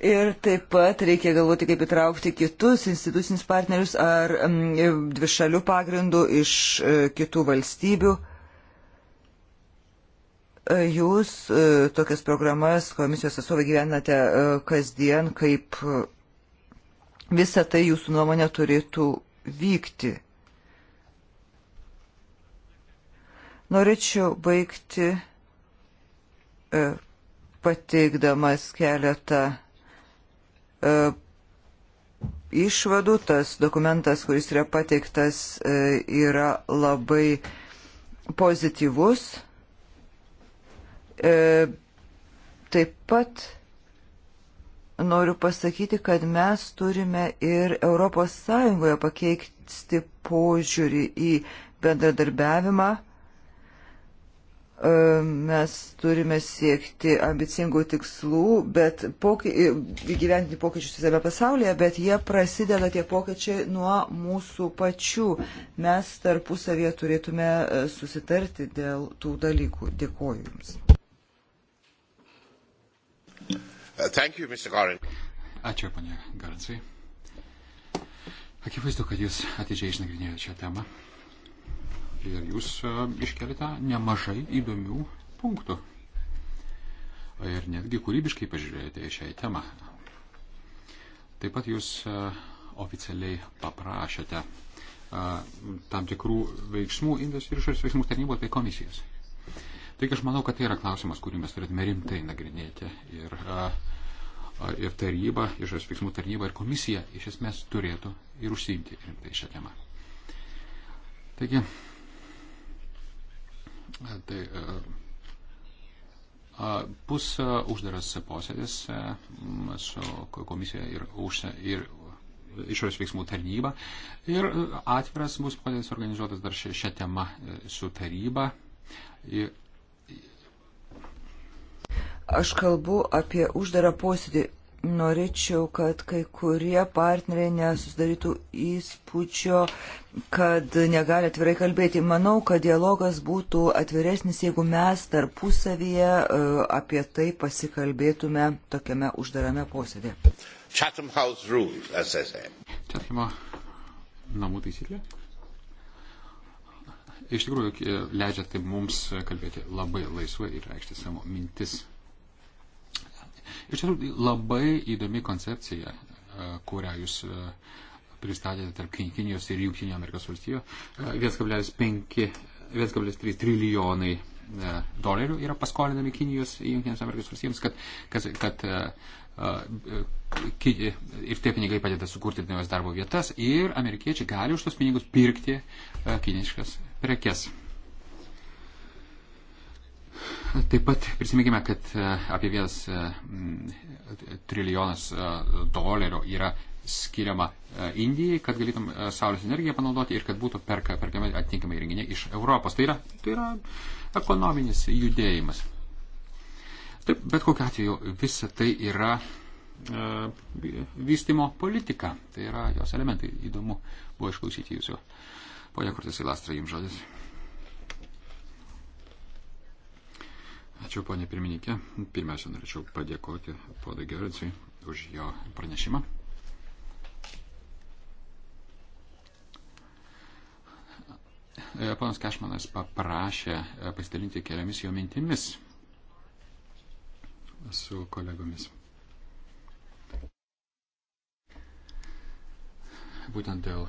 Ir taip pat reikia galvoti, kaip įtraukti kitus institucinius partnerius ar mm, dvišalių pagrindų iš e, kitų valstybių. E, jūs e, tokias programas komisijos atstovai gyvenate kasdien, kaip visa tai jūsų nuomonė turėtų vykti. Norėčiau baigti pateikdamas keletą E, išvadų. Tas dokumentas, kuris yra pateiktas, e, yra labai pozityvus. E, taip pat noriu pasakyti, kad mes turime ir ES pakeisti požiūrį į bendradarbiavimą E, mes turime siekti ambicingų tikslų, bet poky, įgyventinti pokyčius visame pasaulyje, bet jie prasideda tie pokyčiai nuo mūsų pačių. Mes tarpusavėje turėtume e, susitarti dėl tų dalykų. Dėkuoju Jums. Uh, you, Ačiū, panė Garansai. Akivaizdu, kad Jūs atidžiai išnagrinėjote šią temą ir jūs e, iškelite nemažai įdomių punktų. Ir netgi kūrybiškai pažiūrėjote į šią temą. Taip pat jūs e, oficialiai paprašėte e, tam tikrų veiksmų investicijų išorės veiksmų tarnybos bei komisijos. Taigi aš manau, kad tai yra klausimas, kurį mes turėtume rimtai nagrinėti. Ir, ir taryba, išorės veiksmų tarnyba ir komisija iš esmės turėtų ir užsiimti rimtai šią temą. Taigi, Tai bus e, e, uždaras posėdis e, su komisija ir, užsia, ir išorės veiksmų tarnyba. Ir atviras bus posėdis organizuotas dar šią temą su taryba. Ir... Aš kalbu apie uždarą posėdį norėčiau, kad kai kurie partneriai nesusidarytų įspūdžio, kad negali atvirai kalbėti. Manau, kad dialogas būtų atviresnis, jeigu mes tarpusavyje e, apie tai pasikalbėtume tokiame uždarame posėdė. Chatham House Rules, SSA. Chathamo namų taisyklė. Iš tikrųjų, leidžia tai mums kalbėti labai laisvai ir reikšti savo mintis Iš tiesų labai įdomi koncepcija, e, kurią jūs e, pristatėte tarp Kinijos ir Junktinio Amerikos valstijų. 1,3 e, trilijonai dolerių yra paskolinami Kinijos Junktinėms Amerikos valstijoms, kad, kas, kad ir tie pinigai padeda sukurti naujas darbo vietas ir amerikiečiai gali už tos pinigus pirkti kiniškas prekes. Taip pat prisiminkime, kad e, apie vienas e, trilijonas e, dolerio yra skiriama Indijai, kad galėtum saulės energiją panaudoti ir kad būtų perka, perkami atitinkami įrenginiai iš Europos. Tai yra, tai yra ekonominis judėjimas. Taip, bet kokiu atveju visa tai yra e, vystimo politika. Tai yra jos elementai. Įdomu buvo išklausyti jūsų. Pone Kurtis Ilastra, jums žodis. Ačiū, ponė pirmininkė. Pirmiausia, norėčiau padėkoti podai Gericui už jo pranešimą. E, ponas Kešmanas paprašė e, pasidalinti keliomis jo mintimis su kolegomis. Būtent dėl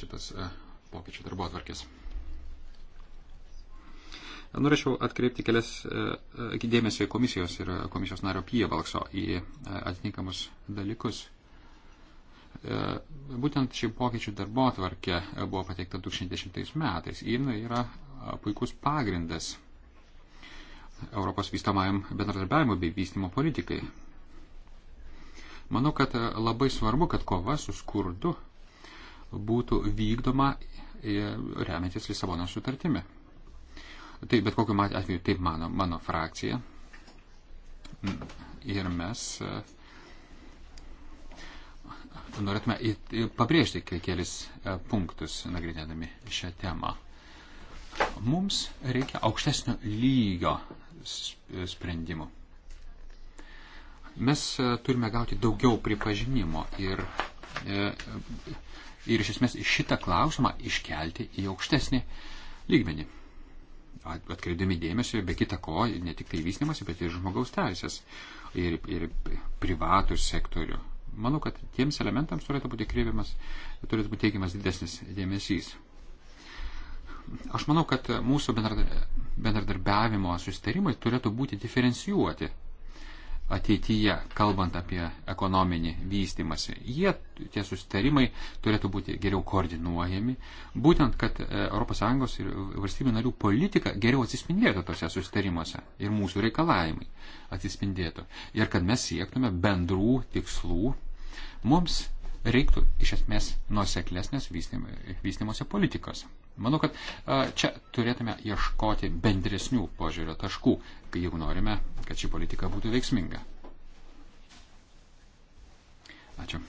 šitas e, pokyčių darbo atvarkės. Norėčiau atkreipti kelias e, e, dėmesį komisijos ir komisijos nario Pievalkso į e, atitinkamus dalykus. Būtent šį pokyčių darbo atvarkė buvo pateikta 2010 metais. Ir yra puikus pagrindas Europos vystamajam bendradarbiavimo bei vystimo politikai. Manau, kad labai svarbu, kad kova su skurdu būtų vykdoma remiantis Lisabono sutartimi. Tai bet kokiu atveju taip mano, mano frakcija. Ir mes e, norėtume pabrėžti kelis e, punktus nagrinėdami šią temą. Mums reikia aukštesnio lygio sprendimų. Mes e, turime gauti daugiau pripažinimo ir, ir iš esmės šitą klausimą iškelti į aukštesnį lygmenį atkreipdami dėmesį, be kita ko, ne tik tai vystimasi, bet ir žmogaus teisės ir, ir privatų sektorių. Manau, kad tiems elementams turėtų būti kreipiamas, turėtų būti teikiamas didesnis dėmesys. Aš manau, kad mūsų bendradarbiavimo sustarimai turėtų būti diferencijuoti ateityje, kalbant apie ekonominį vystimąsi. Jie, tie susitarimai, turėtų būti geriau koordinuojami, būtent, kad ES ir valstybių narių politika geriau atsispindėtų tose susitarimuose ir mūsų reikalavimai atsispindėtų. Ir kad mes siektume bendrų tikslų. Mums reiktų iš esmės nuoseklesnės vystimosi politikos. Manau, kad čia turėtume ieškoti bendresnių požiūrio taškų, kai jau norime, kad ši politika būtų veiksminga. Ačiū.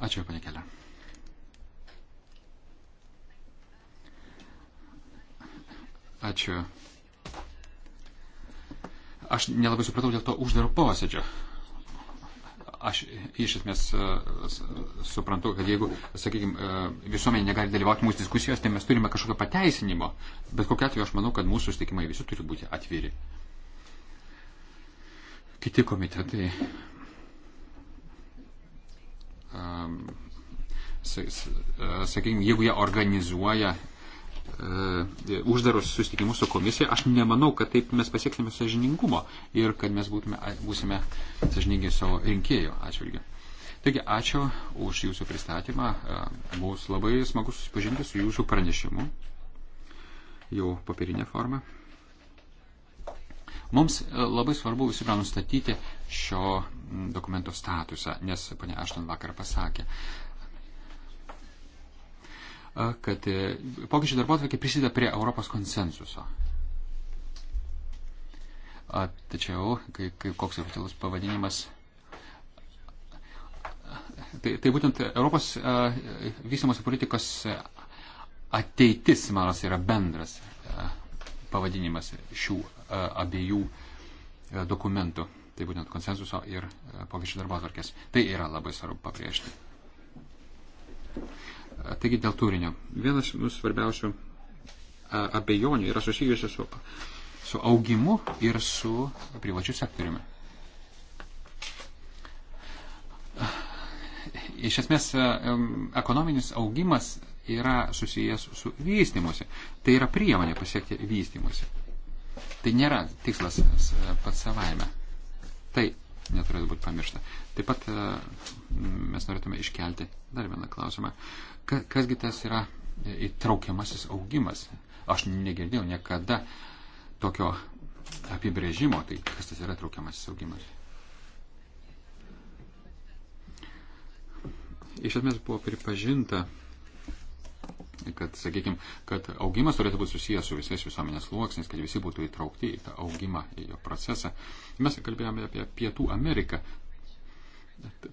Ačiū, panė Kelia. Ačiū. Aš nelabai supratau dėl to uždaro posėdžio. Aš iš esmės e, suprantu, kad jeigu, sakykime, visuomenė negali dalyvauti mūsų diskusijos, tai mes turime kažkokio pateisinimo. Bet kokia atveju aš manau, kad mūsų susitikimai visi turi būti atviri. Kiti komitetai. Um, e, sakykime, jeigu jie organizuoja E, uždarus susitikimus su komisija, aš nemanau, kad taip mes pasieksime sažiningumo ir kad mes būtume, būsime sažiningi savo rinkėjų atžvilgiu. Taigi, ačiū už jūsų pristatymą. E, bus labai smagu susipažinti su jūsų pranešimu, jau papirinė forma. Mums e, labai svarbu visų pirma nustatyti šio dokumento statusą, nes ponia Ašton vakar pasakė, kad e, pokyčių darbotvarkė prisideda prie Europos konsensuso. A, tačiau, kai, kai koks oficialus pavadinimas. Tai, tai būtent Europos vystimosi politikos ateitis, manas, yra bendras a, pavadinimas šių a, abiejų dokumentų. Tai būtent konsensuso ir pokyčių darbotvarkės. Tai yra labai svarbu pabrėžti. Taigi dėl turinio. Vienas mūsų nu, svarbiausių abejonių yra susijusi su, su augimu ir su privačiu sektoriumi. Iš esmės, ekonominis augimas yra susijęs su vystimuose. Tai yra priemonė pasiekti vystimuose. Tai nėra tikslas pats savaime. Tai neturėtų būti pamiršta. Taip pat mes norėtume iškelti dar vieną klausimą kasgi tas yra įtraukiamasis augimas. Aš negirdėjau niekada tokio apibrėžimo, tai kas tas yra įtraukiamasis augimas. Iš esmės buvo pripažinta, kad, sakykime, kad augimas turėtų būti susijęs su visais visuomenės sluoksniais, kad visi būtų įtraukti į tą augimą, į jo procesą. Mes kalbėjome apie Pietų Ameriką,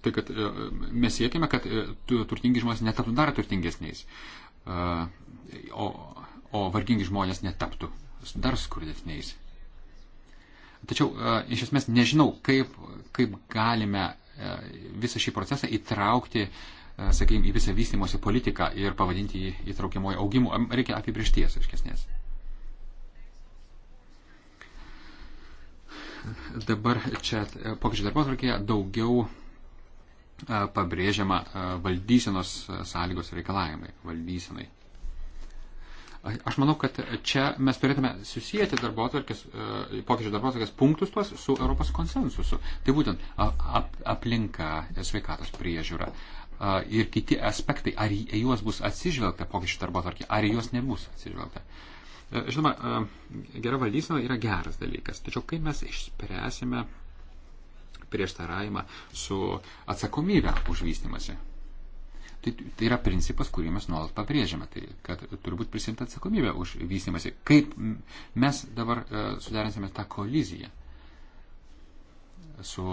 Tai kad e, mes siekime, kad e, turtingi žmonės netaptų dar turtingesniais, e, o, o vargingi žmonės netaptų dar skurdesniais. Tačiau iš esmės nežinau, kaip, kaip galime visą šį procesą įtraukti, sakykime, į visą vystimosi politiką ir pavadinti jį įtraukiamojo augimu. Reikia apibriešties, aiškesnės. Dabar čia, pokyčių darbos reikėjo daugiau pabrėžiama valdysenos sąlygos reikalavimai valdysenai. Aš manau, kad čia mes turėtume susijęti pokyčių darbotvarkės punktus tuos su Europos konsensusu. Tai būtent ap, aplinka, sveikatos priežiūra ir kiti aspektai, ar į juos bus atsižvelgta pokyčių darbotvarkė, ar į juos nebus atsižvelgta. E, žinoma, gera valdysena yra geras dalykas, tačiau kai mes išspręsime prieštaravimą su atsakomybė už vystimasi. Tai, tai yra principas, kurį mes nuolat pabrėžiame, tai kad turbūt prisimti atsakomybę už vystimasi. Kaip mes dabar e, suderinsime tą koliziją su,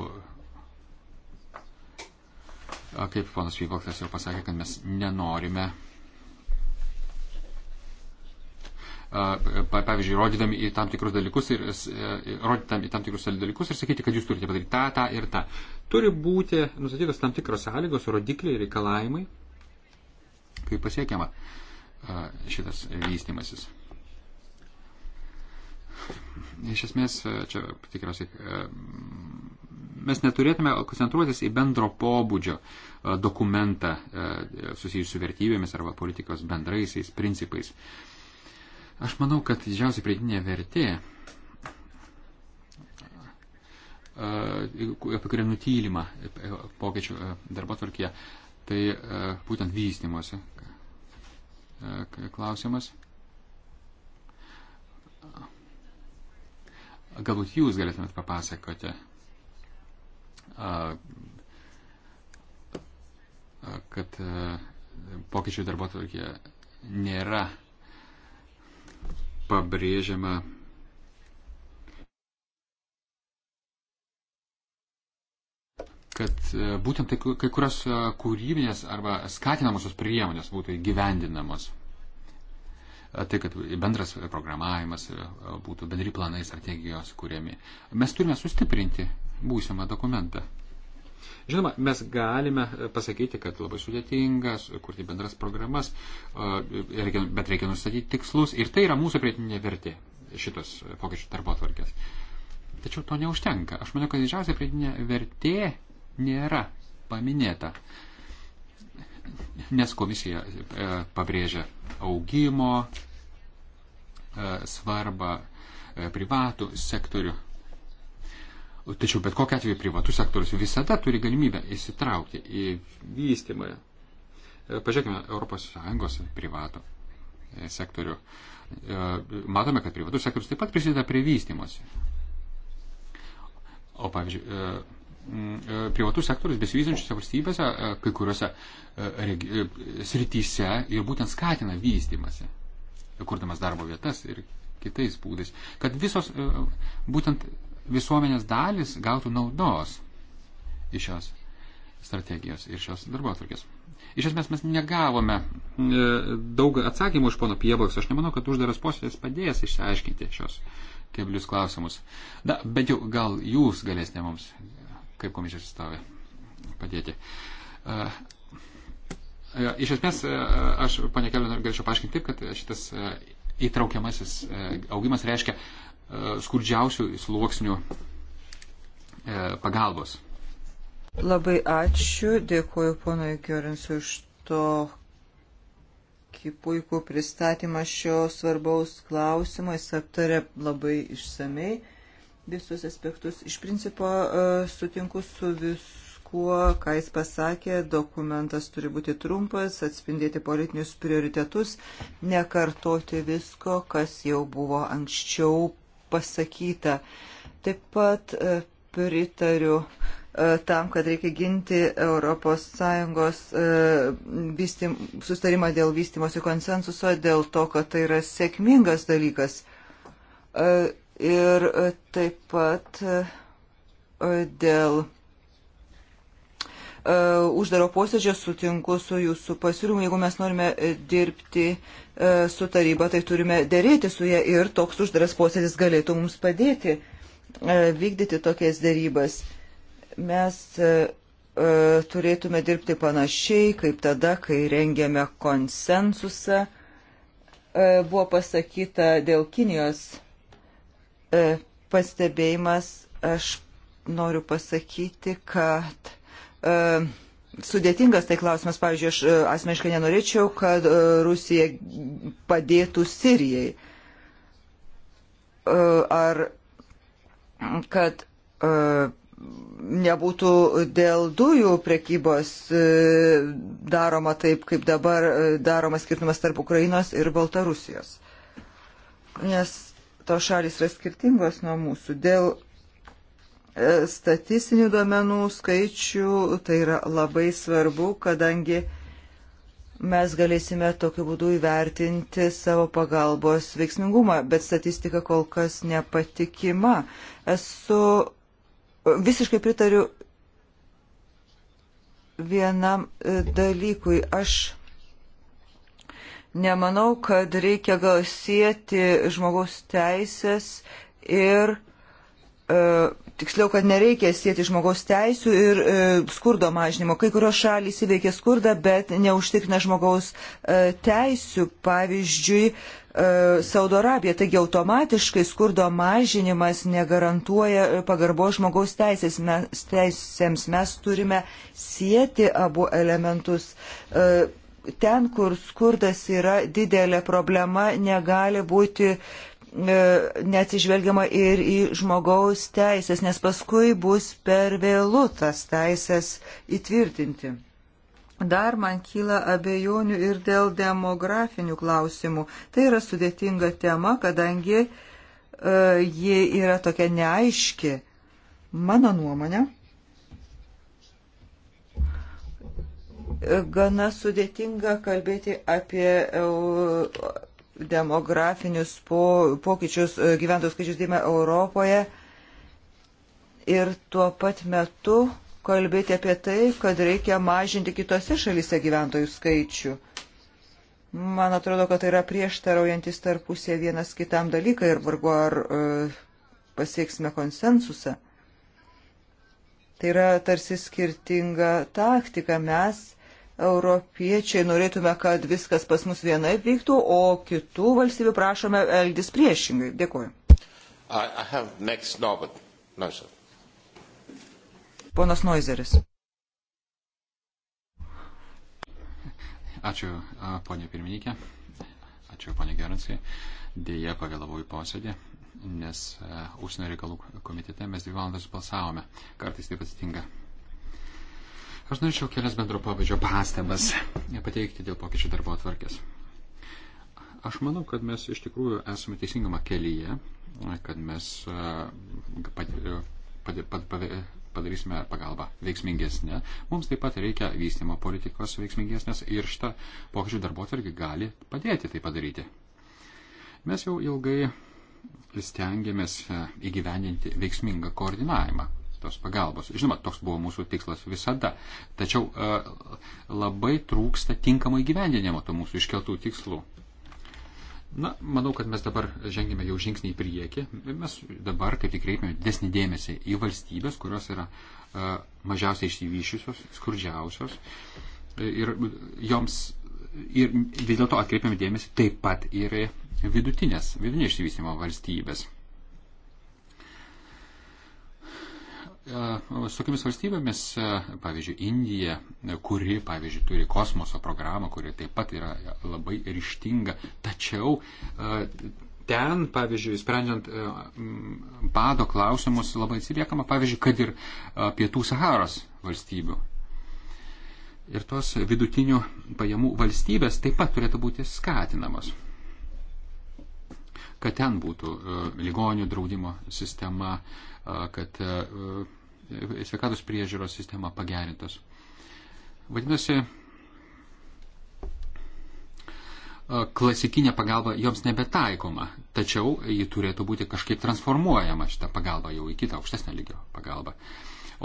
kaip ponas Vyvokas jau pasakė, kad mes nenorime pavyzdžiui, rodydami į tam tikrus dalykus ir e, e, rodydami į tam tikrus dalykus ir sakyti, kad jūs turite padaryti tą, tą ir tą. Turi būti nustatytos tam tikros sąlygos, rodikliai, reikalavimai, kaip pasiekiama šitas vystimasis. Iš esmės, čia tikriausiai mes neturėtume koncentruotis į bendro pobūdžio dokumentą susijusiu vertybėmis arba politikos bendraisiais principais. Aš manau, kad didžiausia pridinė vertė, apie kurią nutylima pokyčių darbo tvarkyje, tai būtent vystimuose klausimas. Galbūt jūs galėtumėt papasakoti, kad pokyčių darbo tvarkė nėra pabrėžiama kad e, būtent tai kai kurios e, kūrybinės arba skatinamosios priemonės būtų įgyvendinamos. E, tai, kad bendras programavimas būtų bendri planai, strategijos kūrėmi. Mes turime sustiprinti būsimą dokumentą. Žinoma, mes galime e, pasakyti, kad labai sudėtingas, e, kurti bendras programas, e, bet reikia nustatyti tikslus ir tai yra mūsų prietinė vertė šitos pokyčių darbo atvarkės. Tačiau to neužtenka. Aš manau, kad didžiausia prietinė vertė nėra paminėta. Nes komisija pabrėžia augimo svarbą privatų sektorių Tačiau bet kokia atveju privatus sektorius visada turi galimybę įsitraukti į vystymą. E, pažiūrėkime ES privato e, sektorių. E, matome, kad privatus sektorius taip pat prisideda prie vystymosi. O pavyzdžiui, privatus sektorius besivystančiose valstybėse, kai kuriuose srityse ir būtent skatina vystimasi, kurdamas darbo vietas ir kitais būdais. Kad visos būtent visuomenės dalis gautų naudos iš šios strategijos ir šios darbotvarkės. Iš esmės mes negavome e, daug atsakymų iš pono Pieboks. Aš nemanau, kad uždaras posėdis padės išsiaiškinti šios keblius klausimus. Na, bent jau gal jūs galėsite mums, kaip komisijos atstovė, padėti. E, e, iš esmės, aš, pane Kelvin, galėčiau paaiškinti taip, kad šitas įtraukiamasis augimas reiškia skurdžiausių sluoksnių e, pagalbos. Labai ačiū, dėkuoju ponui Kiorinsui už tokį puikų pristatymą šio svarbaus klausimo. Jis aptarė labai išsamei visus aspektus. Iš principo e, sutinku su visų kuo, ką jis pasakė, dokumentas turi būti trumpas, atspindėti politinius prioritetus, nekartoti visko, kas jau buvo anksčiau pasakyta. Taip pat e, pritariu e, tam, kad reikia ginti ES e, sustarimą dėl vystimosi konsensuso, dėl to, kad tai yra sėkmingas dalykas. Ir taip pat dėl E, uždaro posėdžio sutinku su jūsų pasiūlymu. Jeigu mes norime dirbti e, su taryba, tai turime dėrėti su ją ir toks uždaras posėdis galėtų mums padėti e, vykdyti tokias dėrybas. Mes turėtume dirbti panašiai, kaip tada, kai rengėme konsensusą. Buvo pasakyta dėl Kinijos pastebėjimas, aš noriu pasakyti, kad E, sudėtingas tai klausimas. Pavyzdžiui, aš e, asmeniškai nenorėčiau, kad e, Rusija padėtų Sirijai. Ar kad nebūtų dėl dujų prekybos daroma taip, kaip dabar daromas skirtumas tarp Ukrainos ir Baltarusijos. Nes tos šalis yra skirtingos nuo mūsų. Dėl statistinių duomenų skaičių, tai yra labai svarbu, kadangi mes galėsime tokiu būdu įvertinti savo pagalbos veiksmingumą, bet statistika kol kas nepatikima. Esu visiškai pritariu vienam e, dalykui. Aš nemanau, kad reikia gal sieti žmogaus teisės ir e, tiksliau, kad nereikia sėti žmogaus teisų ir e, skurdo mažinimo. Kai kurios šalys įveikia skurdą, bet neužtikrina žmogaus e, teisų, pavyzdžiui, e, Saudo Arabija. Taigi automatiškai skurdo mažinimas negarantuoja e, pagarbo žmogaus teisės. Mes, teisėms. Mes turime sėti abu elementus. E, ten, kur skurdas yra didelė problema, negali būti E, neatsižvelgiama ir į žmogaus teisės, nes paskui bus per vėlų tas teisės įtvirtinti. Dar man kyla abejonių ir dėl demografinių klausimų. Tai yra sudėtinga tema, kadangi uh, ji yra tokia neaiški. Mano nuomonė. E, gana sudėtinga kalbėti apie uh, demografinius po, pokyčius, e, gyventojų skaičius dėmė Europoje ir tuo pat metu kalbėti apie tai, kad reikia mažinti kitose šalyse gyventojų skaičių. Man atrodo, kad tai yra prieštaraujantis tarpusė vienas kitam dalykai ir vargu ar e, pasieksime konsensusą. Tai yra tarsi skirtinga taktika. Mes europiečiai norėtume, kad viskas pas mus vienai vyktų, o kitų valstybių prašome elgtis priešingai. Dėkuoju. I, I next, no, but... no, sir. Ponas Noizeris. Ačiū, ponė pirmininkė. Ačiū, ponė Gerancijai. Dėja, pavėlavau į posėdį, nes užsienio reikalų komitete mes dvi valandas balsavome. Kartais taip atsitinka. Aš norėčiau kelias bendro pabėdžio pastabas pateikti dėl pokyčių darbo atvarkės. Aš manau, kad mes iš tikrųjų esame teisingame kelyje, kad mes padarysime pagalbą veiksmingesnė. Mums taip pat reikia vystimo politikos veiksmingesnės ir šitą pokyčių darbo atvarkį gali padėti tai padaryti. Mes jau ilgai stengiamės įgyvendinti veiksmingą koordinavimą tos pagalbos. Žinoma, toks buvo mūsų tikslas visada. Tačiau e, labai trūksta tinkamo įgyvendinimo to mūsų iškeltų tikslų. Na, manau, kad mes dabar žengėme jau žingsnį į priekį. Mes dabar kaip tik reikiame desnį dėmesį į valstybės, kurios yra e, mažiausiai išsivyšusios, skurdžiausios. E, ir joms ir vis dėlto atkreipiame dėmesį taip pat ir vidutinės, vidutinio išsivystymo valstybės. su tokiamis valstybėmis, pavyzdžiui, Indija, kuri, pavyzdžiui, turi kosmoso programą, kuri taip pat yra labai ryštinga, tačiau ten, pavyzdžiui, sprendžiant bado klausimus labai atsiliekama, pavyzdžiui, kad ir pietų Saharos valstybių. Ir tos vidutinių pajamų valstybės taip pat turėtų būti skatinamos kad ten būtų ligonių draudimo sistema, kad sveikatos priežiūros sistema pagerintos. Vadinasi, klasikinė pagalba joms nebetaikoma, tačiau ji turėtų būti kažkaip transformuojama šitą pagalbą jau į kitą aukštesnę lygio pagalbą.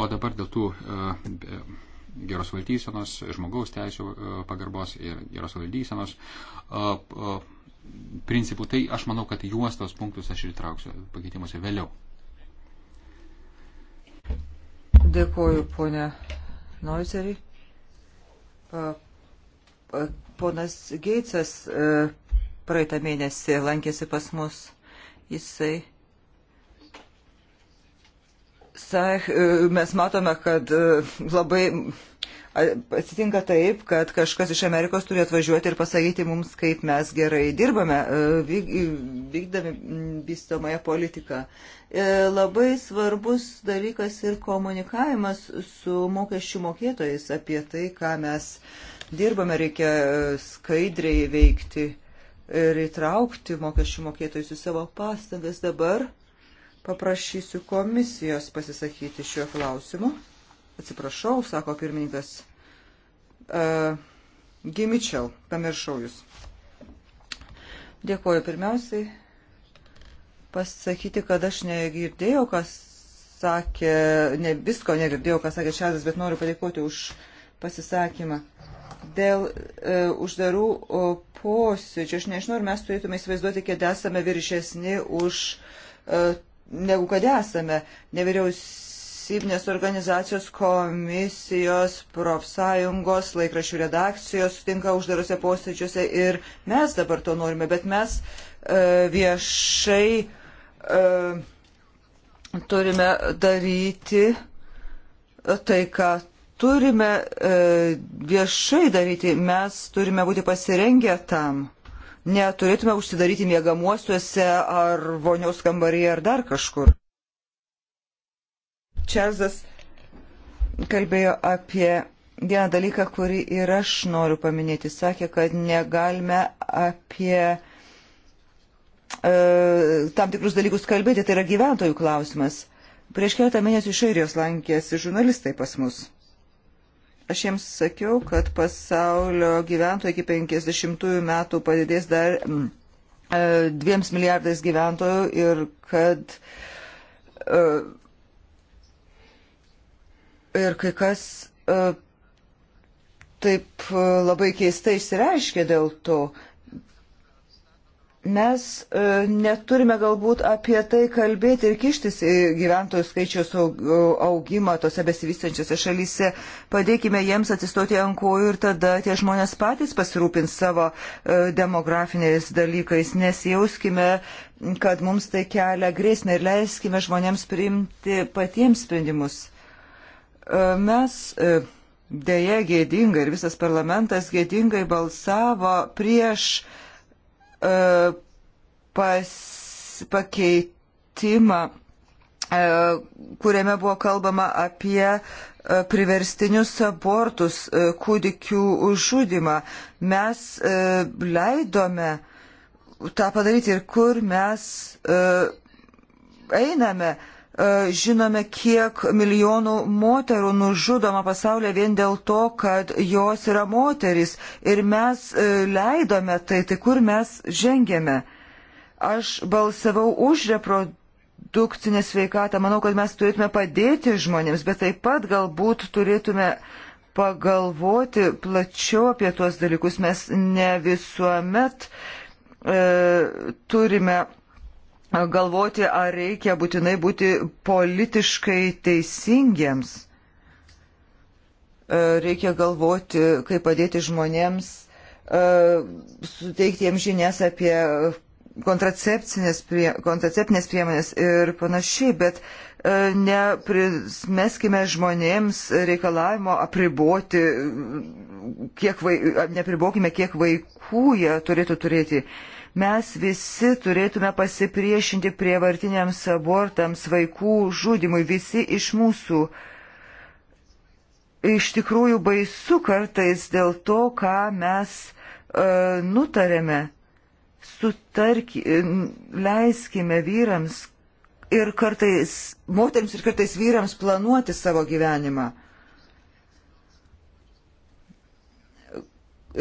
O dabar dėl tų geros valdysenos, žmogaus teisų pagarbos ir geros valdysenos principų, tai aš manau, kad juos tos punktus aš ir įtrauksiu pakeitimuose vėliau. Dėkuoju, ponė Noiserį. Ponas Geitsas e, praeitą mėnesį lankėsi pas mus. Jisai. E, mes matome, kad e, labai Atsitinka taip, kad kažkas iš Amerikos turi atvažiuoti ir pasakyti mums, kaip mes gerai dirbame, e, vykdami vystomąją politiką. E, labai svarbus dalykas ir komunikavimas su mokesčių mokėtojais apie tai, ką mes dirbame, reikia e, skaidriai veikti ir įtraukti mokesčių mokėtojus į savo pastangas dabar. Paprašysiu komisijos pasisakyti šiuo klausimu. Atsiprašau, sako pirmininkas. Uh, e, Gimičiau, pamiršau jūs. Dėkuoju pirmiausiai pasakyti, kad aš negirdėjau, kas sakė, ne visko negirdėjau, kas sakė Šadas, bet noriu padėkoti už pasisakymą. Dėl e, uždarų posėdžių, aš nežinau, ar mes turėtume įsivaizduoti, kad esame viršesni už, e, negu kad esame. Nevyriaus nevyriausybinės organizacijos komisijos, profsąjungos, laikrašių redakcijos sutinka uždarose posėdžiuose ir mes dabar to norime, bet mes e, viešai e, turime daryti e, tai, ką turime e, viešai daryti, mes turime būti pasirengę tam. Neturėtume užsidaryti miegamuosiuose ar vonios kambaryje ar dar kažkur. Čarzas kalbėjo apie vieną dalyką, kurį ir aš noriu paminėti. Sakė, kad negalime apie e, tam tikrus dalykus kalbėti, tai yra gyventojų klausimas. Prieš keletą mėnesių iš Airijos lankėsi žurnalistai pas mus. Aš jiems sakiau, kad pasaulio gyventojų iki 50 metų padidės dar mm, e, dviems milijardais gyventojų ir kad uh, ir kai kas e, taip e, labai keistai išsireiškė dėl to. Mes e, neturime galbūt apie tai kalbėti ir kištis į gyventojų skaičiaus augimą tose besivystančiose šalyse. Padėkime jiems atsistoti ant kojų ir tada tie žmonės patys pasirūpins savo demografiniais dalykais. Nesijauskime, kad mums tai kelia grėsmę ir leiskime žmonėms priimti patiems sprendimus. E, mes e, dėje gėdingai ir visas parlamentas gėdingai balsavo prieš e, pas, pakeitimą kuriame buvo kalbama apie priverstinius abortus, kūdikių žudimą. Mes leidome tą padaryti ir kur mes einame. E, žinome, kiek milijonų moterų nužudoma pasaulyje vien dėl to, kad jos yra moteris ir mes e, leidome tai, tai kur mes žengėme. Aš balsavau už reprodukcinę sveikatą, manau, kad mes turėtume padėti žmonėms, bet taip pat galbūt turėtume pagalvoti plačiau apie tuos dalykus. Mes ne visuomet e, turime galvoti, ar reikia būtinai būti politiškai teisingiems. E, reikia galvoti, kaip padėti žmonėms, e, suteikti jiems žinias apie kontracepcinės, prie, kontraceptinės priemonės ir panašiai, bet e, neprismeskime žmonėms reikalavimo apriboti, kiek vai, nepribokime, kiek vaikų jie turėtų turėti. Uh, Mes visi turėtume pasipriešinti prievartiniams abortams, vaikų žudimui, visi iš mūsų. Iš tikrųjų baisu kartais dėl to, ką mes e, nutarėme. Sutarki, e, leiskime vyrams ir kartais, moteriams ir kartais vyrams planuoti savo gyvenimą.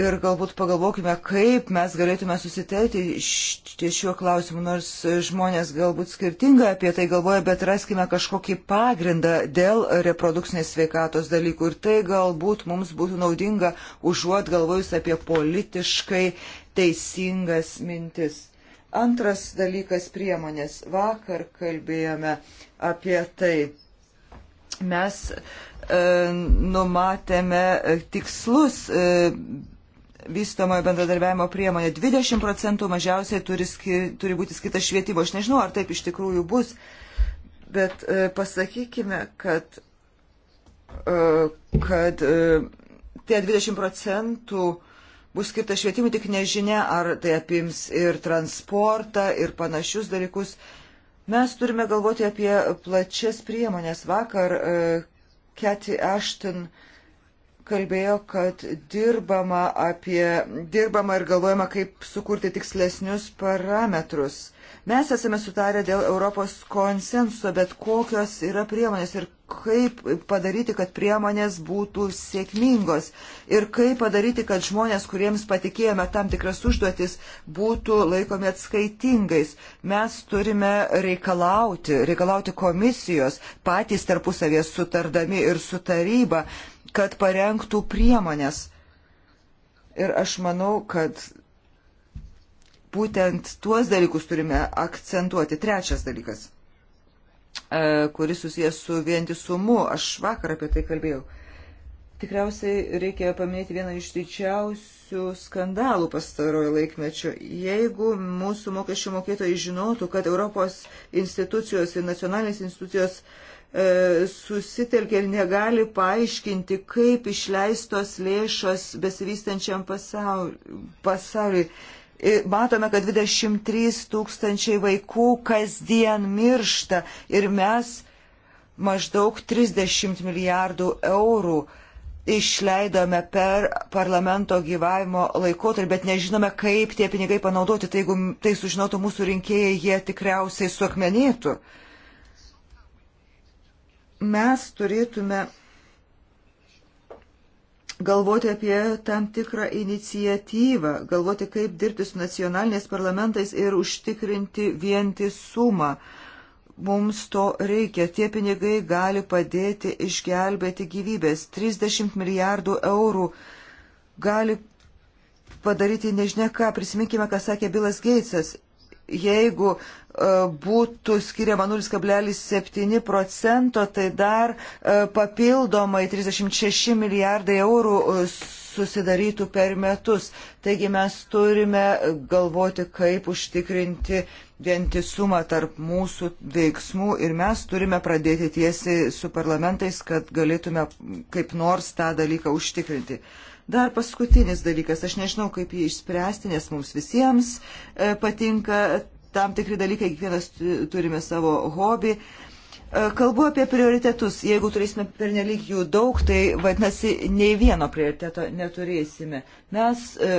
ir galbūt pagalvokime, kaip mes galėtume susitelti ties šiuo klausimu, nors žmonės galbūt skirtingai apie tai galvoja, bet raskime kažkokį pagrindą dėl reprodukcinės sveikatos dalykų ir tai galbūt mums būtų naudinga užuot galvojus apie politiškai teisingas mintis. Antras dalykas - priemonės. Vakar kalbėjome apie tai. Mes e, numatėme tikslus e, vystomojo bendradarbiavimo priemonė. 20 procentų mažiausiai turi, skir, turi būti skirta švietimo. Aš nežinau, ar taip iš tikrųjų bus, bet e, pasakykime, kad, e, kad e, tie 20 procentų bus skirta švietimui, tik nežinia, ar tai apims ir transportą, ir panašius dalykus. Mes turime galvoti apie plačias priemonės. Vakar e, Keti Ashton e, kalbėjo, kad dirbama, apie, dirbama ir galvojama, kaip sukurti tikslesnius parametrus. Mes esame sutarę dėl Europos konsensuso, bet kokios yra priemonės ir kaip padaryti, kad priemonės būtų sėkmingos ir kaip padaryti, kad žmonės, kuriems patikėjome tam tikras užduotis, būtų laikomi atskaitingais. Mes turime reikalauti, reikalauti komisijos patys tarpusavės sutardami ir su taryba kad parengtų priemonės. Ir aš manau, kad būtent tuos dalykus turime akcentuoti. Trečias dalykas, e, kuris susijęs su vientisumu, aš vakar apie tai kalbėjau. Tikriausiai reikia paminėti vieną iš didžiausių skandalų pastarojo laikmečio. Jeigu mūsų mokesčių mokėtojai žinotų, kad Europos institucijos ir nacionalinės institucijos uh, E, susitelkia ir negali paaiškinti, kaip išleistos lėšos besivystančiam pasauliui. E, matome, kad 23 tūkstančiai vaikų kasdien miršta ir mes maždaug 30 milijardų eurų išleidome per parlamento gyvavimo laikotarpį, bet nežinome, kaip tie pinigai panaudoti. Tai jeigu tai sužinotų mūsų rinkėjai, jie tikriausiai suakmenėtų. Uh, mes turėtume galvoti apie tam tikrą iniciatyvą, galvoti, kaip dirbti su nacionaliniais parlamentais ir užtikrinti vientisumą. Mums to reikia. Tie pinigai gali padėti išgelbėti gyvybės. 30 milijardų eurų gali padaryti nežinia ką. Prisiminkime, ką sakė Bilas Geitsas jeigu e, būtų skiriama 0,7 procento, tai dar e, papildomai 36 milijardai eurų e, susidarytų per metus. Taigi mes turime galvoti, kaip užtikrinti vientisumą tarp mūsų veiksmų ir mes turime pradėti tiesiai su parlamentais, kad galėtume kaip nors tą dalyką užtikrinti. Uh, Dar paskutinis dalykas, aš nežinau, kaip jį išspręsti, nes mums visiems e, patinka tam tikri dalykai, kiekvienas turime savo hobį. E, kalbu apie prioritetus. Jeigu turėsime pernelyg jų daug, tai vadinasi, nei vieno prioriteto neturėsime. Mes e,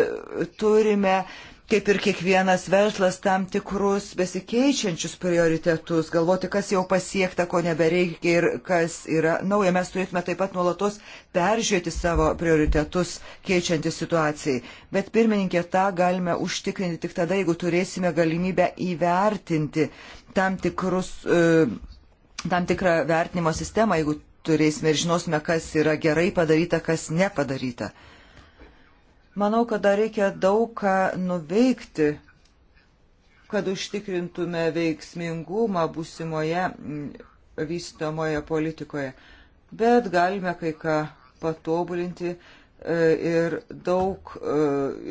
turime uh, kaip ir kiekvienas verslas, tam tikrus besikeičiančius prioritetus, galvoti, kas jau pasiekta, ko nebereikia ir kas yra nauja. Mes turėtume taip pat nuolatos peržiūrėti savo prioritetus, keičiantis situacijai. Bet pirmininkė tą galime užtikrinti tik tada, jeigu turėsime galimybę įvertinti tam, tikrus, e, tam tikrą vertinimo sistemą, jeigu turėsime ir žinosime, kas yra gerai padaryta, kas nepadaryta. Manau, kad dar reikia daug ką nuveikti, kad užtikrintume veiksmingumą būsimoje mm, vystomoje politikoje. Bet galime kai ką patobulinti e, ir daug e,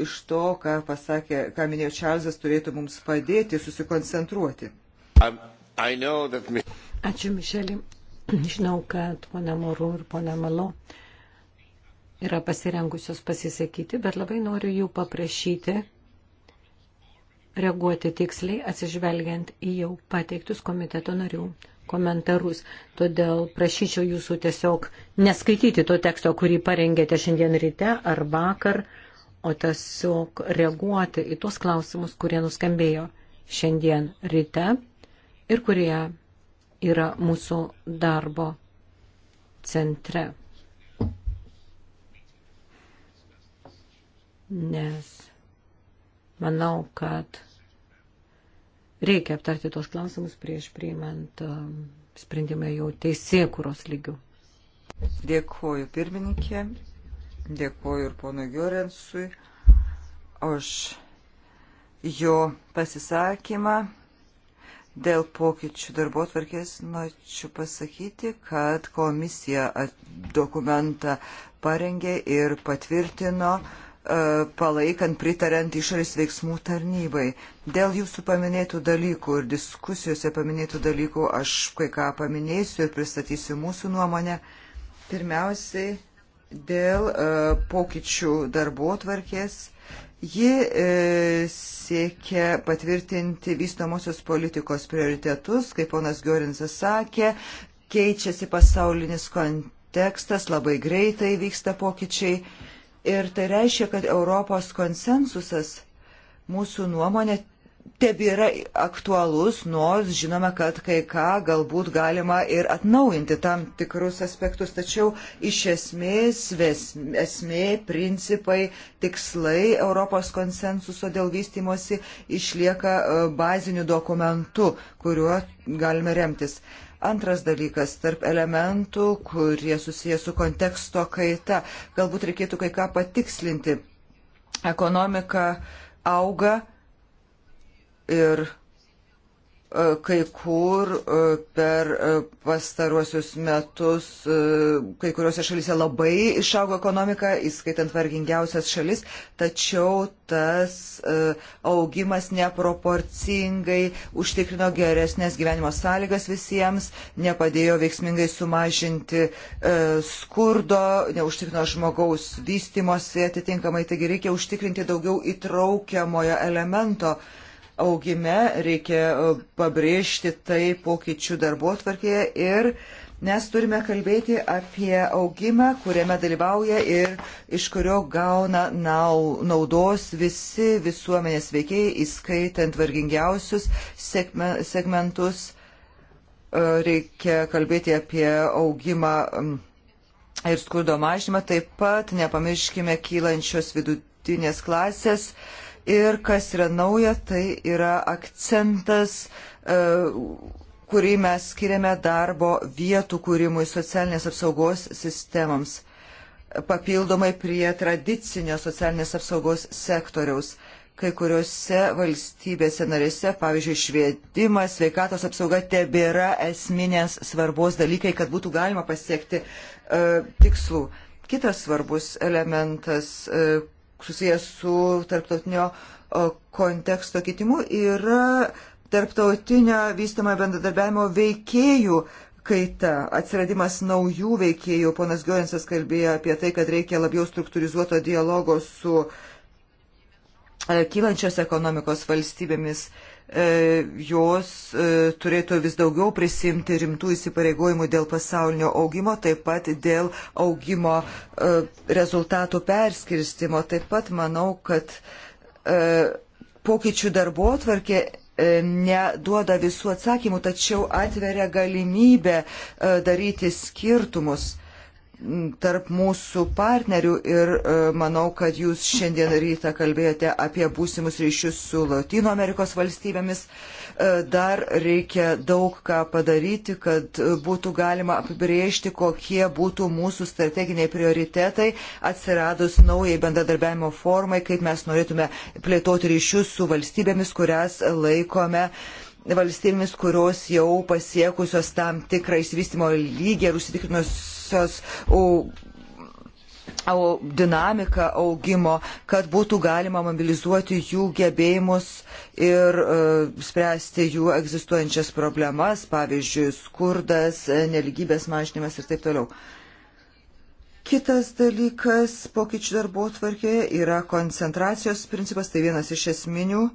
iš to, ką pasakė, ką minėjo Čarlzas, turėtų mums padėti susikoncentruoti. Um, Ačiū, Mišelį. Žinau, kad ponia Moru ir ponia Malo yra pasirengusios pasisakyti, bet labai noriu jų paprašyti reaguoti tiksliai atsižvelgiant į jau pateiktus komiteto narių komentarus. Todėl prašyčiau jūsų tiesiog neskaityti to teksto, kurį parengėte šiandien ryte ar vakar, o tiesiog reaguoti į tuos klausimus, kurie nuskambėjo šiandien ryte ir kurie yra mūsų darbo centre. nes manau, kad reikia aptarti tuos klausimus prieš priimant um, sprendimą jau teisėkuros lygių. Dėkuoju pirmininkė, dėkuoju ir pono Giorensui už jo pasisakymą. Dėl pokyčių darbo tvarkės norėčiau pasakyti, kad komisija dokumentą parengė ir patvirtino. Uh, E, palaikant, pritarant išorės veiksmų tarnybai. Dėl jūsų paminėtų dalykų ir diskusijose paminėtų dalykų aš kai ką paminėsiu ir pristatysiu mūsų nuomonę. Pirmiausiai dėl e, pokyčių darbo tvarkės. Ji e, siekia patvirtinti vystomosios politikos prioritetus, kaip ponas Giorinsas sakė, keičiasi pasaulinis kontekstas, labai greitai vyksta pokyčiai Ir tai reiškia, kad Europos konsensusas mūsų nuomonė tebėra aktualus, nors žinome, kad kai ką galbūt galima ir atnaujinti tam tikrus aspektus, tačiau iš esmės ves, esmė, principai, tikslai Europos konsensuso dėl vystimosi išlieka e, baziniu dokumentu, kuriuo galime remtis. Antras dalykas - tarp elementų, kurie susijęs su konteksto kaita. Galbūt reikėtų kai ką patikslinti. Ekonomika auga ir kai kur e, per e, pastaruosius metus, e, kai kuriuose šalyse labai išaugo ekonomika, įskaitant vargingiausias šalis, tačiau tas augimas neproporcingai užtikrino geresnės gyvenimo sąlygas visiems, nepadėjo veiksmingai sumažinti skurdo, neužtikrino žmogaus vystimosi atitinkamai, taigi reikia užtikrinti daugiau įtraukiamojo elemento augime, reikia e, pabrėžti tai pokyčių darbo tvarkėje ir mes turime kalbėti apie augimą, kuriame dalyvauja ir iš kurio gauna naudos visi visuomenės veikiai, įskaitant vargingiausius segmentus. E, reikia kalbėti apie augimą ir skurdo mažymą, taip pat nepamirškime kylančios vidutinės klasės Ir kas yra nauja, tai yra akcentas, e, kurį mes skiriame darbo vietų kūrimui socialinės apsaugos sistemams, papildomai prie tradicinio socialinės apsaugos sektoriaus kai kuriuose valstybėse narėse, pavyzdžiui, švietimas, sveikatos apsauga tebėra esminės svarbos dalykai, kad būtų galima pasiekti e, tikslų. Kitas svarbus elementas, e, susijęs su tarptautinio konteksto kitimu yra tarptautinio vystamo bendradarbiavimo veikėjų kaita, atsiradimas naujų veikėjų. Ponas Giorinsas kalbėjo apie tai, kad reikia labiau struktūrizuoto dialogo su e, kylančios ekonomikos valstybėmis. Uh, E, jos e, turėtų vis daugiau prisimti rimtų įsipareigojimų dėl pasaulinio augimo, taip pat dėl augimo e, rezultatų perskirstimo. Taip pat manau, kad pokyčių darbo atvarkė neduoda visų atsakymų, tačiau atveria galimybę daryti skirtumus tarp mūsų partnerių ir e, manau, kad jūs šiandien rytą kalbėjote apie būsimus ryšius su Latino Amerikos valstybėmis. E, dar reikia daug ką padaryti, kad būtų galima apibriežti, kokie būtų mūsų strateginiai prioritetai atsiradus naujai bendradarbiavimo formai, kaip mes norėtume plėtoti ryšius su valstybėmis, kurias laikome uh, valstybėmis, kurios jau pasiekusios tam tikrą išsivystimo lygį ir užsitikrinusios dinamiką augimo, kad būtų galima mobilizuoti jų gebėjimus ir uh, spręsti jų egzistuojančias problemas, pavyzdžiui, skurdas, neligybės mažinimas ir taip toliau. Kitas dalykas pokyčių darbo tvarkėje yra koncentracijos principas, tai vienas iš esminių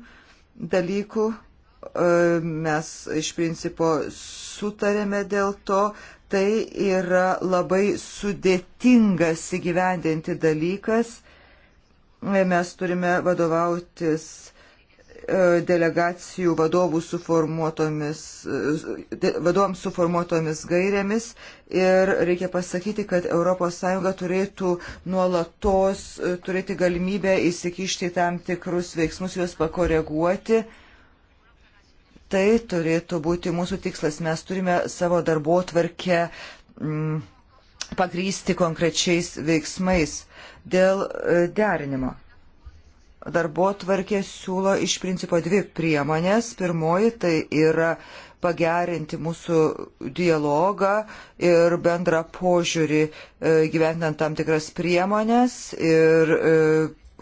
dalykų, E, mes iš principo sutarėme dėl to, tai yra labai sudėtingas įgyvendinti dalykas. E, mes turime vadovautis e, delegacijų vadovų suformuotomis, vadovams suformuotomis gairėmis ir reikia pasakyti, kad ES turėtų nuolatos turėti galimybę įsikišti tam tikrus veiksmus, juos pakoreguoti. Uh, tai turėtų būti mūsų tikslas. Mes turime savo darbo tvarkę m, mm, pagrysti konkrečiais veiksmais dėl e, derinimo. Darbo tvarkė siūlo iš principo dvi priemonės. Pirmoji tai yra pagerinti mūsų dialogą ir bendrą požiūrį e, gyventant tam tikras priemonės ir e,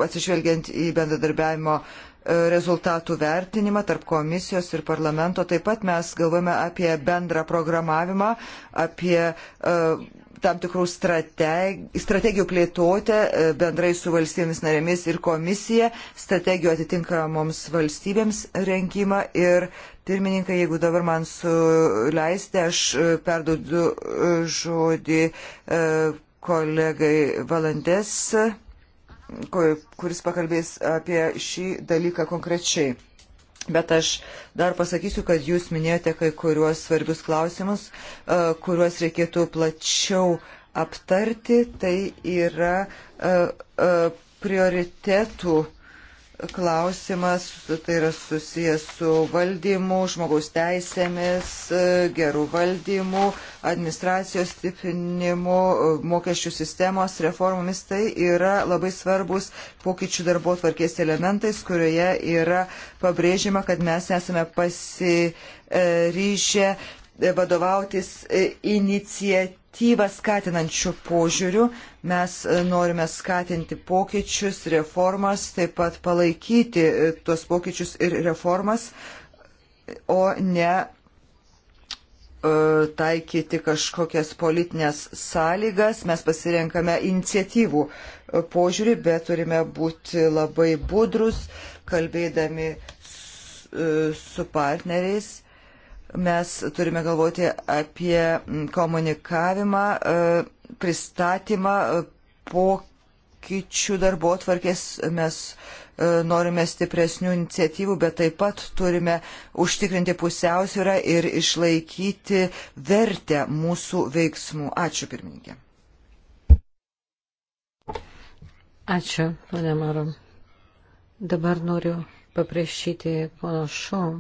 atsižvelgiant į bendradarbiavimo uh, rezultatų vertinimą tarp komisijos ir parlamento. Taip pat mes galvojame apie bendrą programavimą, apie e, tam tikrų strategijų plėtotę e, bendrai su valstybėmis narėmis ir komisija, strategijų atitinkamoms valstybėms renkimą ir pirmininkai, jeigu dabar man suleisti, aš e, perduodu žodį kolegai Valandės kuris pakalbės apie šį dalyką konkrečiai. Bet aš dar pasakysiu, kad jūs minėjote kai kuriuos svarbius klausimus, e, kuriuos reikėtų plačiau aptarti. Tai yra e, e, prioritetų klausimas, tai yra susijęs su valdymu, žmogaus teisėmis, gerų valdymų, administracijos stiprinimu, mokesčių sistemos reformomis. Tai yra labai svarbus pokyčių darbo tvarkės elementais, kurioje yra pabrėžima, kad mes esame pasiryžę vadovautis iniciatyvą iniciatyvą skatinančių požiūrių. Mes e, norime skatinti pokyčius, reformas, taip pat palaikyti e, tuos pokyčius ir reformas, o ne e, taikyti kažkokias politinės sąlygas, mes pasirenkame iniciatyvų požiūrį, bet turime būti labai budrus, kalbėdami su partneriais Mes turime galvoti apie komunikavimą, e, pristatymą, e, pokyčių darbo atvarkės. Mes e, norime stipresnių iniciatyvų, bet taip pat turime užtikrinti pusiausvyrą ir išlaikyti vertę mūsų veiksmų. Ačiū pirmininkė. Ačiū, ponė Maro. Dabar noriu paprašyti pono Šau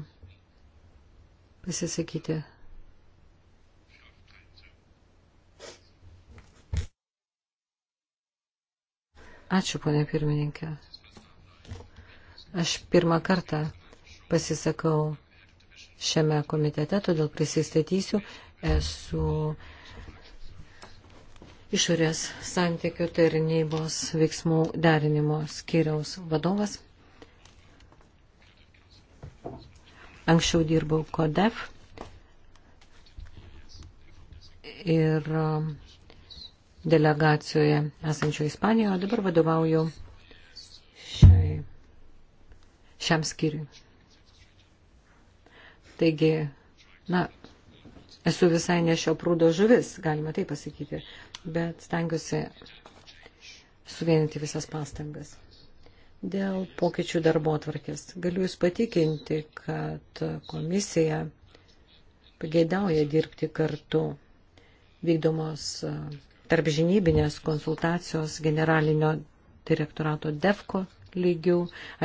pasisakyti. Ačiū, ponė pirmininkė. Aš pirmą kartą pasisakau šiame komitete, todėl prisistatysiu. Esu išorės santykių tarnybos veiksmų derinimo skyriaus vadovas. Anksčiau dirbau Kodef ir um, delegacijoje esančio Ispanijoje, dabar vadovauju šiai, šiam skyriui. Taigi, na, esu visai ne šio prūdo žuvis, galima tai pasakyti, bet stengiuosi suvienyti visas pastangas. Dėl pokyčių darbo atvarkės. Galiu Jūs patikinti, kad komisija pagėdauja dirbti kartu vykdomos e, tarp žinybinės konsultacijos generalinio direktorato DEFCO lygių.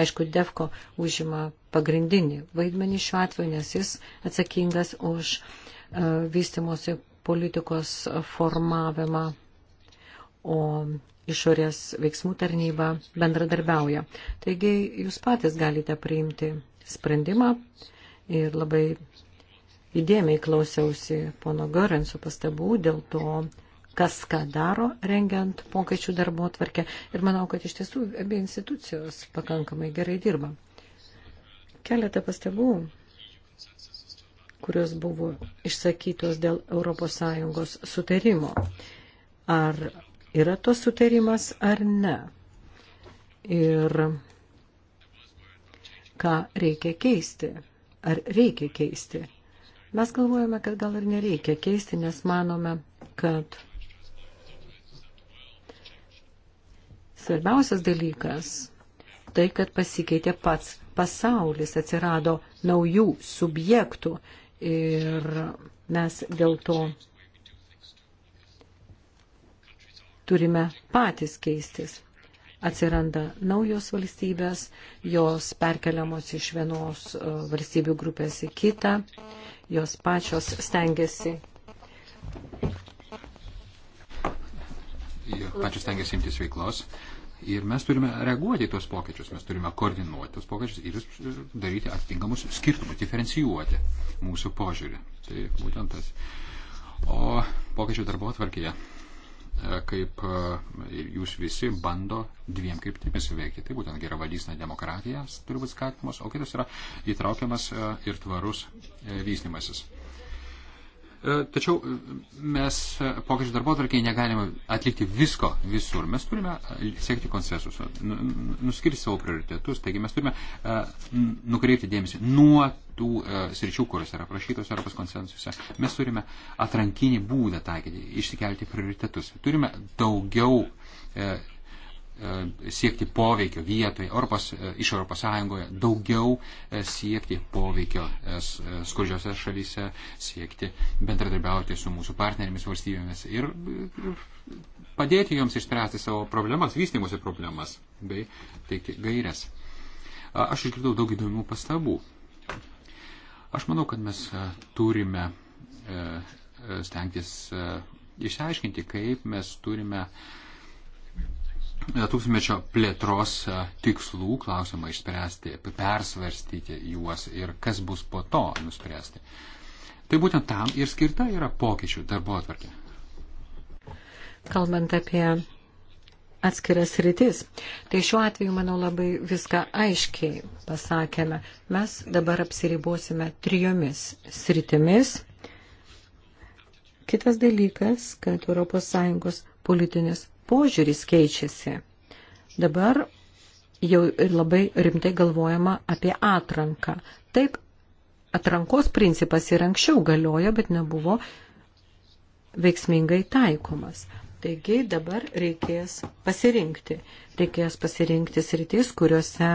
Aišku, DEFCO užima pagrindinį vaidmenį šiuo atveju, nes jis atsakingas už e, vystimosi politikos formavimą, o išorės veiksmų tarnyba bendradarbiauja. Taigi jūs patys galite priimti sprendimą ir labai įdėmiai klausiausi pono Gorensų pastabų dėl to, kas ką daro rengiant pokyčių darbo atvarkę ir manau, kad iš tiesų abie institucijos pakankamai gerai dirba. Keletą pastabų, kurios buvo išsakytos dėl ES sutarimo. Ar Yra tos sutarimas ar ne? Ir ką reikia keisti? Ar reikia keisti? Mes galvojame, kad gal ir nereikia keisti, nes manome, kad svarbiausias dalykas tai, kad pasikeitė pats pasaulis, atsirado naujų subjektų ir mes dėl to turime patys keistis. Atsiranda naujos valstybės, jos perkeliamos iš vienos e, valstybių grupės į kitą, jos pačios stengiasi pačios tengiasi imtis veiklos. Ir mes turime reaguoti į tuos pokyčius, mes turime koordinuoti tuos pokyčius ir e, daryti atitinkamus skirtumus, diferencijuoti mūsų požiūrį. Tai būtent tas. O pokyčių darbo atvarkėje E, kaip e, ir jūs visi bando dviem kryptimis veikti. Tai būtent gera valdysena demokratija turi būti skatinamas, o kitas yra įtraukiamas e, ir tvarus vystimasis. E, tačiau e, mes e, pokyčių darbo tarkiai negalime atlikti visko visur. Mes turime siekti konsensuso, nu, nu, nuskirti savo prioritetus, taigi mes turime nukreipti dėmesį nuo tų sričių, kurios yra aprašytos Europos konsensuse. Mes turime atrankinį būdą taikyti, išsikelti prioritetus. Turime daugiau E, siekti poveikio vietoje, Europos, e, iš Europos Sąjungoje, daugiau e, siekti poveikio skurdžiose šalyse, siekti bendradarbiauti su mūsų partnerėmis valstybėmis ir, ir padėti joms išspręsti savo problemas, vystimusi problemas bei teikti gairias. Aš išgirdau daug įdomių pastabų. Aš manau, kad mes turime stengtis išsiaiškinti, kaip mes turime uh, tūkstmečio plėtros e, tikslų klausimą išspręsti, persvarstyti juos ir kas bus po to nuspręsti. Tai būtent tam ir skirta yra pokyčių darbo atvarkė. Kalbant apie atskiras rytis, tai šiuo atveju, manau, labai viską aiškiai pasakėme. Mes dabar apsiribosime trijomis sritimis. Kitas dalykas, kad ES politinis požiūris keičiasi. Dabar jau ir labai rimtai galvojama apie atranką. Taip, atrankos principas ir anksčiau galiojo, bet nebuvo veiksmingai taikomas. Taigi dabar reikės pasirinkti. Reikės pasirinkti sritis, kuriuose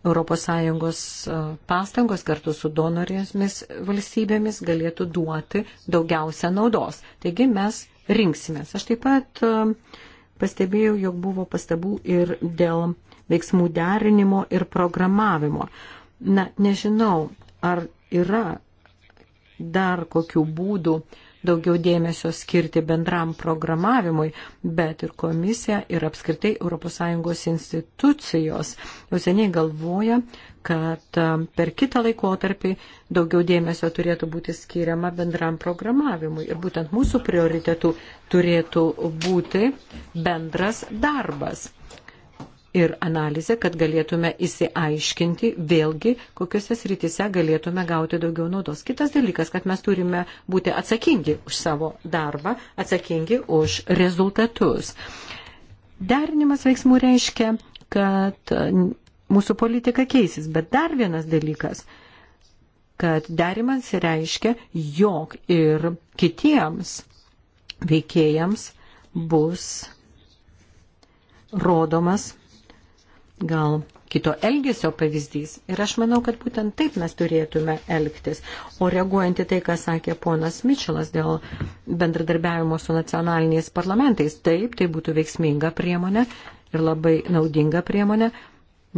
ES e, pastangos kartu su donorėmis valstybėmis galėtų duoti daugiausia naudos. Taigi mes rinksimės. Aš taip pat uh, Pastebėjau, jog buvo pastabų ir dėl veiksmų derinimo ir programavimo. Na, nežinau, ar yra dar kokių būdų uh, daugiau dėmesio skirti bendram programavimui, bet ir komisija ir apskritai ES institucijos jau seniai galvoja, kad per kitą laikotarpį daugiau dėmesio turėtų būti skiriama bendram programavimui. Ir būtent mūsų prioritetų turėtų būti bendras darbas ir analizę, kad galėtume įsiaiškinti vėlgi, kokiuose srityse galėtume gauti daugiau naudos. Kitas dalykas, kad mes turime būti atsakingi už savo darbą, atsakingi už rezultatus. Derinimas veiksmų reiškia, kad e, mūsų politika keisis, bet dar vienas dalykas kad derimas reiškia, jog ir kitiems veikėjams bus rodomas gal kito elgesio pavyzdys. Ir aš manau, kad būtent taip mes turėtume elgtis. O reaguojant į tai, ką sakė ponas Mičelas dėl bendradarbiavimo su nacionaliniais parlamentais, taip, tai būtų veiksminga priemonė ir labai naudinga priemonė,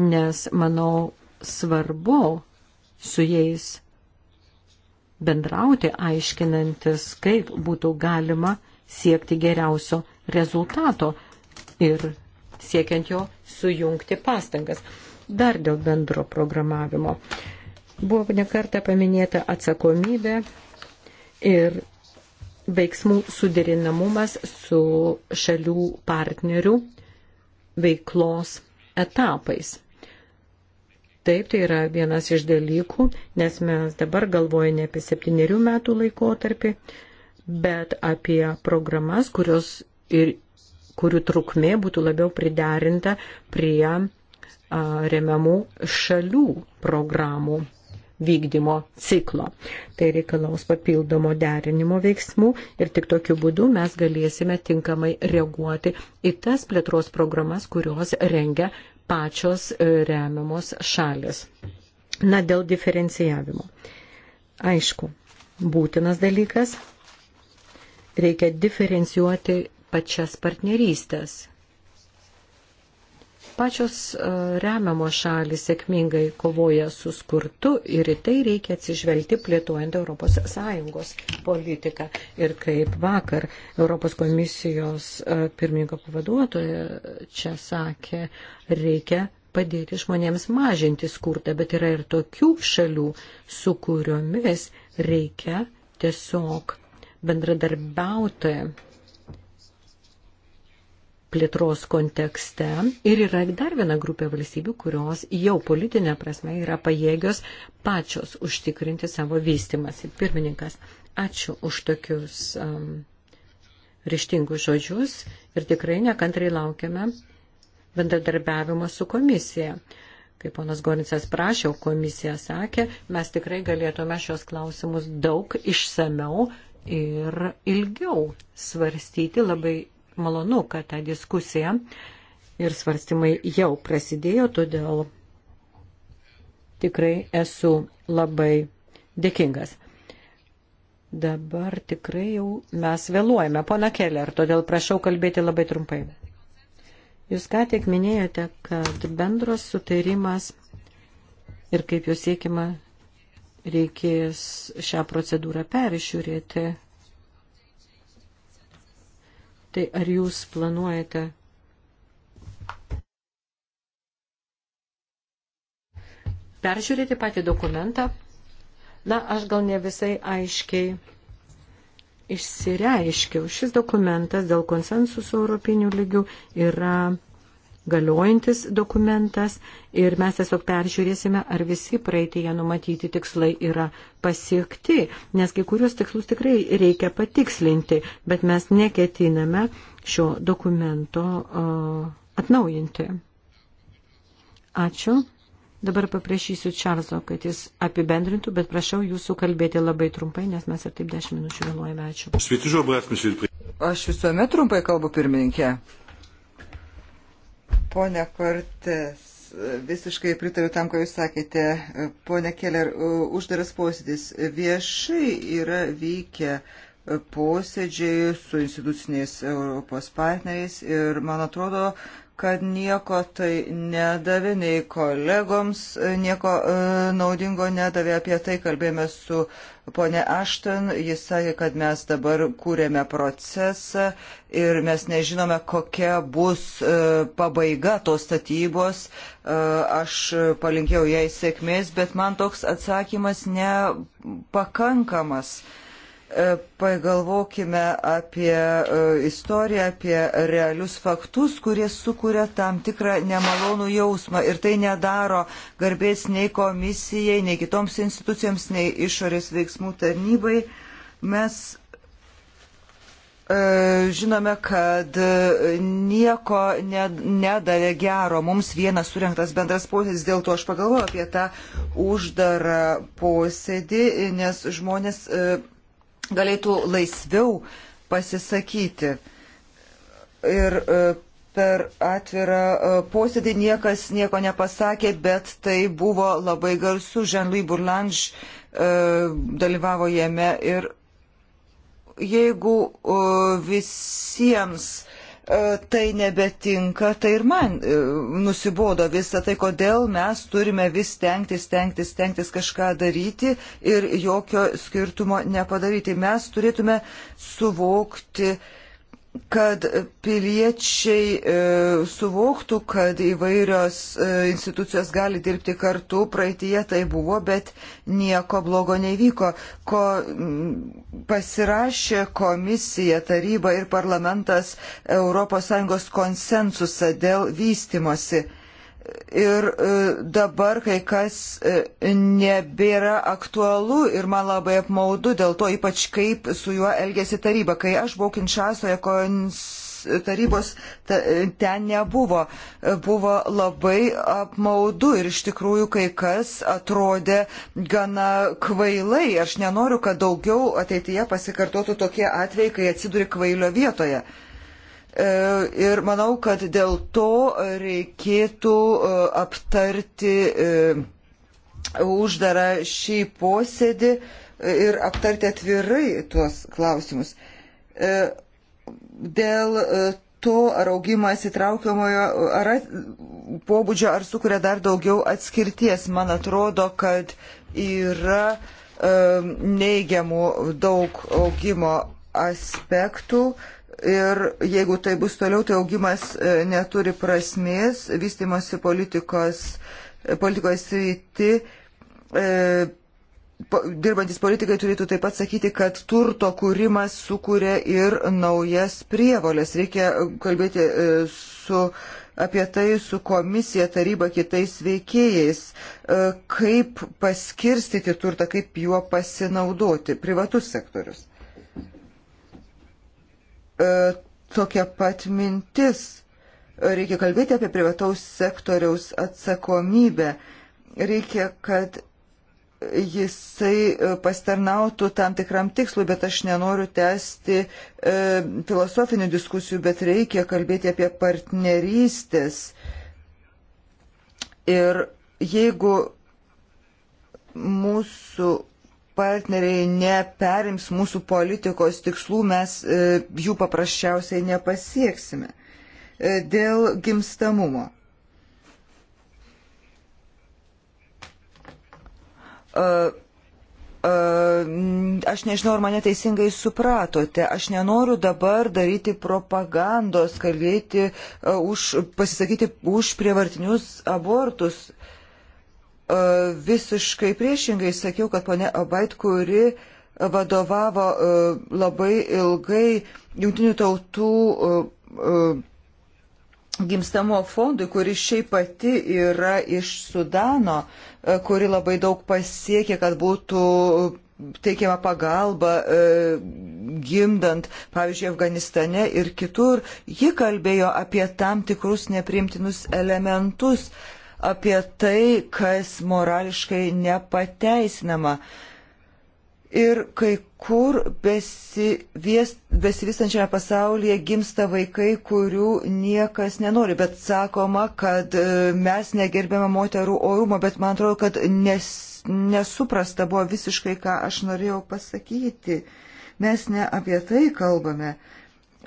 nes manau svarbu su jais bendrauti, aiškinantis, kaip būtų galima siekti geriausio rezultato ir siekiant jo sujungti pastangas. Dar dėl bendro programavimo. Buvo nekarta paminėta atsakomybė ir veiksmų suderinamumas su šalių partnerių veiklos etapais. Taip, tai yra vienas iš dalykų, nes mes dabar galvojame apie septyniarių metų laikotarpį, bet apie programas, kurios ir kurių trukmė būtų labiau priderinta prie remiamų šalių programų vykdymo ciklo. Tai reikalaus papildomo derinimo veiksmų ir tik tokiu būdu mes galėsime tinkamai reaguoti į tas plėtros programas, kurios rengia pačios e, remiamos šalis. Na, dėl diferencijavimo. Aišku, būtinas dalykas. Reikia diferencijuoti pačias partnerystės. Pačios e, remiamos šalis sėkmingai kovoja su skurtu ir į tai reikia atsižvelgti plėtojant ES politiką. Ir kaip vakar Europos komisijos e, pirmininko pavaduotoja čia sakė, reikia padėti žmonėms mažinti skurdą, bet yra ir tokių šalių, su kuriomis reikia tiesiog bendradarbiauti plėtros kontekste. Ir yra dar viena grupė valstybių, kurios jau politinė prasme yra pajėgios pačios užtikrinti savo vystimasi. Pirmininkas, ačiū už tokius um, ryštingus žodžius ir tikrai nekantrai laukiame bendradarbiavimo su komisija. Kaip ponas Gornicas prašė, komisija sakė, mes tikrai galėtume šios klausimus daug išsameu ir ilgiau svarstyti labai malonu, kad ta diskusija ir svarstymai jau prasidėjo, todėl tikrai esu labai dėkingas. Dabar tikrai jau mes vėluojame, pona Keller, todėl prašau kalbėti labai trumpai. Jūs ką tik minėjote, kad bendros sutarimas ir kaip jūs siekima reikės šią procedūrą peržiūrėti Tai ar jūs planuojate peržiūrėti patį dokumentą? Na, aš gal ne visai aiškiai išsireiškiau. Šis dokumentas dėl konsensuso europinių lygių yra galiojantis dokumentas ir mes tiesiog peržiūrėsime, ar visi praeitėje numatyti tikslai yra pasiekti, nes kai kurios tikslus tikrai reikia patikslinti, bet mes neketiname šio dokumento uh, atnaujinti. Ačiū. Dabar paprašysiu Čarzo, kad jis apibendrintų, bet prašau jūsų kalbėti labai trumpai, nes mes ir taip dešimt minučių vėluojame. Ačiū. Aš visuomet trumpai kalbu pirmininkė. Pone Kortes, visiškai pritariu tam, ko jūs sakėte. Pone Keller, uždaras posėdis. Viešai yra vykę posėdžiai su instituciniais Europos partneriais ir, man atrodo, kad nieko tai nedavė nei kolegoms, nieko e, naudingo nedavė. Apie tai kalbėjome su ponė Ašten. Jis sakė, kad mes dabar kūrėme procesą ir mes nežinome, kokia bus e, pabaiga tos statybos. E, aš palinkėjau jai sėkmės, bet man toks atsakymas nepakankamas. E, E, pagalvokime apie e, istoriją, apie realius faktus, kurie sukuria tam tikrą nemalonų jausmą. Ir tai nedaro garbės nei komisijai, nei kitoms institucijoms, nei išorės veiksmų tarnybai. Mes e, žinome, kad nieko nedavė gero. Mums vienas surinktas bendras posėdis, dėl to aš pagalvoju apie tą uždarą posėdį, nes žmonės galėtų laisviau pasisakyti. Ir e, per atvirą e, posėdį niekas nieko nepasakė, bet tai buvo labai garsu. Jean-Louis Bourlange e, dalyvavo jame ir jeigu visiems E, tai nebetinka, tai ir man e, nusibodo visą tai, kodėl mes turime vis stengtis, stengtis, stengtis kažką daryti ir jokio skirtumo nepadaryti. Mes turėtume suvokti, uh, kad piliečiai e, suvoktų, kad įvairios e, institucijos gali dirbti kartu, praeitie tai buvo, bet nieko blogo nevyko. Ko m, pasirašė komisija, taryba ir parlamentas ES konsensusą dėl vystimosi. E, ir e, dabar kai kas e, nebėra aktualu ir man labai apmaudu dėl to, ypač kaip su juo elgėsi taryba. Kai aš buvau Kinšasoje kons tarybos ta, ten nebuvo. E, buvo labai apmaudu ir iš tikrųjų kai kas atrodė gana kvailai. Aš nenoriu, kad daugiau ateityje pasikartotų tokie atvejai, kai atsiduri kvailio vietoje. Uh, E, ir manau, kad dėl to reikėtų e, aptarti e, uždarą šį posėdį ir aptarti atvirai tuos klausimus. Dėl to, ar augimas įtraukiamojo, ar pobūdžio, ar sukuria dar daugiau atskirties, man atrodo, kad yra neigiamų daug augimo aspektų Ir jeigu tai bus toliau, tai augimas e, neturi prasmės, vystimosi politikos, e, politikos ryti. E, dirbantis politikai turėtų taip pat sakyti, kad turto kūrimas sukuria ir naujas prievolės. Reikia kalbėti e, su, apie tai su komisija, taryba, kitais veikėjais, kaip paskirstyti turtą, kaip juo pasinaudoti. Privatus sektorius. E, tokia pat mintis. E, reikia kalbėti apie privataus sektoriaus atsakomybę. Reikia, kad jisai e, pastarnautų tam tikram tikslui, bet aš nenoriu tęsti e, filosofinių diskusijų, bet reikia kalbėti apie partnerystės. Ir jeigu mūsų partneriai neperims mūsų politikos tikslų, mes e, jų paprasčiausiai nepasieksime. E, dėl gimstamumo. E, aš nežinau, ar mane teisingai supratote. Aš nenoriu dabar daryti propagandos, kalbėti, už, pasisakyti už prievartinius abortus. Uh, E, visiškai priešingai sakiau, kad ponė Abait, kuri vadovavo e, labai ilgai jungtinių tautų e, gimstamo fondui, kuri šiaip pati yra iš Sudano, kuri labai daug pasiekė, kad būtų teikiama pagalba gimdant, pavyzdžiui, Afganistane ir kitur. Ji kalbėjo apie tam tikrus neprimtinus elementus apie tai, kas morališkai nepateisinama. Ir kai kur besivystančiame pasaulyje gimsta vaikai, kurių niekas nenori, bet sakoma, kad e, mes negerbėme moterų orumo, bet man atrodo, kad nes, nesuprasta buvo visiškai, ką aš norėjau pasakyti. Mes ne apie tai kalbame.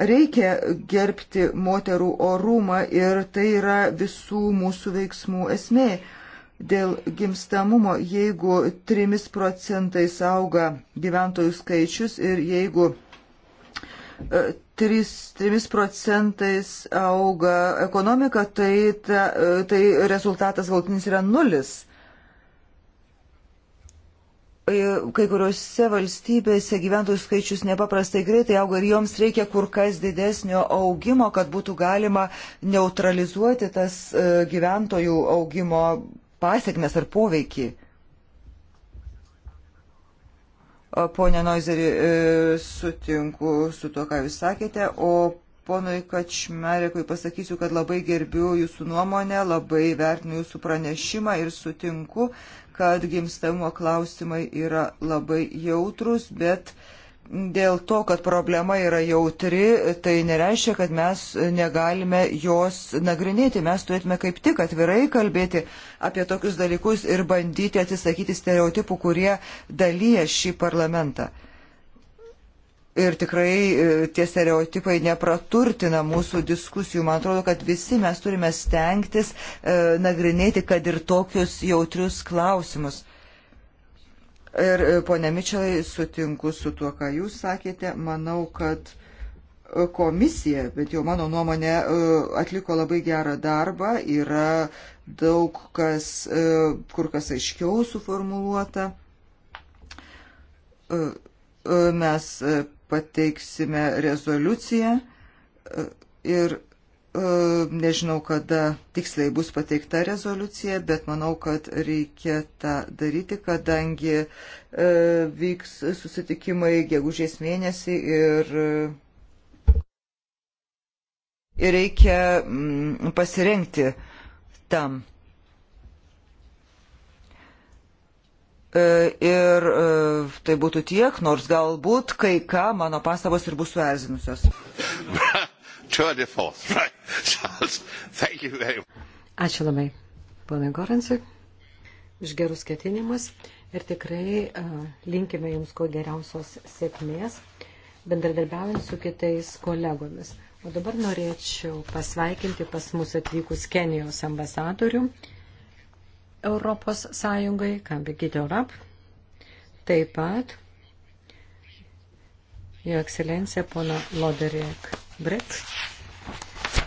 Reikia gerbti moterų orumą ir tai yra visų mūsų veiksmų esmė. Dėl gimstamumo, jeigu 3 procentais auga gyventojų skaičius ir jeigu 3, e, 3 procentais auga ekonomika, tai, ta, e, tai rezultatas galtinis yra nulis. E, kai kuriuose valstybėse gyventojų skaičius nepaprastai greitai auga ir joms reikia kur kas didesnio augimo, kad būtų galima neutralizuoti tas e, gyventojų augimo pasiekmes ar poveikį. Pone Noizerį, e, sutinku su to, ką jūs sakėte, o ponui Kačmerekui pasakysiu, kad labai gerbiu jūsų nuomonę, labai vertinu jūsų pranešimą ir sutinku, kad gimstamumo klausimai yra labai jautrus, bet dėl to, kad problema yra jautri, tai nereiškia, kad mes negalime jos nagrinėti. Mes turėtume kaip tik atvirai kalbėti apie tokius dalykus ir bandyti atsisakyti stereotipų, kurie dalyja šį parlamentą. Ir tikrai e, tie stereotipai nepraturtina mūsų diskusijų. Man atrodo, kad visi mes turime stengtis e, nagrinėti, kad ir tokius jautrius klausimus. Ir e, ponė Mičelai, sutinku su tuo, ką jūs sakėte. Manau, kad e, komisija, bet jau mano nuomonė, e, atliko labai gerą darbą. Yra daug kas, e, kur kas aiškiau suformuluota. E, e mes pateiksime rezoliuciją e, ir e, nežinau, kada tiksliai bus pateikta rezoliucija, bet manau, kad reikia tą daryti, kadangi e, vyks susitikimai gegužės mėnesį ir ir reikia mm, pasirengti tam. E, ir e, tai būtų tiek, nors galbūt kai ką mano pastabos ir bus suerzinusios. Ačiū labai, ponai Gorensui, už gerus ketinimus ir tikrai uh, linkime Jums kuo geriausios sėkmės, bendradarbiaujant su kitais kolegomis. O dabar norėčiau pasveikinti pas mus atvykus Kenijos ambasadorių. Uh, Europos Sąjungai, Kambigid Eurap, taip pat Jo ekscelencija pona Loderėk Bret.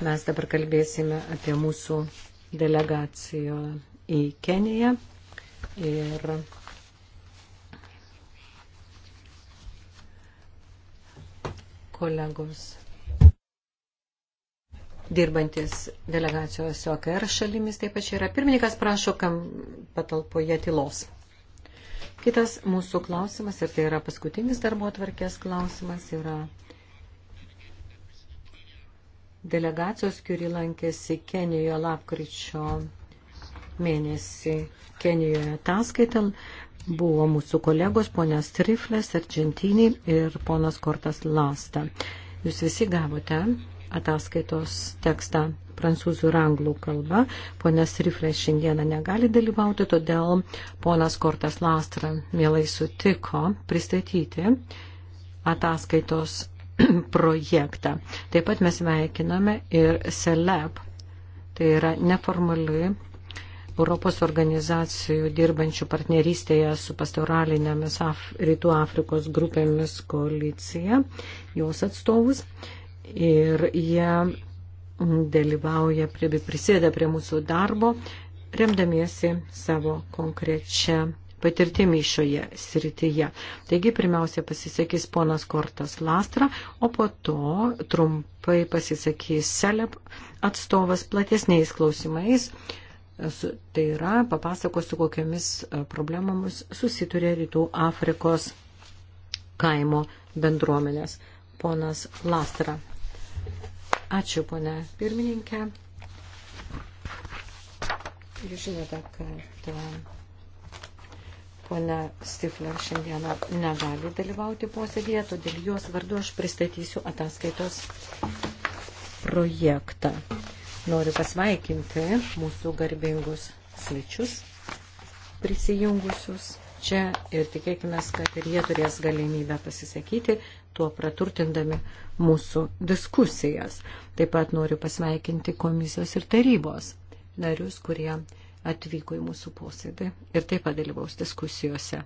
Mes dabar kalbėsime apie mūsų delegaciją į Keniją ir kolegos dirbantis delegacijos OKR šalimis taip pat čia yra. Pirmininkas prašo, kam patalpoje tylos. Kitas mūsų klausimas, ir tai yra paskutinis darbo atvarkės klausimas, yra delegacijos, kuri lankėsi Kenijoje lapkričio mėnesį Kenijoje ataskaitą. Buvo mūsų kolegos ponas Triflės, Argentinį ir ponas Kortas Lasta. Jūs visi gavote ataskaitos tekstą prancūzų ir anglų kalba. Ponas Riflė šiandieną negali dalyvauti, todėl ponas Kortas Lastra mielai sutiko pristatyti ataskaitos projektą. Taip pat mes veikiname ir SELEP, tai yra neformali Europos organizacijų dirbančių partnerystėje su pastoralinėmis Af rytų Afrikos grupėmis koalicija, jos atstovus ir jie dalyvauja, prie, prisėda prie mūsų darbo, remdamiesi savo konkrečią patirtimi šioje srityje. Taigi pirmiausia pasisakys ponas Kortas Lastra, o po to trumpai pasisakys Seleb atstovas platesniais klausimais. Tai yra, papasakosiu, kokiamis e, problemomis susituria Rytų Afrikos kaimo bendruomenės. Ponas Lastra, Ačiū, ponia pirmininkė. Jūs žinote, kad e, ponia Stifler šiandieną negali dalyvauti posėdėje, todėl jos vardu aš pristatysiu ataskaitos projektą. Noriu pasveikinti mūsų garbingus svečius prisijungusius čia ir tikėkime, kad ir jie turės galimybę pasisakyti tuo praturtindami mūsų diskusijas. Taip pat noriu pasveikinti komisijos ir tarybos narius, kurie atvyko į mūsų posėdį ir taip pat dalyvaus diskusijose.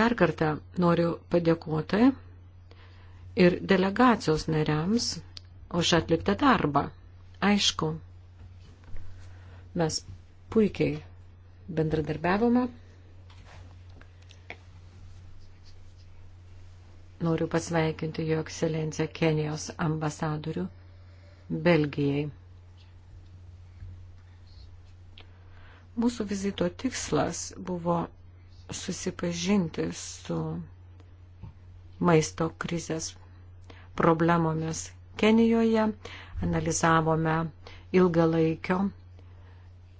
Dar kartą noriu padėkoti ir delegacijos nariams už atliktą darbą. Aišku, mes puikiai bendradarbiavome Noriu pasveikinti jo ekscelenciją Kenijos ambasadorių Belgijai. Mūsų vizito tikslas buvo susipažinti su maisto krizės problemomis Kenijoje, analizavome ilgalaikio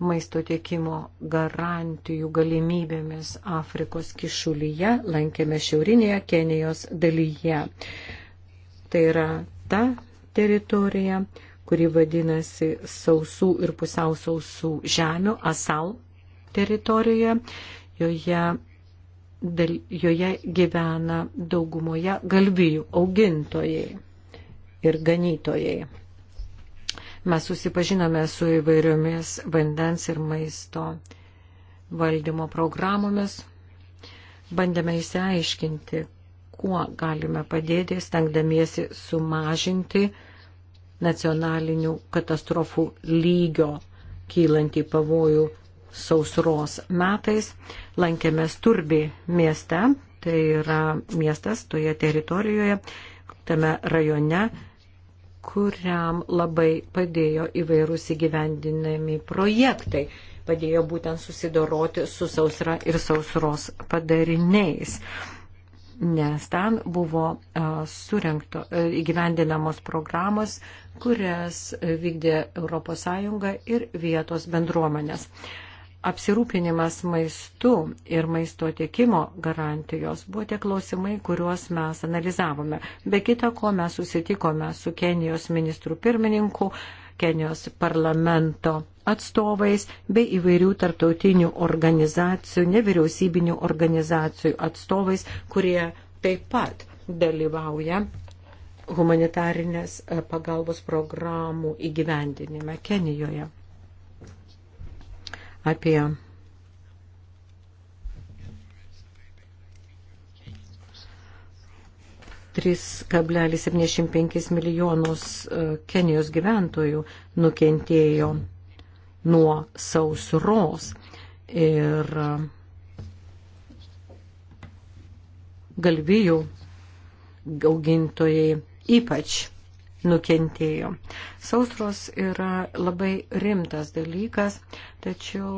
maisto tiekimo garantijų galimybėmis Afrikos kišulyje, lankėme šiaurinėje Kenijos dalyje. Tai yra ta teritorija, kuri vadinasi sausų ir pusiau sausų žemių, Asal teritorijoje, joje, dal, joje gyvena daugumoje galvijų augintojai ir ganytojai. Mes susipažinome su įvairiomis vandens ir maisto valdymo programomis, bandėme įsiaiškinti, kuo galime padėti, stengdamiesi sumažinti nacionalinių katastrofų lygio kylantį pavojų sausros metais. Lankėmės Turbi mieste, tai yra miestas toje teritorijoje, tame rajone, kuriam labai padėjo įvairūs įgyvendinami projektai padėjo būtent susidoroti su sausra ir sausros padariniais. Nes ten buvo surinkto e, įgyvendinamos programos, kurias vykdė ES ir vietos bendruomenės apsirūpinimas maistu ir maisto tiekimo garantijos buvo tie klausimai, kuriuos mes analizavome. Be kita ko, mes susitikome su Kenijos ministrų pirmininku, Kenijos parlamento atstovais bei įvairių tarptautinių organizacijų, nevyriausybinių organizacijų atstovais, kurie taip pat dalyvauja humanitarinės pagalbos programų įgyvendinime Kenijoje apie Tris kablelis 75 milijonus e, Kenijos gyventojų nukentėjo nuo sausros ir e, galvijų augintojai ypač nukentėjo. Saustros yra labai rimtas dalykas, tačiau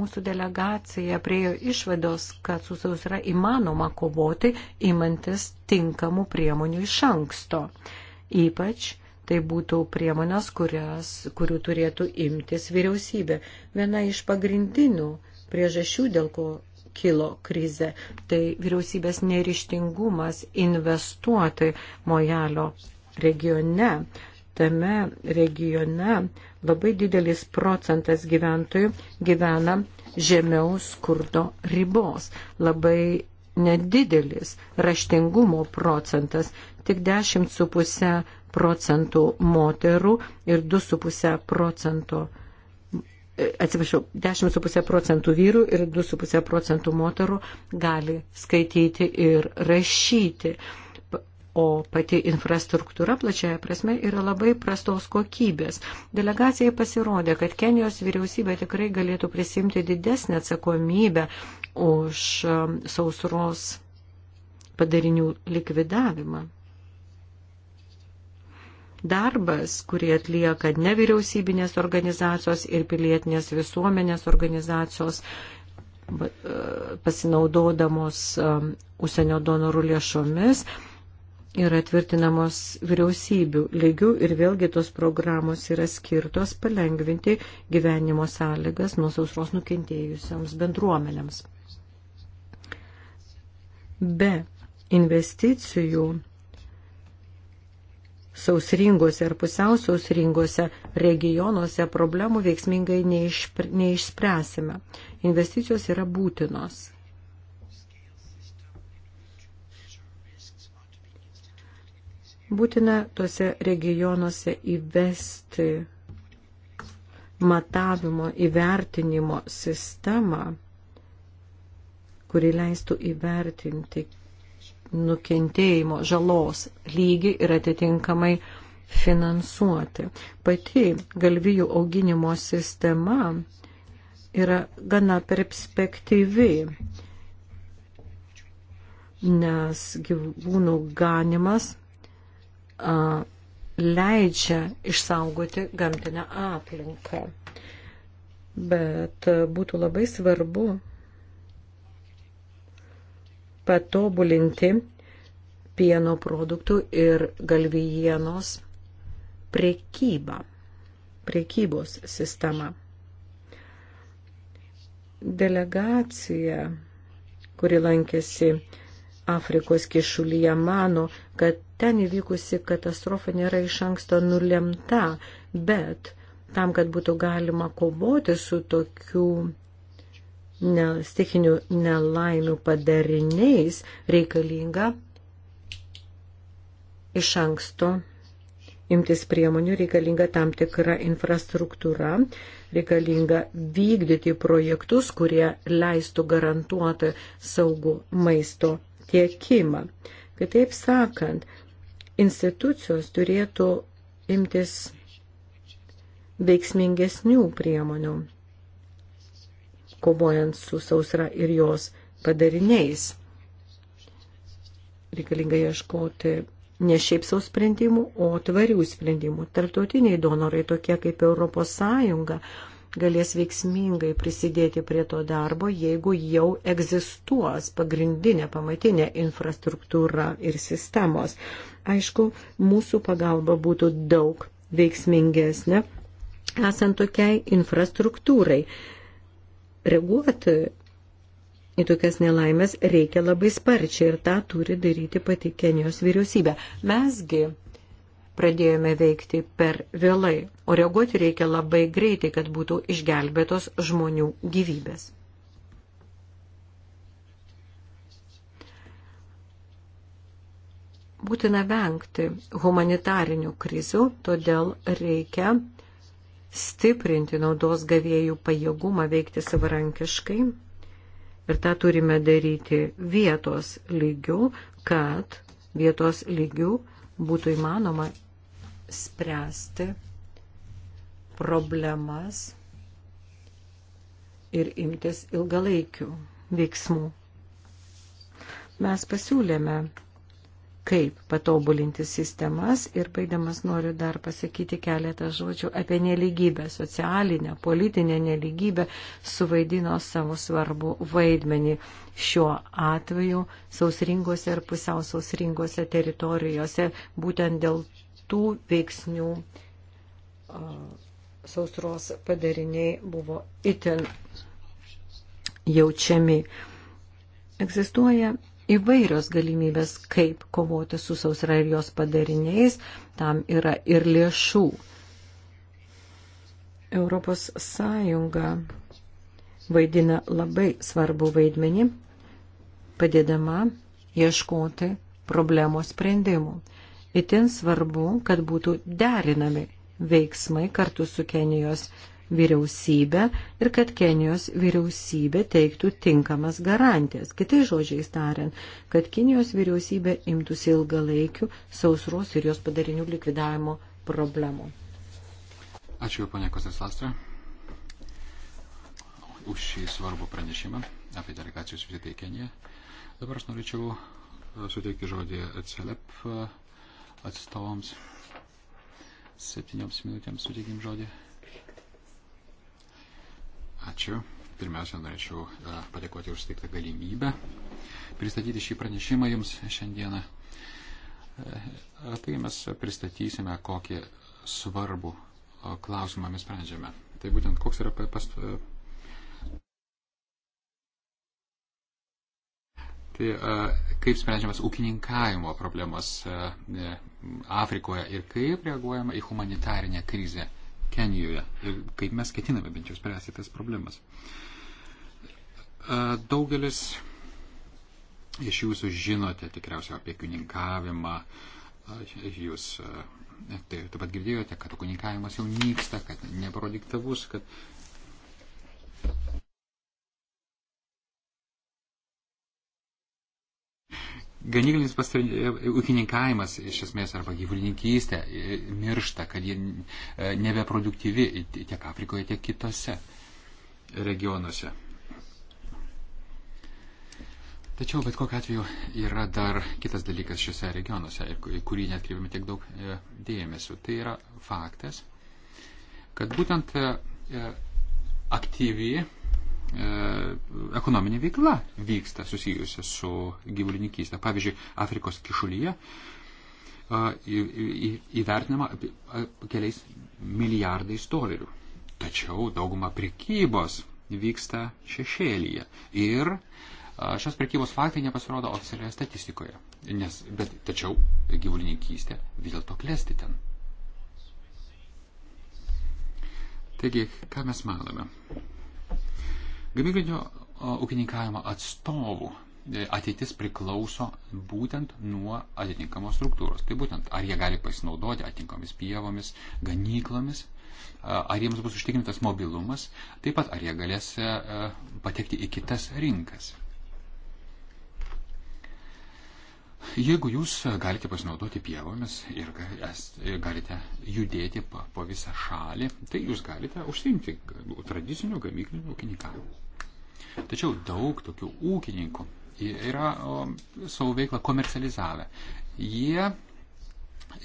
mūsų delegacija priejo išvados, kad su sausra įmanoma kovoti, imantis tinkamų priemonių iš anksto. Ypač tai būtų priemonės, kurias, kurių turėtų imtis vyriausybė. Viena iš pagrindinių priežasčių, dėl ko kilo krize, tai vyriausybės nerištingumas investuoti mojalio regione. Tame regione labai didelis procentas gyventojų gyvena žemiau skurdo ribos. Labai nedidelis raštingumo procentas, tik 10,5 procentų moterų ir 2,5 procento e, atsiprašau, 10,5 procentų vyrų ir 2,5 procentų moterų gali skaityti ir rašyti o pati infrastruktūra plačiaja prasme yra labai prastos kokybės. Delegacijai pasirodė, kad Kenijos vyriausybė tikrai galėtų prisimti didesnę atsakomybę už um, sausros padarinių likvidavimą. Darbas, kurį atlieka nevyriausybinės organizacijos ir pilietinės visuomenės organizacijos, uh, pasinaudodamos um, užsienio donorų lėšomis, yra tvirtinamos vyriausybių lygių ir vėlgi tos programos yra skirtos palengvinti gyvenimo sąlygas nuo sausros nukentėjusiams bendruomenėms. Be investicijų sausringose ar pusiausausringose regionuose problemų veiksmingai neišpr neišspręsime. Investicijos yra būtinos. Būtina tuose regionuose įvesti matavimo įvertinimo sistemą, kuri leistų įvertinti nukentėjimo žalos lygį ir atitinkamai finansuoti. Pati galvijų auginimo sistema yra gana perspektyvi, nes gyvūnų ganimas leidžia išsaugoti gamtinę aplinką. Bet būtų labai svarbu patobulinti pieno produktų ir galvijienos prekybą, prekybos sistemą. Delegacija, kuri lankėsi Afrikos kišulyje mano, kad ten įvykusi katastrofa nėra iš anksto nulemta, bet tam, kad būtų galima kovoti su tokių ne, stichinių nelaimių padariniais, reikalinga iš anksto imtis priemonių, reikalinga tam tikra infrastruktūra, reikalinga vykdyti projektus, kurie leistų garantuoti saugų maisto tiekimą. Kitaip sakant, institucijos turėtų imtis veiksmingesnių priemonių, kovojant su sausra ir jos padariniais. Reikalinga ieškoti ne šiaip savo sprendimų, o tvarių sprendimų. Tarptautiniai donorai, tokie kaip Europos Sąjunga, galės veiksmingai prisidėti prie to darbo, jeigu jau egzistuos pagrindinė pamatinė infrastruktūra ir sistemos. Aišku, mūsų pagalba būtų daug veiksmingesnė esant tokiai infrastruktūrai. Reaguoti į tokias nelaimės reikia labai sparčiai ir tą turi daryti pati Kenijos vyriausybė. Mesgi pradėjome veikti per vėlai, o reaguoti reikia labai greitai, kad būtų išgelbėtos žmonių gyvybės. Būtina vengti humanitarinių krizių, todėl reikia stiprinti naudos gavėjų pajėgumą veikti savarankiškai ir tą turime daryti vietos lygių, kad vietos lygių būtų įmanoma spręsti problemas ir imtis ilgalaikių veiksmų. Mes pasiūlėme, kaip patobulinti sistemas ir baidamas noriu dar pasakyti keletą žodžių apie neligybę. Socialinę, politinę neligybę suvaidino savo svarbu vaidmenį šiuo atveju sausringose ir pusiau sausringose teritorijose. Būtent dėl tų veiksnių sausros padariniai buvo itin jaučiami. Egzistuoja įvairios galimybės, kaip kovoti su sausra ir jos padariniais, tam yra ir lėšų. Europos Sąjunga vaidina labai svarbu vaidmenį, padėdama ieškoti problemos sprendimų itin svarbu, kad būtų derinami veiksmai kartu su Kenijos vyriausybė ir kad Kenijos vyriausybė teiktų tinkamas garantijas. Kitai žodžiai tariant, kad Kinijos vyriausybė imtųsi ilgalaikių sausros ir jos padarinių likvidavimo problemų. Ačiū, ponė Kostaslastra, už šį svarbų pranešimą apie delegacijos vizitą į Keniją. Dabar aš norėčiau e, suteikti žodį Celep e, atstovams. Septynioms minutėms suteikim žodį. Ačiū. Pirmiausia, norėčiau e, padėkoti už suteiktą galimybę pristatyti šį pranešimą jums šiandieną. E, tai mes pristatysime, kokį svarbų e, klausimą mes sprendžiame. Tai būtent koks yra past... Tai kaip sprendžiamas ūkininkavimo problemas Afrikoje ir kaip reaguojama į humanitarinę krizę Kenijoje ir kaip mes ketiname bent jau spręsti tas problemas. E, daugelis iš jūsų žinote tikriausiai apie kuninkavimą, e, jūs e, tai, taip pat girdėjote, kad kuninkavimas jau nyksta, kad neproduktavus, kad Ganyklinis e, e, ūkininkavimas iš esmės arba gyvulininkystė e, miršta, kad ji nebeproduktyvi tiek Afrikoje, tiek kitose regionuose. Tačiau bet kokiu atveju yra dar kitas dalykas šiuose regionuose, į kurį netkreipiame tiek daug dėmesio. Tai yra faktas, kad būtent aktyvi E, ekonominė veikla vyksta susijusi su gyvulininkystė. Pavyzdžiui, Afrikos kišulyje e, įvertinama keliais milijardais dolerių. Tačiau dauguma prekybos vyksta šešėlyje. Ir šios prekybos faktai nepasirodo oficialioje statistikoje. Nes, bet, tačiau gyvulininkystė vis dėlto klesti ten. Taigi, ką mes manome? Gamyklinio ūkininkavimo atstovų e, ateitis priklauso būtent nuo atitinkamos struktūros. Tai būtent, ar jie gali pasinaudoti atitinkomis pievomis, ganyklomis, ar jiems bus užtikrintas mobilumas, taip pat ar jie galės e, e, patekti į kitas rinkas. Jeigu jūs galite pasinaudoti pievomis ir galite judėti po, po visą šalį, tai jūs galite užsiimti tradiciniu gamykliniu ūkininkavimu. Tačiau daug tokių ūkininkų yra o, savo veiklą komercializavę. Jie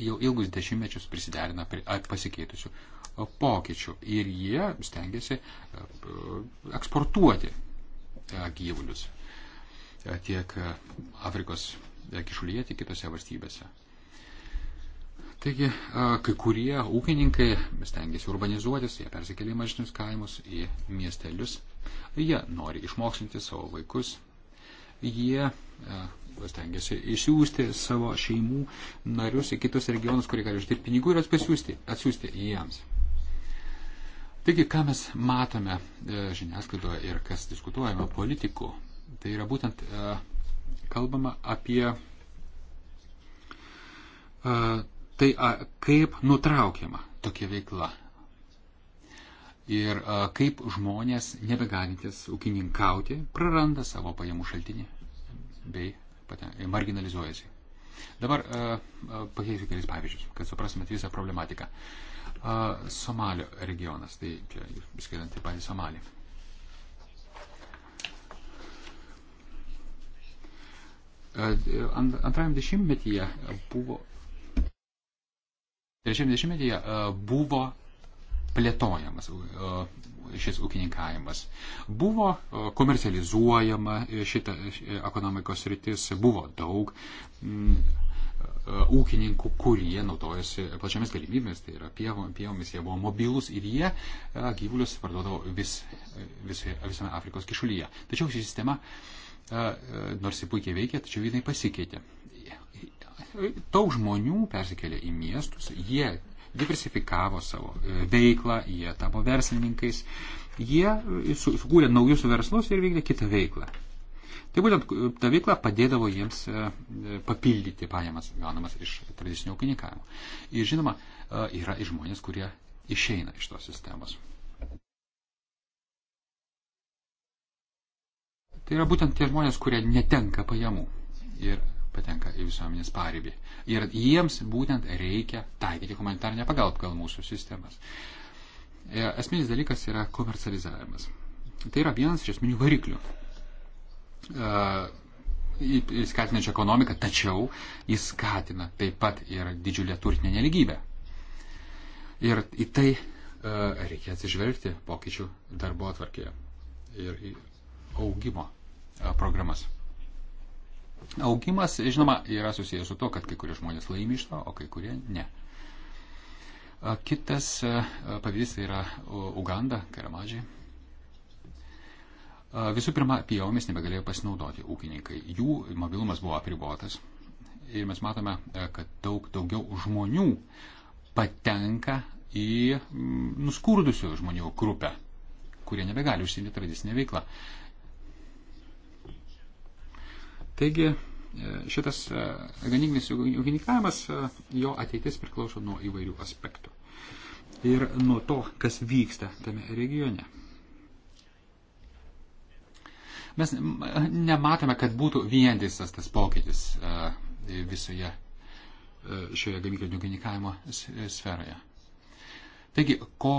jau ilgus dešimtmečius prisiderina prie pasikeitusių pokyčių ir jie stengiasi e, eksportuoti e, gyvulius e, tiek Afrikos tiek išlyje, tiek kitose valstybėse. Taigi, kai kurie ūkininkai stengiasi urbanizuotis, jie persikėlė į mažesnius kaimus, į miestelius, jie nori išmokslinti savo vaikus, jie stengiasi išsiųsti savo šeimų narius į kitus regionus, kurie gali uždirbti pinigų ir atsiųsti, atsiųsti jiems. Taigi, ką mes matome e, žiniasklaidoje ir kas diskutuojama politikų, tai yra būtent e, kalbama apie a, e, tai, a, kaip nutraukiama tokia veikla ir a, e, kaip žmonės nebegalintis ūkininkauti praranda savo pajamų šaltinį bei paten, marginalizuojasi. Dabar e, pakeisiu kelis pavyzdžius, kad suprastumėt visą problematiką. A, Somalio regionas, tai čia, skaitant taip pat į Somaliją. Antrajam dešimtmetyje buvo. Trečiam dešimtmetyje e, buvo plėtojamas e, šis ūkininkavimas. Buvo e, komercializuojama šita ekonomikos rytis, buvo daug mm, ūkininkų, kurie naudojasi plačiamis galimybėmis, tai yra pievomis, jie buvo mobilus ir jie gyvulius parduodavo vis, vis, visame Afrikos kišulyje. Tačiau ši sistema uh, E, nors ji puikiai veikia, tačiau jinai pasikeitė. Daug žmonių persikėlė į miestus, jie diversifikavo savo e, veiklą, jie tapo verslininkais, jie sukūrė naujus verslus ir vykdė kitą veiklą. Tai būtent e, ta veikla padėdavo jiems papildyti pajamas gaunamas iš tradicinio ūkininkavimo. Ir žinoma, yra ir žmonės, kurie išeina iš tos sistemos. Tai yra būtent tie žmonės, kurie netenka pajamų ir patenka į visuomenės paribį. Ir jiems būtent reikia taikyti humanitarinę pagalbą gal mūsų sistemas. E, esminis dalykas yra komercializavimas. Tai yra vienas iš esminių variklių e, skatinančią ekonomiką, tačiau jis skatina taip pat ir didžiulę turtinę neligybę. Ir į tai e, reikia atsižvelgti pokyčių darbo atvarkėje. Ir augimo e, programas. Augimas, žinoma, yra susijęs su to, kad kai kurie žmonės laimi iš to, o kai kurie ne. E, kitas e, pavyzdys tai yra Uganda, Karamadžiai. Visų pirma, pjomis nebegalėjo pasinaudoti ūkininkai. Jų mobilumas buvo apribotas. Ir mes matome, kad daug daugiau žmonių patenka į nuskurdusių žmonių grupę, kurie nebegali užsiimti tradicinę veiklą. Taigi e, šitas e, ganyklinis ūkininkavimas, e, jo ateitis priklauso nuo įvairių aspektų ir nuo to, kas vyksta tame regione. Mes nematome, kad būtų vientisas tas pokytis visoje šioje gamyklinio ūkininkavimo sferoje. Taigi, ko,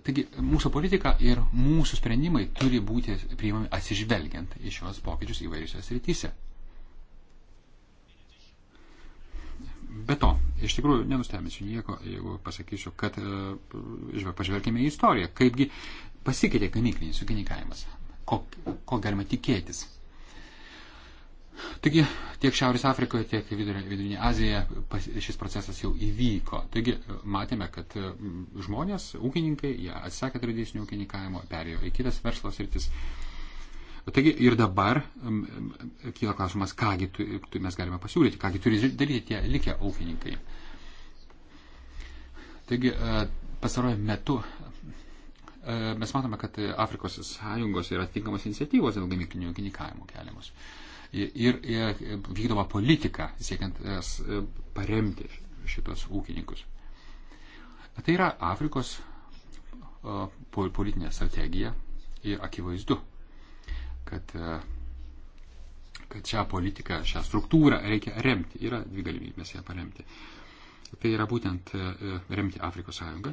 Taigi mūsų politika ir mūsų sprendimai turi būti priimami atsižvelgiant į šios pokyčius įvairiuose srityse. Be to, iš tikrųjų, nenustebinsiu nieko, jeigu pasakysiu, kad e, žinoma, pažvelkime į istoriją, kaipgi pasikeitė gamyklinis ūkininkavimas, ko, ko galima tikėtis Taigi tiek Šiaurės Afrikoje, tiek Vidurinė Azija šis procesas jau įvyko. Taigi matėme, kad mm, žmonės, ūkininkai, jie atsisakė tradicinio ūkininkavimo, perėjo į kitas verslo sritis. Taigi ir dabar mm, mm, kyla klausimas, kągi tu, tu, mes galime pasiūlyti, kągi turi daryti tie likę ūkininkai. Taigi e, pastarojame metu e, mes matome, kad Afrikos sąjungos yra atitinkamos iniciatyvos dėl gamyklinio ūkininkavimo keliamos ir, ir vykdoma politika siekiant e, e, paremti šitos ūkininkus. Tai yra Afrikos politinė strategija ir akivaizdu, kad, e, kad šią politiką, šią struktūrą reikia remti. Yra dvi galimybės ją paremti. Tai yra būtent remti Afrikos sąjungą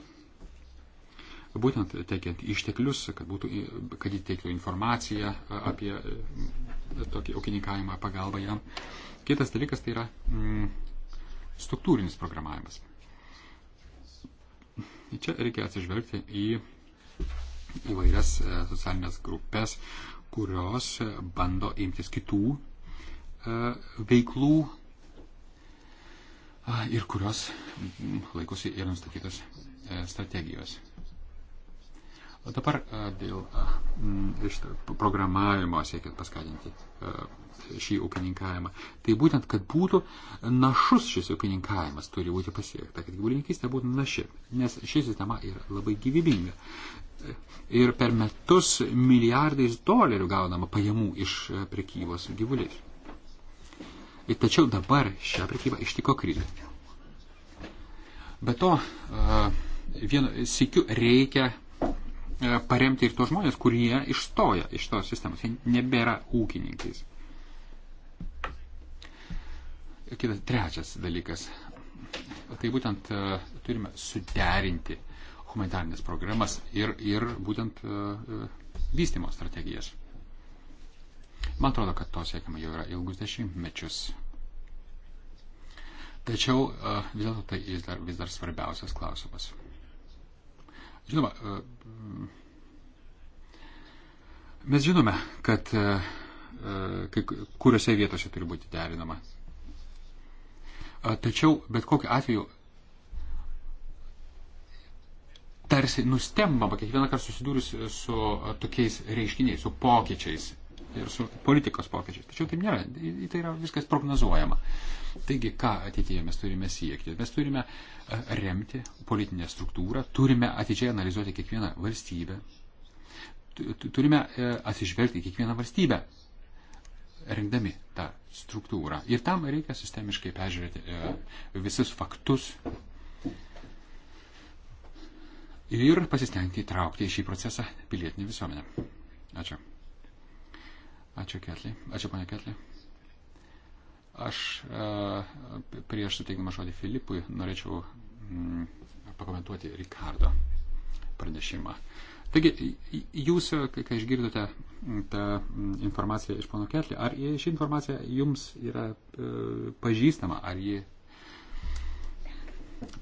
būtent teikiant išteklius, kad, būtų, kad jį teiktų informaciją apie e, tokį ūkininkavimą, pagalbą jam. Kitas dalykas tai yra mm, struktūrinis programavimas. Čia reikia atsižvelgti į įvairias e, socialinės grupės, kurios e, bando imtis kitų veiklų ir kurios mm, laikosi ir nustatytos strategijos. Dabar e, dėl iš e, programavimo siekiant paskatinti e, šį ūkininkavimą. Tai būtent, kad būtų našus šis ūkininkavimas turi būti pasiekta, kad gyvulininkystė būtų naši, nes ši sistema yra labai gyvybinga. Ir per metus milijardais dolerių gaunama pajamų iš prekybos gyvuliais. Ir tačiau dabar šią prekybą ištiko krizė. Be to, vienu sėkiu reikia E, paremti ir tos žmonės, kurie išstoja iš tos sistemos, jie nebėra ūkininkais. Kitas, trečias dalykas. Tai būtent e, turime suderinti humanitarnės programas ir, ir būtent e, vystimo strategijas. Man atrodo, kad to siekiama jau yra ilgus dešimtmečius. Tačiau vis dėlto tai vis dar, vis dar svarbiausias klausimas. Žinoma, e, mes žinome, kad e, kai kuriuose vietose turi būti derinama. E, tačiau, bet kokiu atveju, tarsi nustembama kiekvieną kartą susidūrus su tokiais reiškiniais, su pokyčiais ir su politikos pokyčiais. Tačiau taip nėra, tai yra viskas prognozuojama. Taigi, ką ateityje mes turime siekti? Mes turime e, remti politinę struktūrą, turime atidžiai analizuoti kiekvieną valstybę, turime e, atsižvelgti kiekvieną valstybę, rengdami tą struktūrą. Ir tam reikia sistemiškai peržiūrėti e, visus faktus, ir pasistengti įtraukti į šį procesą pilietinį visuomenę. Ačiū. Ačiū, Ketli. Ačiū, ponia Ketli. Aš e, prieš suteikdama žodį Filipui norėčiau mm, pakomentuoti Rikardo pranešimą. Taigi, jūs, kai išgirdote mm, tą mm, informaciją iš pono Ketlį, ar ši informacija jums yra e, pažįstama, ar ji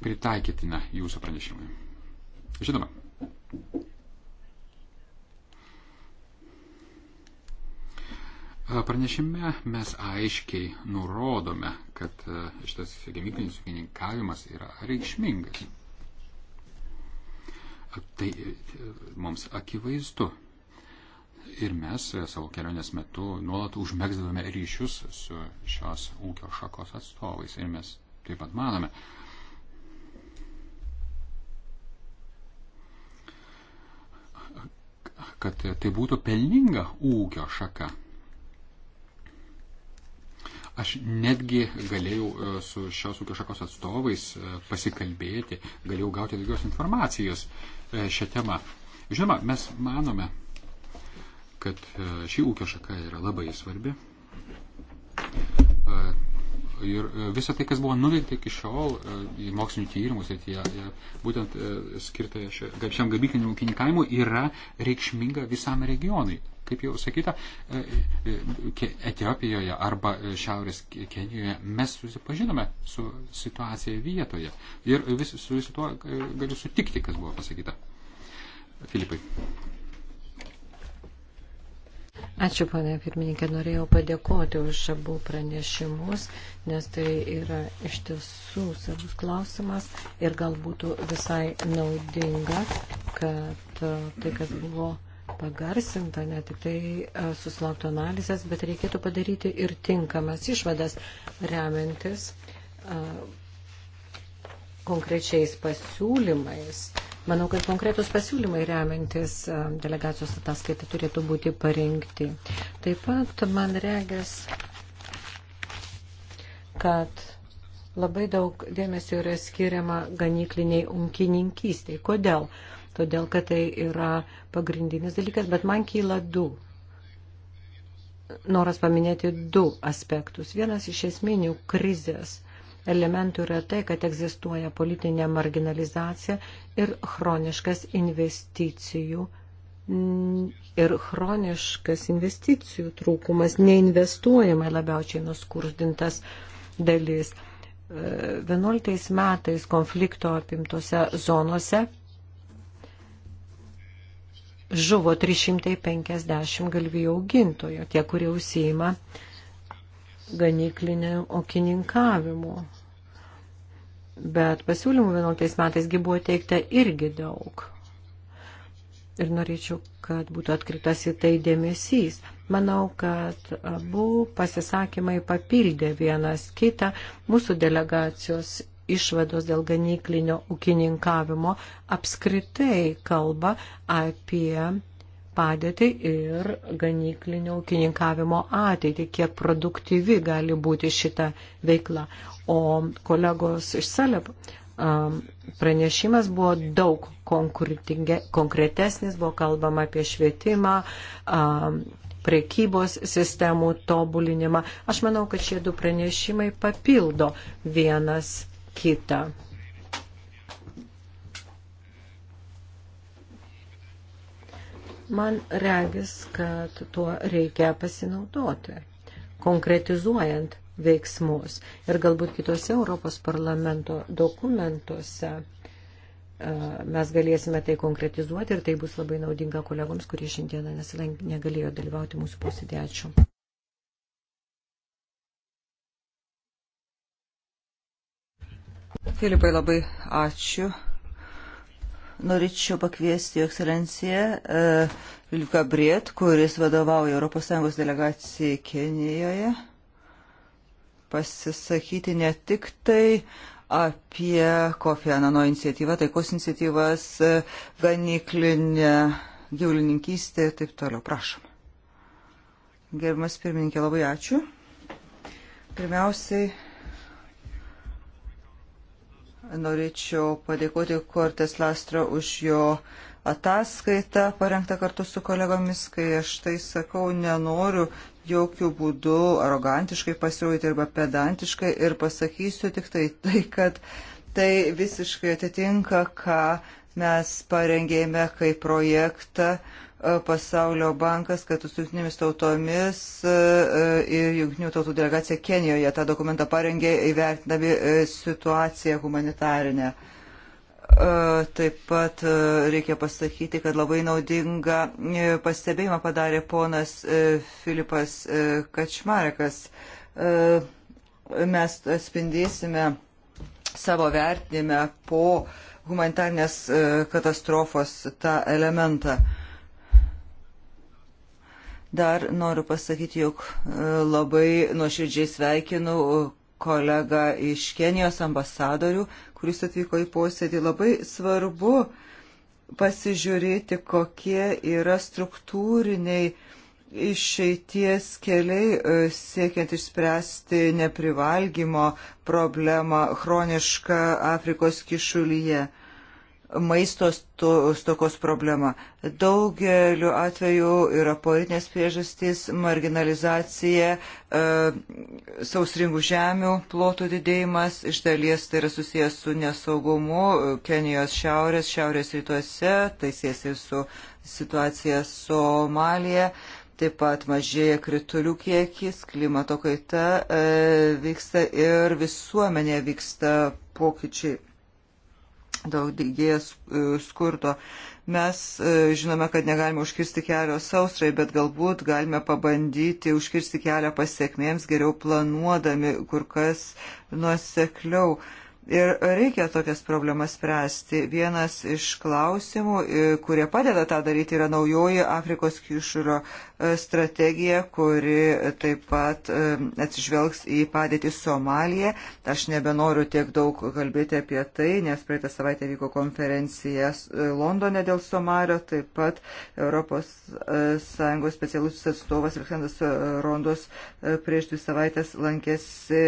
pritaikytina jūsų pranešimui? Žinoma, Pranešime mes aiškiai nurodome, kad e, šitas gamyklinis ūkininkavimas yra reikšmingas. Tai e, mums akivaizdu. Ir mes e, savo kelionės metu nuolat užmėgdavome ryšius su šios ūkio šakos atstovais. Ir mes taip pat manome, kad tai būtų pelninga ūkio šaka. Aš netgi galėjau e, su šios ūkio šakos atstovais e, pasikalbėti, galėjau gauti daugiau informacijos e, šią temą. Žinoma, mes manome, kad ši ūkio šaka yra labai svarbi. Ir e, visą tai, kas buvo nuveikta iki šiol e, į mokslinių tyrimų srityje, e, būtent skirta šiam gamykliniam ūkininkavimui, yra reikšminga visam regionui. Kaip jau sakyta, Etiopijoje arba Šiaurės Kenijoje mes susipažinome su situacija vietoje. Ir vis, su visu tuo galiu sutikti, kas buvo pasakyta. Filipai. Ačiū, ponė pirmininkė. Norėjau padėkoti už abu pranešimus, nes tai yra iš tiesų savus klausimas ir gal būtų visai naudinga, kad e, tai, kas buvo pagarsinta, ne tik tai e, susilauktų analizės, bet reikėtų padaryti ir tinkamas išvadas remiantis e, konkrečiais pasiūlymais Manau, kad konkretus pasiūlymai remiantis e, delegacijos ataskaitą turėtų būti parengti. Taip pat man regis, kad labai daug dėmesio yra skiriama ganykliniai unkininkystiai. Kodėl? Todėl, kad tai yra pagrindinis dalykas, bet man kyla du. Noras paminėti du aspektus. Vienas iš esminių krizės elementų yra tai, kad egzistuoja politinė marginalizacija ir chroniškas investicijų ir chroniškas investicijų trūkumas, neinvestuojamai labiausiai nuskurdintas dalis. 11 e, metais konflikto apimtose zonose žuvo 350 galvijų augintojo, tie, kurie užsijima ganiklinio okininkavimu bet pasiūlymų 11 metaisgi buvo teikta irgi daug. Ir norėčiau, kad būtų atkritas į tai dėmesys. Manau, kad abu pasisakymai papildė vienas kitą mūsų delegacijos išvados dėl ganyklinio ūkininkavimo apskritai kalba apie padėtį ir ganyklinio ūkininkavimo ateitį, kiek produktyvi gali būti šita veikla. O kolegos iš Saleb pranešimas buvo daug konkretesnis, buvo kalbama apie švietimą, prekybos sistemų tobulinimą. Aš manau, kad šie du pranešimai papildo vienas kitą. Man regis, kad tuo reikia pasinaudoti, konkretizuojant veiksmus. Ir galbūt kitose Europos parlamento dokumentuose e, mes galėsime tai konkretizuoti ir tai bus labai naudinga kolegoms, kurie šiandieną negalėjo dalyvauti mūsų posėdėje. Ačiū. Filipai, labai ačiū. Norėčiau pakviesti Jo ekscelenciją uh, e, Liuką Briet, kuris vadovauja ES delegacijai Kenijoje pasisakyti ne tik tai apie Kofi Anano iniciatyvą, taikos iniciatyvas, ganiklinę gyvulininkystę ir taip toliau. Prašom. Gerbimas pirmininkė, labai ačiū. Pirmiausiai norėčiau padėkoti Kortes Lastro už jo ataskaitą parengtą kartu su kolegomis, kai aš tai sakau, nenoriu jokių būdų arogantiškai pasirodyti arba pedantiškai ir pasakysiu tik tai tai, kad tai visiškai atitinka, ką mes parengėme kaip projektą e, Pasaulio bankas, kad su jungtinėmis tautomis e, e, ir jungtinių tautų delegacija Kenijoje tą dokumentą parengė įvertinami situaciją humanitarinę. E, taip pat e, reikia pasakyti, kad labai naudinga e, pastebėjimą padarė ponas Filipas Kačmarekas. Mes atspindėsime savo vertinime po humanitarnės katastrofos tą elementą. Dar noriu pasakyti, jog labai nuoširdžiai sveikinu kolegą iš Kenijos ambasadorių, kuris atvyko į posėdį. Labai svarbu pasižiūrėti, kokie yra struktūriniai išeities keliai e, siekiant išspręsti neprivalgymo problemą chronišką Afrikos kišulyje maisto stokos problema. Daugeliu atveju yra politinės priežastys, marginalizacija, e, sausringų žemių plotų didėjimas, iš dalies tai yra susijęs su nesaugumu e, Kenijos šiaurės, šiaurės rytuose, tai siesi su situacija Somalija. Taip pat mažėja kritulių kiekis, klimato kaita e, vyksta ir visuomenė vyksta pokyčiai daug didėjęs e, skurdo. Mes e, žinome, kad negalime užkirsti kelio sausrai, bet galbūt galime pabandyti užkirsti kelią pasiekmėms geriau planuodami kur kas nuosekliau. Ir reikia tokias problemas spręsti. Vienas iš klausimų, e, kurie padeda tą daryti, yra naujoji Afrikos kišuro e, strategija, kuri taip pat e, atsižvelgs į padėtį Somaliją. Aš nebenoriu tiek daug kalbėti apie tai, nes praeitą savaitę vyko konferencija Londone dėl Somalio. Taip pat ES specialusis atstovas Alexandras Rondos prieš dvi savaitės lankėsi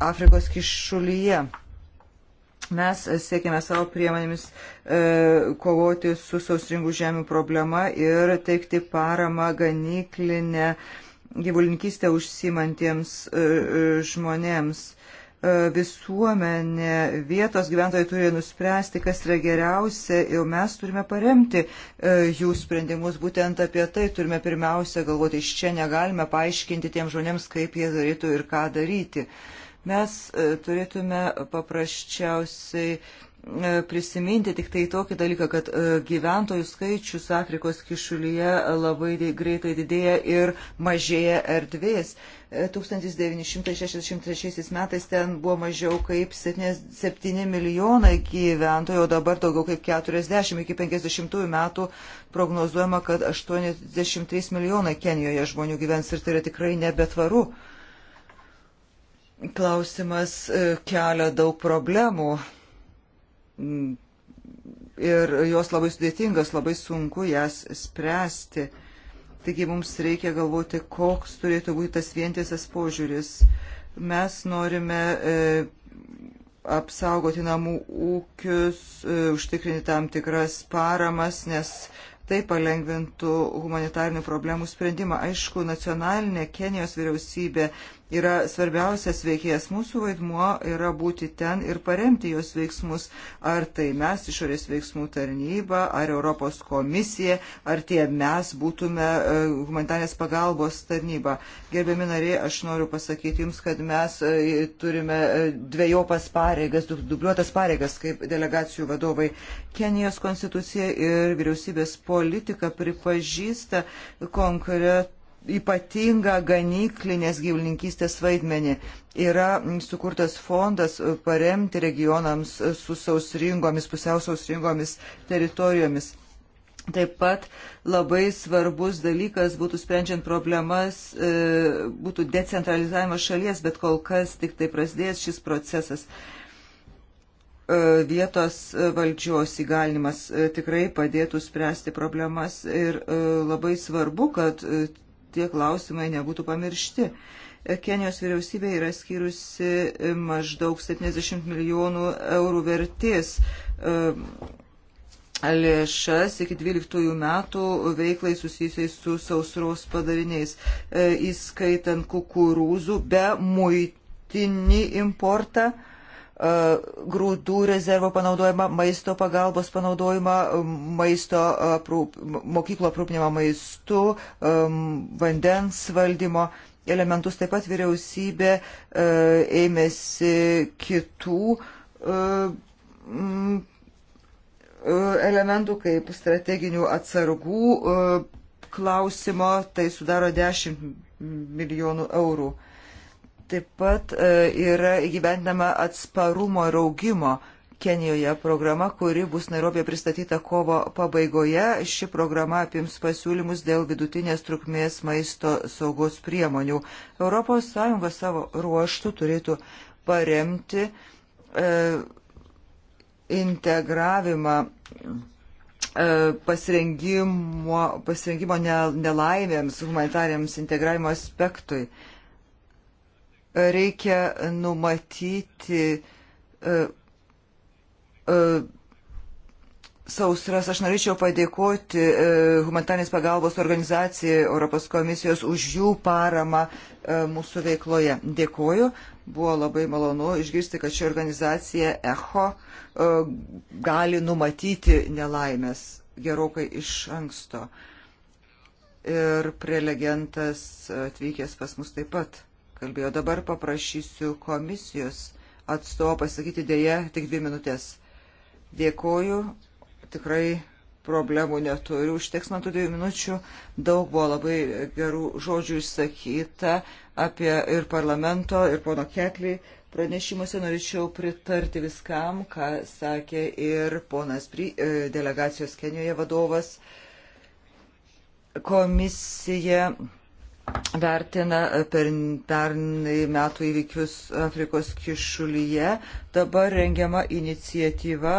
Afrikos kišulyje. Mes siekime savo priemonėmis e, kovoti su sausringų žemių problema ir teikti paramą ganyklinę gyvulininkystę užsimantiems e, e, žmonėms. E, visuomenė, vietos gyventojai turi nuspręsti, kas yra geriausia ir mes turime paremti e, jų sprendimus. Būtent apie tai turime pirmiausia galvoti. Iš čia negalime paaiškinti tiem žmonėms, kaip jie turėtų ir ką daryti. E, Mes e, turėtume paprasčiausiai e, prisiminti tik tai tokį dalyką, kad e, gyventojų skaičius Afrikos kišulyje labai greitai didėja ir mažėja erdvės. 1963 metais ten buvo mažiau kaip 7 milijonai gyventojų, o dabar daugiau kaip 40 iki 50 metų prognozuojama, kad 83 milijonai Kenijoje žmonių gyvens ir tai yra tikrai nebetvaru klausimas e, kelia daug problemų ir jos labai sudėtingas, labai sunku jas spręsti. Taigi mums reikia galvoti, koks turėtų būti tas vientisas požiūris. Mes norime e, apsaugoti namų ūkius, e, užtikrinti tam tikras paramas, nes tai palengvintų humanitarinių problemų sprendimą. Aišku, nacionalinė Kenijos vyriausybė yra svarbiausias veikėjas. Mūsų vaidmuo yra būti ten ir paremti jos veiksmus, ar tai mes, išorės veiksmų tarnyba, ar Europos komisija, ar tie mes būtume e, humanitarės pagalbos tarnyba. Gerbiami nariai, aš noriu pasakyti Jums, kad mes e, turime e, dviejopas pareigas, dubliuotas pareigas kaip delegacijų vadovai. Kenijos konstitucija ir vyriausybės politika pripažįsta konkretų ypatingą ganyklinės gyvulininkystės vaidmenį. Yra sukurtas fondas e, paremti regionams e, su sausringomis, pusiausausringomis teritorijomis. Taip pat labai svarbus dalykas būtų sprendžiant problemas, e, būtų decentralizavimas šalies, bet kol kas tik tai prasidės šis procesas. Vietos valdžios įgalinimas tikrai padėtų spręsti problemas ir labai svarbu, kad tie klausimai nebūtų pamiršti. Kenijos vyriausybė yra skyrusi e, maždaug 70 milijonų eurų vertės e, lėšas iki 12 metų veiklai susijusiais su sausros padariniais, e, įskaitant kukurūzų be muitinį importą grūdų rezervo panaudojimą, maisto pagalbos panaudojimą, maisto aprūp, mokyklo aprūpinimą maistu, um, vandens valdymo elementus. Taip pat vyriausybė uh, ėmėsi kitų uh, mm, uh, elementų kaip strateginių atsargų klausimo, tai sudaro 10 milijonų eurų. Taip pat e, yra įgyvendama atsparumo ir augimo Kenijoje programa, kuri bus Nairobėje pristatyta kovo pabaigoje. Ši programa apims pasiūlymus dėl vidutinės trukmės maisto saugos priemonių. ES savo ruoštų turėtų paremti e, integravimą e, pasirengimo, pasirengimo nelaimėms, humanitariams integravimo aspektui. E, reikia numatyti uh, uh, sausras. Aš norėčiau padėkoti uh, humanitarnės pagalbos organizacijai Europos komisijos už jų paramą mūsų veikloje. Dėkoju. Buvo labai malonu išgirsti, kad ši organizacija ECHO gali numatyti nelaimės gerokai iš anksto. Ir prelegentas atvykęs pas mus taip pat kalbėjo. Dabar paprašysiu komisijos atstovo pasakyti dėje tik dvi minutės. Dėkoju, tikrai problemų neturiu, užteks man tų dviejų minučių, daug buvo labai gerų žodžių išsakyta apie ir parlamento, ir pono Keklį. Pranešimuose norėčiau pritarti viskam, ką sakė ir ponas Pri, e, delegacijos Kenijoje vadovas. Komisija vertina e, pernai per metų įvykius Afrikos kišulyje. Dabar rengiama iniciatyva,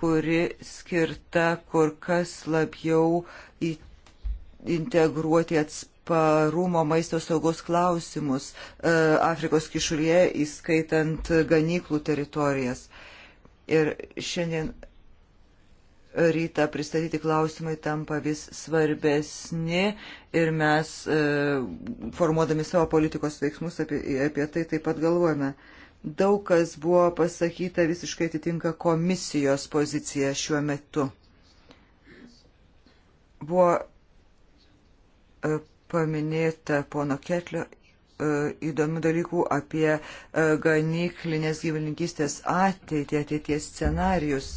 kuri skirta kur kas labiau integruoti atspartą parumo maisto saugos klausimus e, Afrikos kišulėje, įskaitant ganyklų teritorijas. Ir šiandien rytą pristatyti klausimai tampa vis svarbesni ir mes, e, formuodami savo politikos veiksmus, apie, apie tai taip pat galvojame. Daug kas buvo pasakyta visiškai atitinka komisijos poziciją šiuo metu. Buvo e, paminėta pono Ketlio e, įdomių dalykų apie ganyklinės gyvulininkystės ateitį, ateities scenarius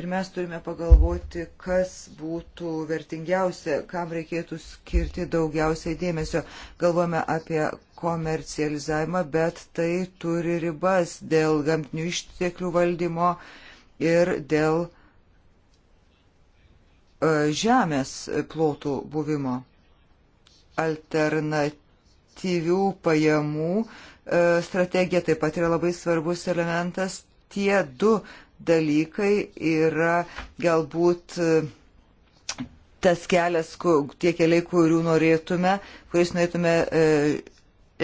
ir mes turime pagalvoti, kas būtų vertingiausia, kam reikėtų skirti daugiausiai dėmesio. Galvojame apie komercializavimą, bet tai turi ribas dėl gamtinių išteklių valdymo ir dėl e, žemės plotų buvimo. Alternatyvių pajamų e, strategija taip pat yra labai svarbus elementas. Tie du dalykai yra galbūt e, tas kelias, tie keliai, kurių norėtume, kuris norėtume e,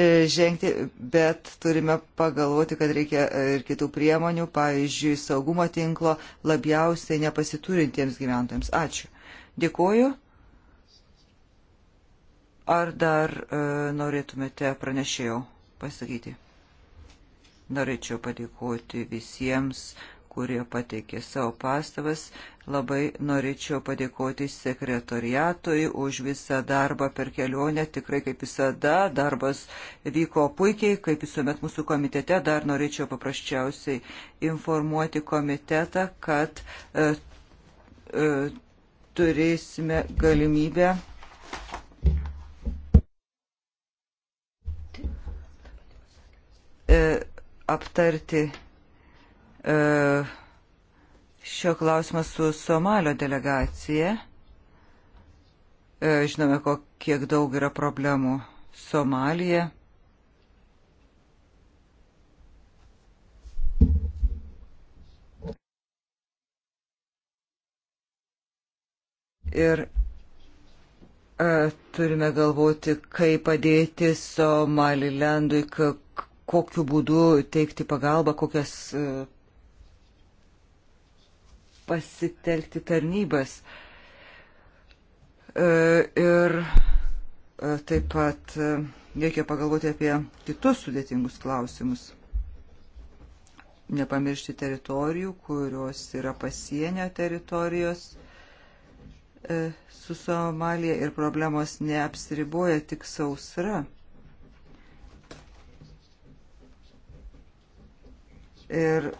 e, žengti, bet turime pagalvoti, kad reikia ir kitų priemonių, pavyzdžiui, saugumo tinklo labiausiai nepasiturintiems gyventojams. Ačiū. Dėkuoju. Ar dar e, norėtumėte pranešėjau pasakyti? Norėčiau padėkoti visiems kurie pateikė savo pastabas. Labai norėčiau padėkoti sekretoriatui už visą darbą per kelionę. Tikrai, kaip visada, darbas vyko puikiai, kaip visuomet mūsų komitete. Dar norėčiau paprasčiausiai informuoti komitetą, kad e, e, turėsime galimybę. E, aptarti E, šio klausimą su Somalio delegacija. E, žinome, kiek daug yra problemų Somalija. Ir e, turime galvoti, kaip padėti Somalilendui, kokiu būdu teikti pagalbą, kokias e, pasitelkti tarnybas. E, ir e, taip pat e, reikia pagalvoti apie kitus sudėtingus klausimus. Nepamiršti teritorijų, kurios yra pasienio teritorijos su Somalija ir problemos neapsiriboja tik sausra. Ir e,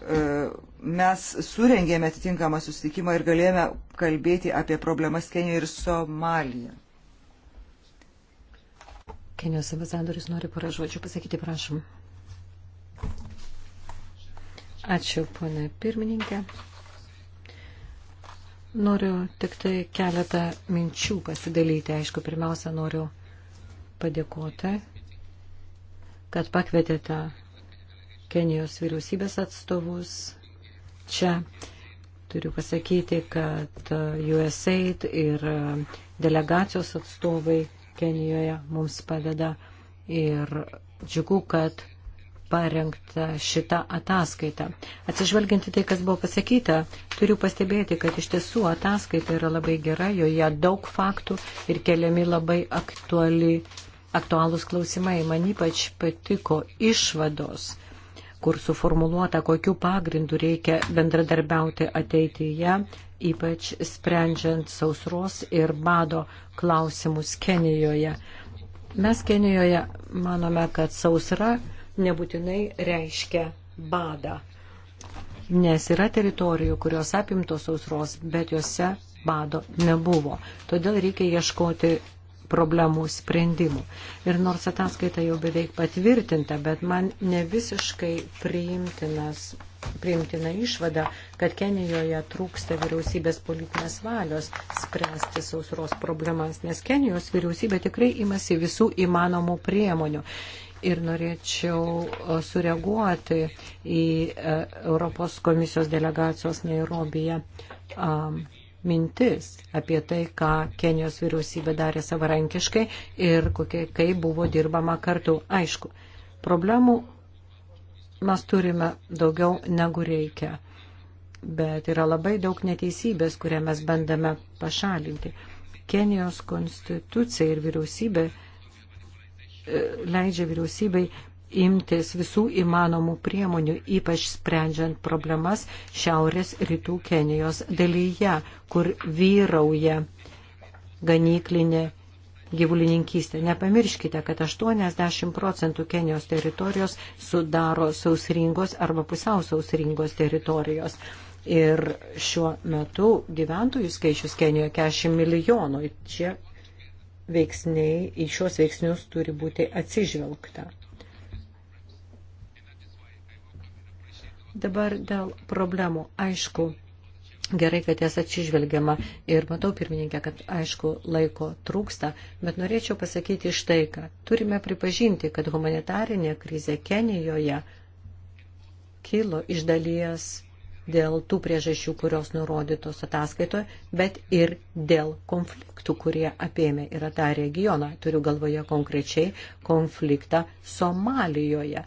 mes surengėme atitinkamą susitikimą ir galėjome kalbėti apie problemas Kenijoje ir Somalijoje. Kenijos ambasadoris nori porą žodžių pasakyti, prašom. Ačiū, ponė pirmininkė. Noriu tik tai keletą minčių pasidalyti. Aišku, pirmiausia, noriu padėkoti, kad pakvietėte Kenijos vyriausybės atstovus čia. Turiu pasakyti, kad e, USAID ir e, delegacijos atstovai Kenijoje mums padeda ir džiugu, kad parengta šita ataskaita. Atsižvelginti tai, kas buvo pasakyta, turiu pastebėti, kad iš tiesų ataskaita yra labai gera, joje daug faktų ir keliami labai aktuali, aktualūs klausimai. Man ypač patiko išvados kur suformuluota, kokiu pagrindu reikia bendradarbiauti ateityje, ypač sprendžiant sausros ir bado klausimus Kenijoje. Mes Kenijoje manome, kad sausra nebūtinai reiškia badą, nes yra teritorijų, kurios apimtos sausros, bet juose bado nebuvo. Todėl reikia ieškoti problemų sprendimų. Ir nors ataskaita jau beveik patvirtinta, bet man ne visiškai priimtinas, priimtina išvada, kad Kenijoje trūksta vyriausybės politinės valios spręsti sausros problemas, nes Kenijos vyriausybė tikrai imasi visų įmanomų priemonių ir norėčiau sureaguoti į e, Europos komisijos delegacijos Nairobija mintis apie tai, ką Kenijos vyriausybė darė savarankiškai ir kokie, kai buvo dirbama kartu. Aišku, problemų mes turime daugiau negu reikia, bet yra labai daug neteisybės, kurią mes bandame pašalinti. Kenijos konstitucija ir vyriausybė e, leidžia vyriausybei imtis visų įmanomų priemonių, ypač sprendžiant problemas šiaurės rytų Kenijos dalyje, kur vyrauja ganyklinė gyvulininkystė. Nepamirškite, kad 80 procentų Kenijos teritorijos sudaro sausringos arba pusiau sausringos teritorijos. Ir šiuo metu gyventojų skaičius Kenijoje 40 milijonų. Čia veiksniai, į šios veiksnius turi būti atsižvelgta. Dabar dėl problemų. Aišku, gerai, kad jas atsižvelgiama ir matau, pirmininkė, kad aišku, laiko trūksta, bet norėčiau pasakyti štai ką. Turime pripažinti, kad humanitarinė krizė Kenijoje kilo iš dalies dėl tų priežasčių, kurios nurodytos ataskaitoje, bet ir dėl konfliktų, kurie apėmė ir tą regioną. Turiu galvoje konkrečiai konfliktą Somalijoje.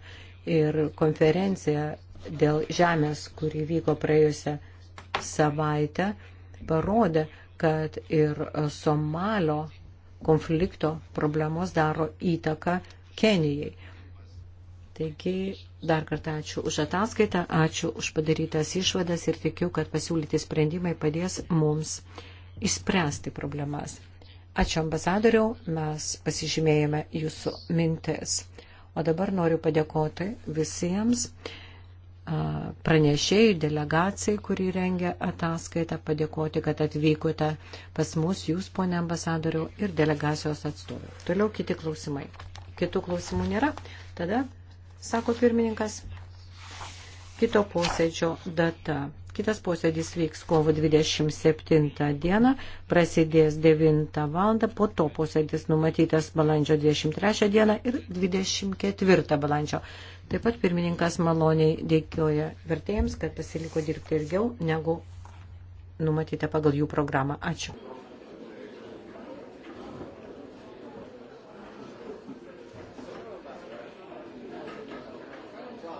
Ir konferencija dėl žemės, kurį vyko praėjusią savaitę, parodė, kad ir Somalio konflikto problemos daro įtaką Kenijai. Taigi, dar kartą ačiū už ataskaitą, ačiū už padarytas išvadas ir tikiu, kad pasiūlyti sprendimai padės mums išspręsti problemas. Ačiū ambasadoriau, mes pasižymėjome jūsų mintis. O dabar noriu padėkoti visiems pranešėjai, delegacijai, kuri rengia ataskaitą, padėkoti, kad atvykote pas mus, jūs, ponė ambasadoriau, ir delegacijos atstovai. Toliau kiti klausimai. Kitų klausimų nėra. Tada, sako pirmininkas, kito posėdžio data. Kitas posėdis vyks kovo 27 dieną, prasidės 9 val. po to posėdis numatytas balandžio 23 dieną ir 24 balandžio. Taip pat pirmininkas maloniai dėkioja vertėjams, kad pasiliko dirbti ilgiau negu numatyta pagal jų programą. Ačiū.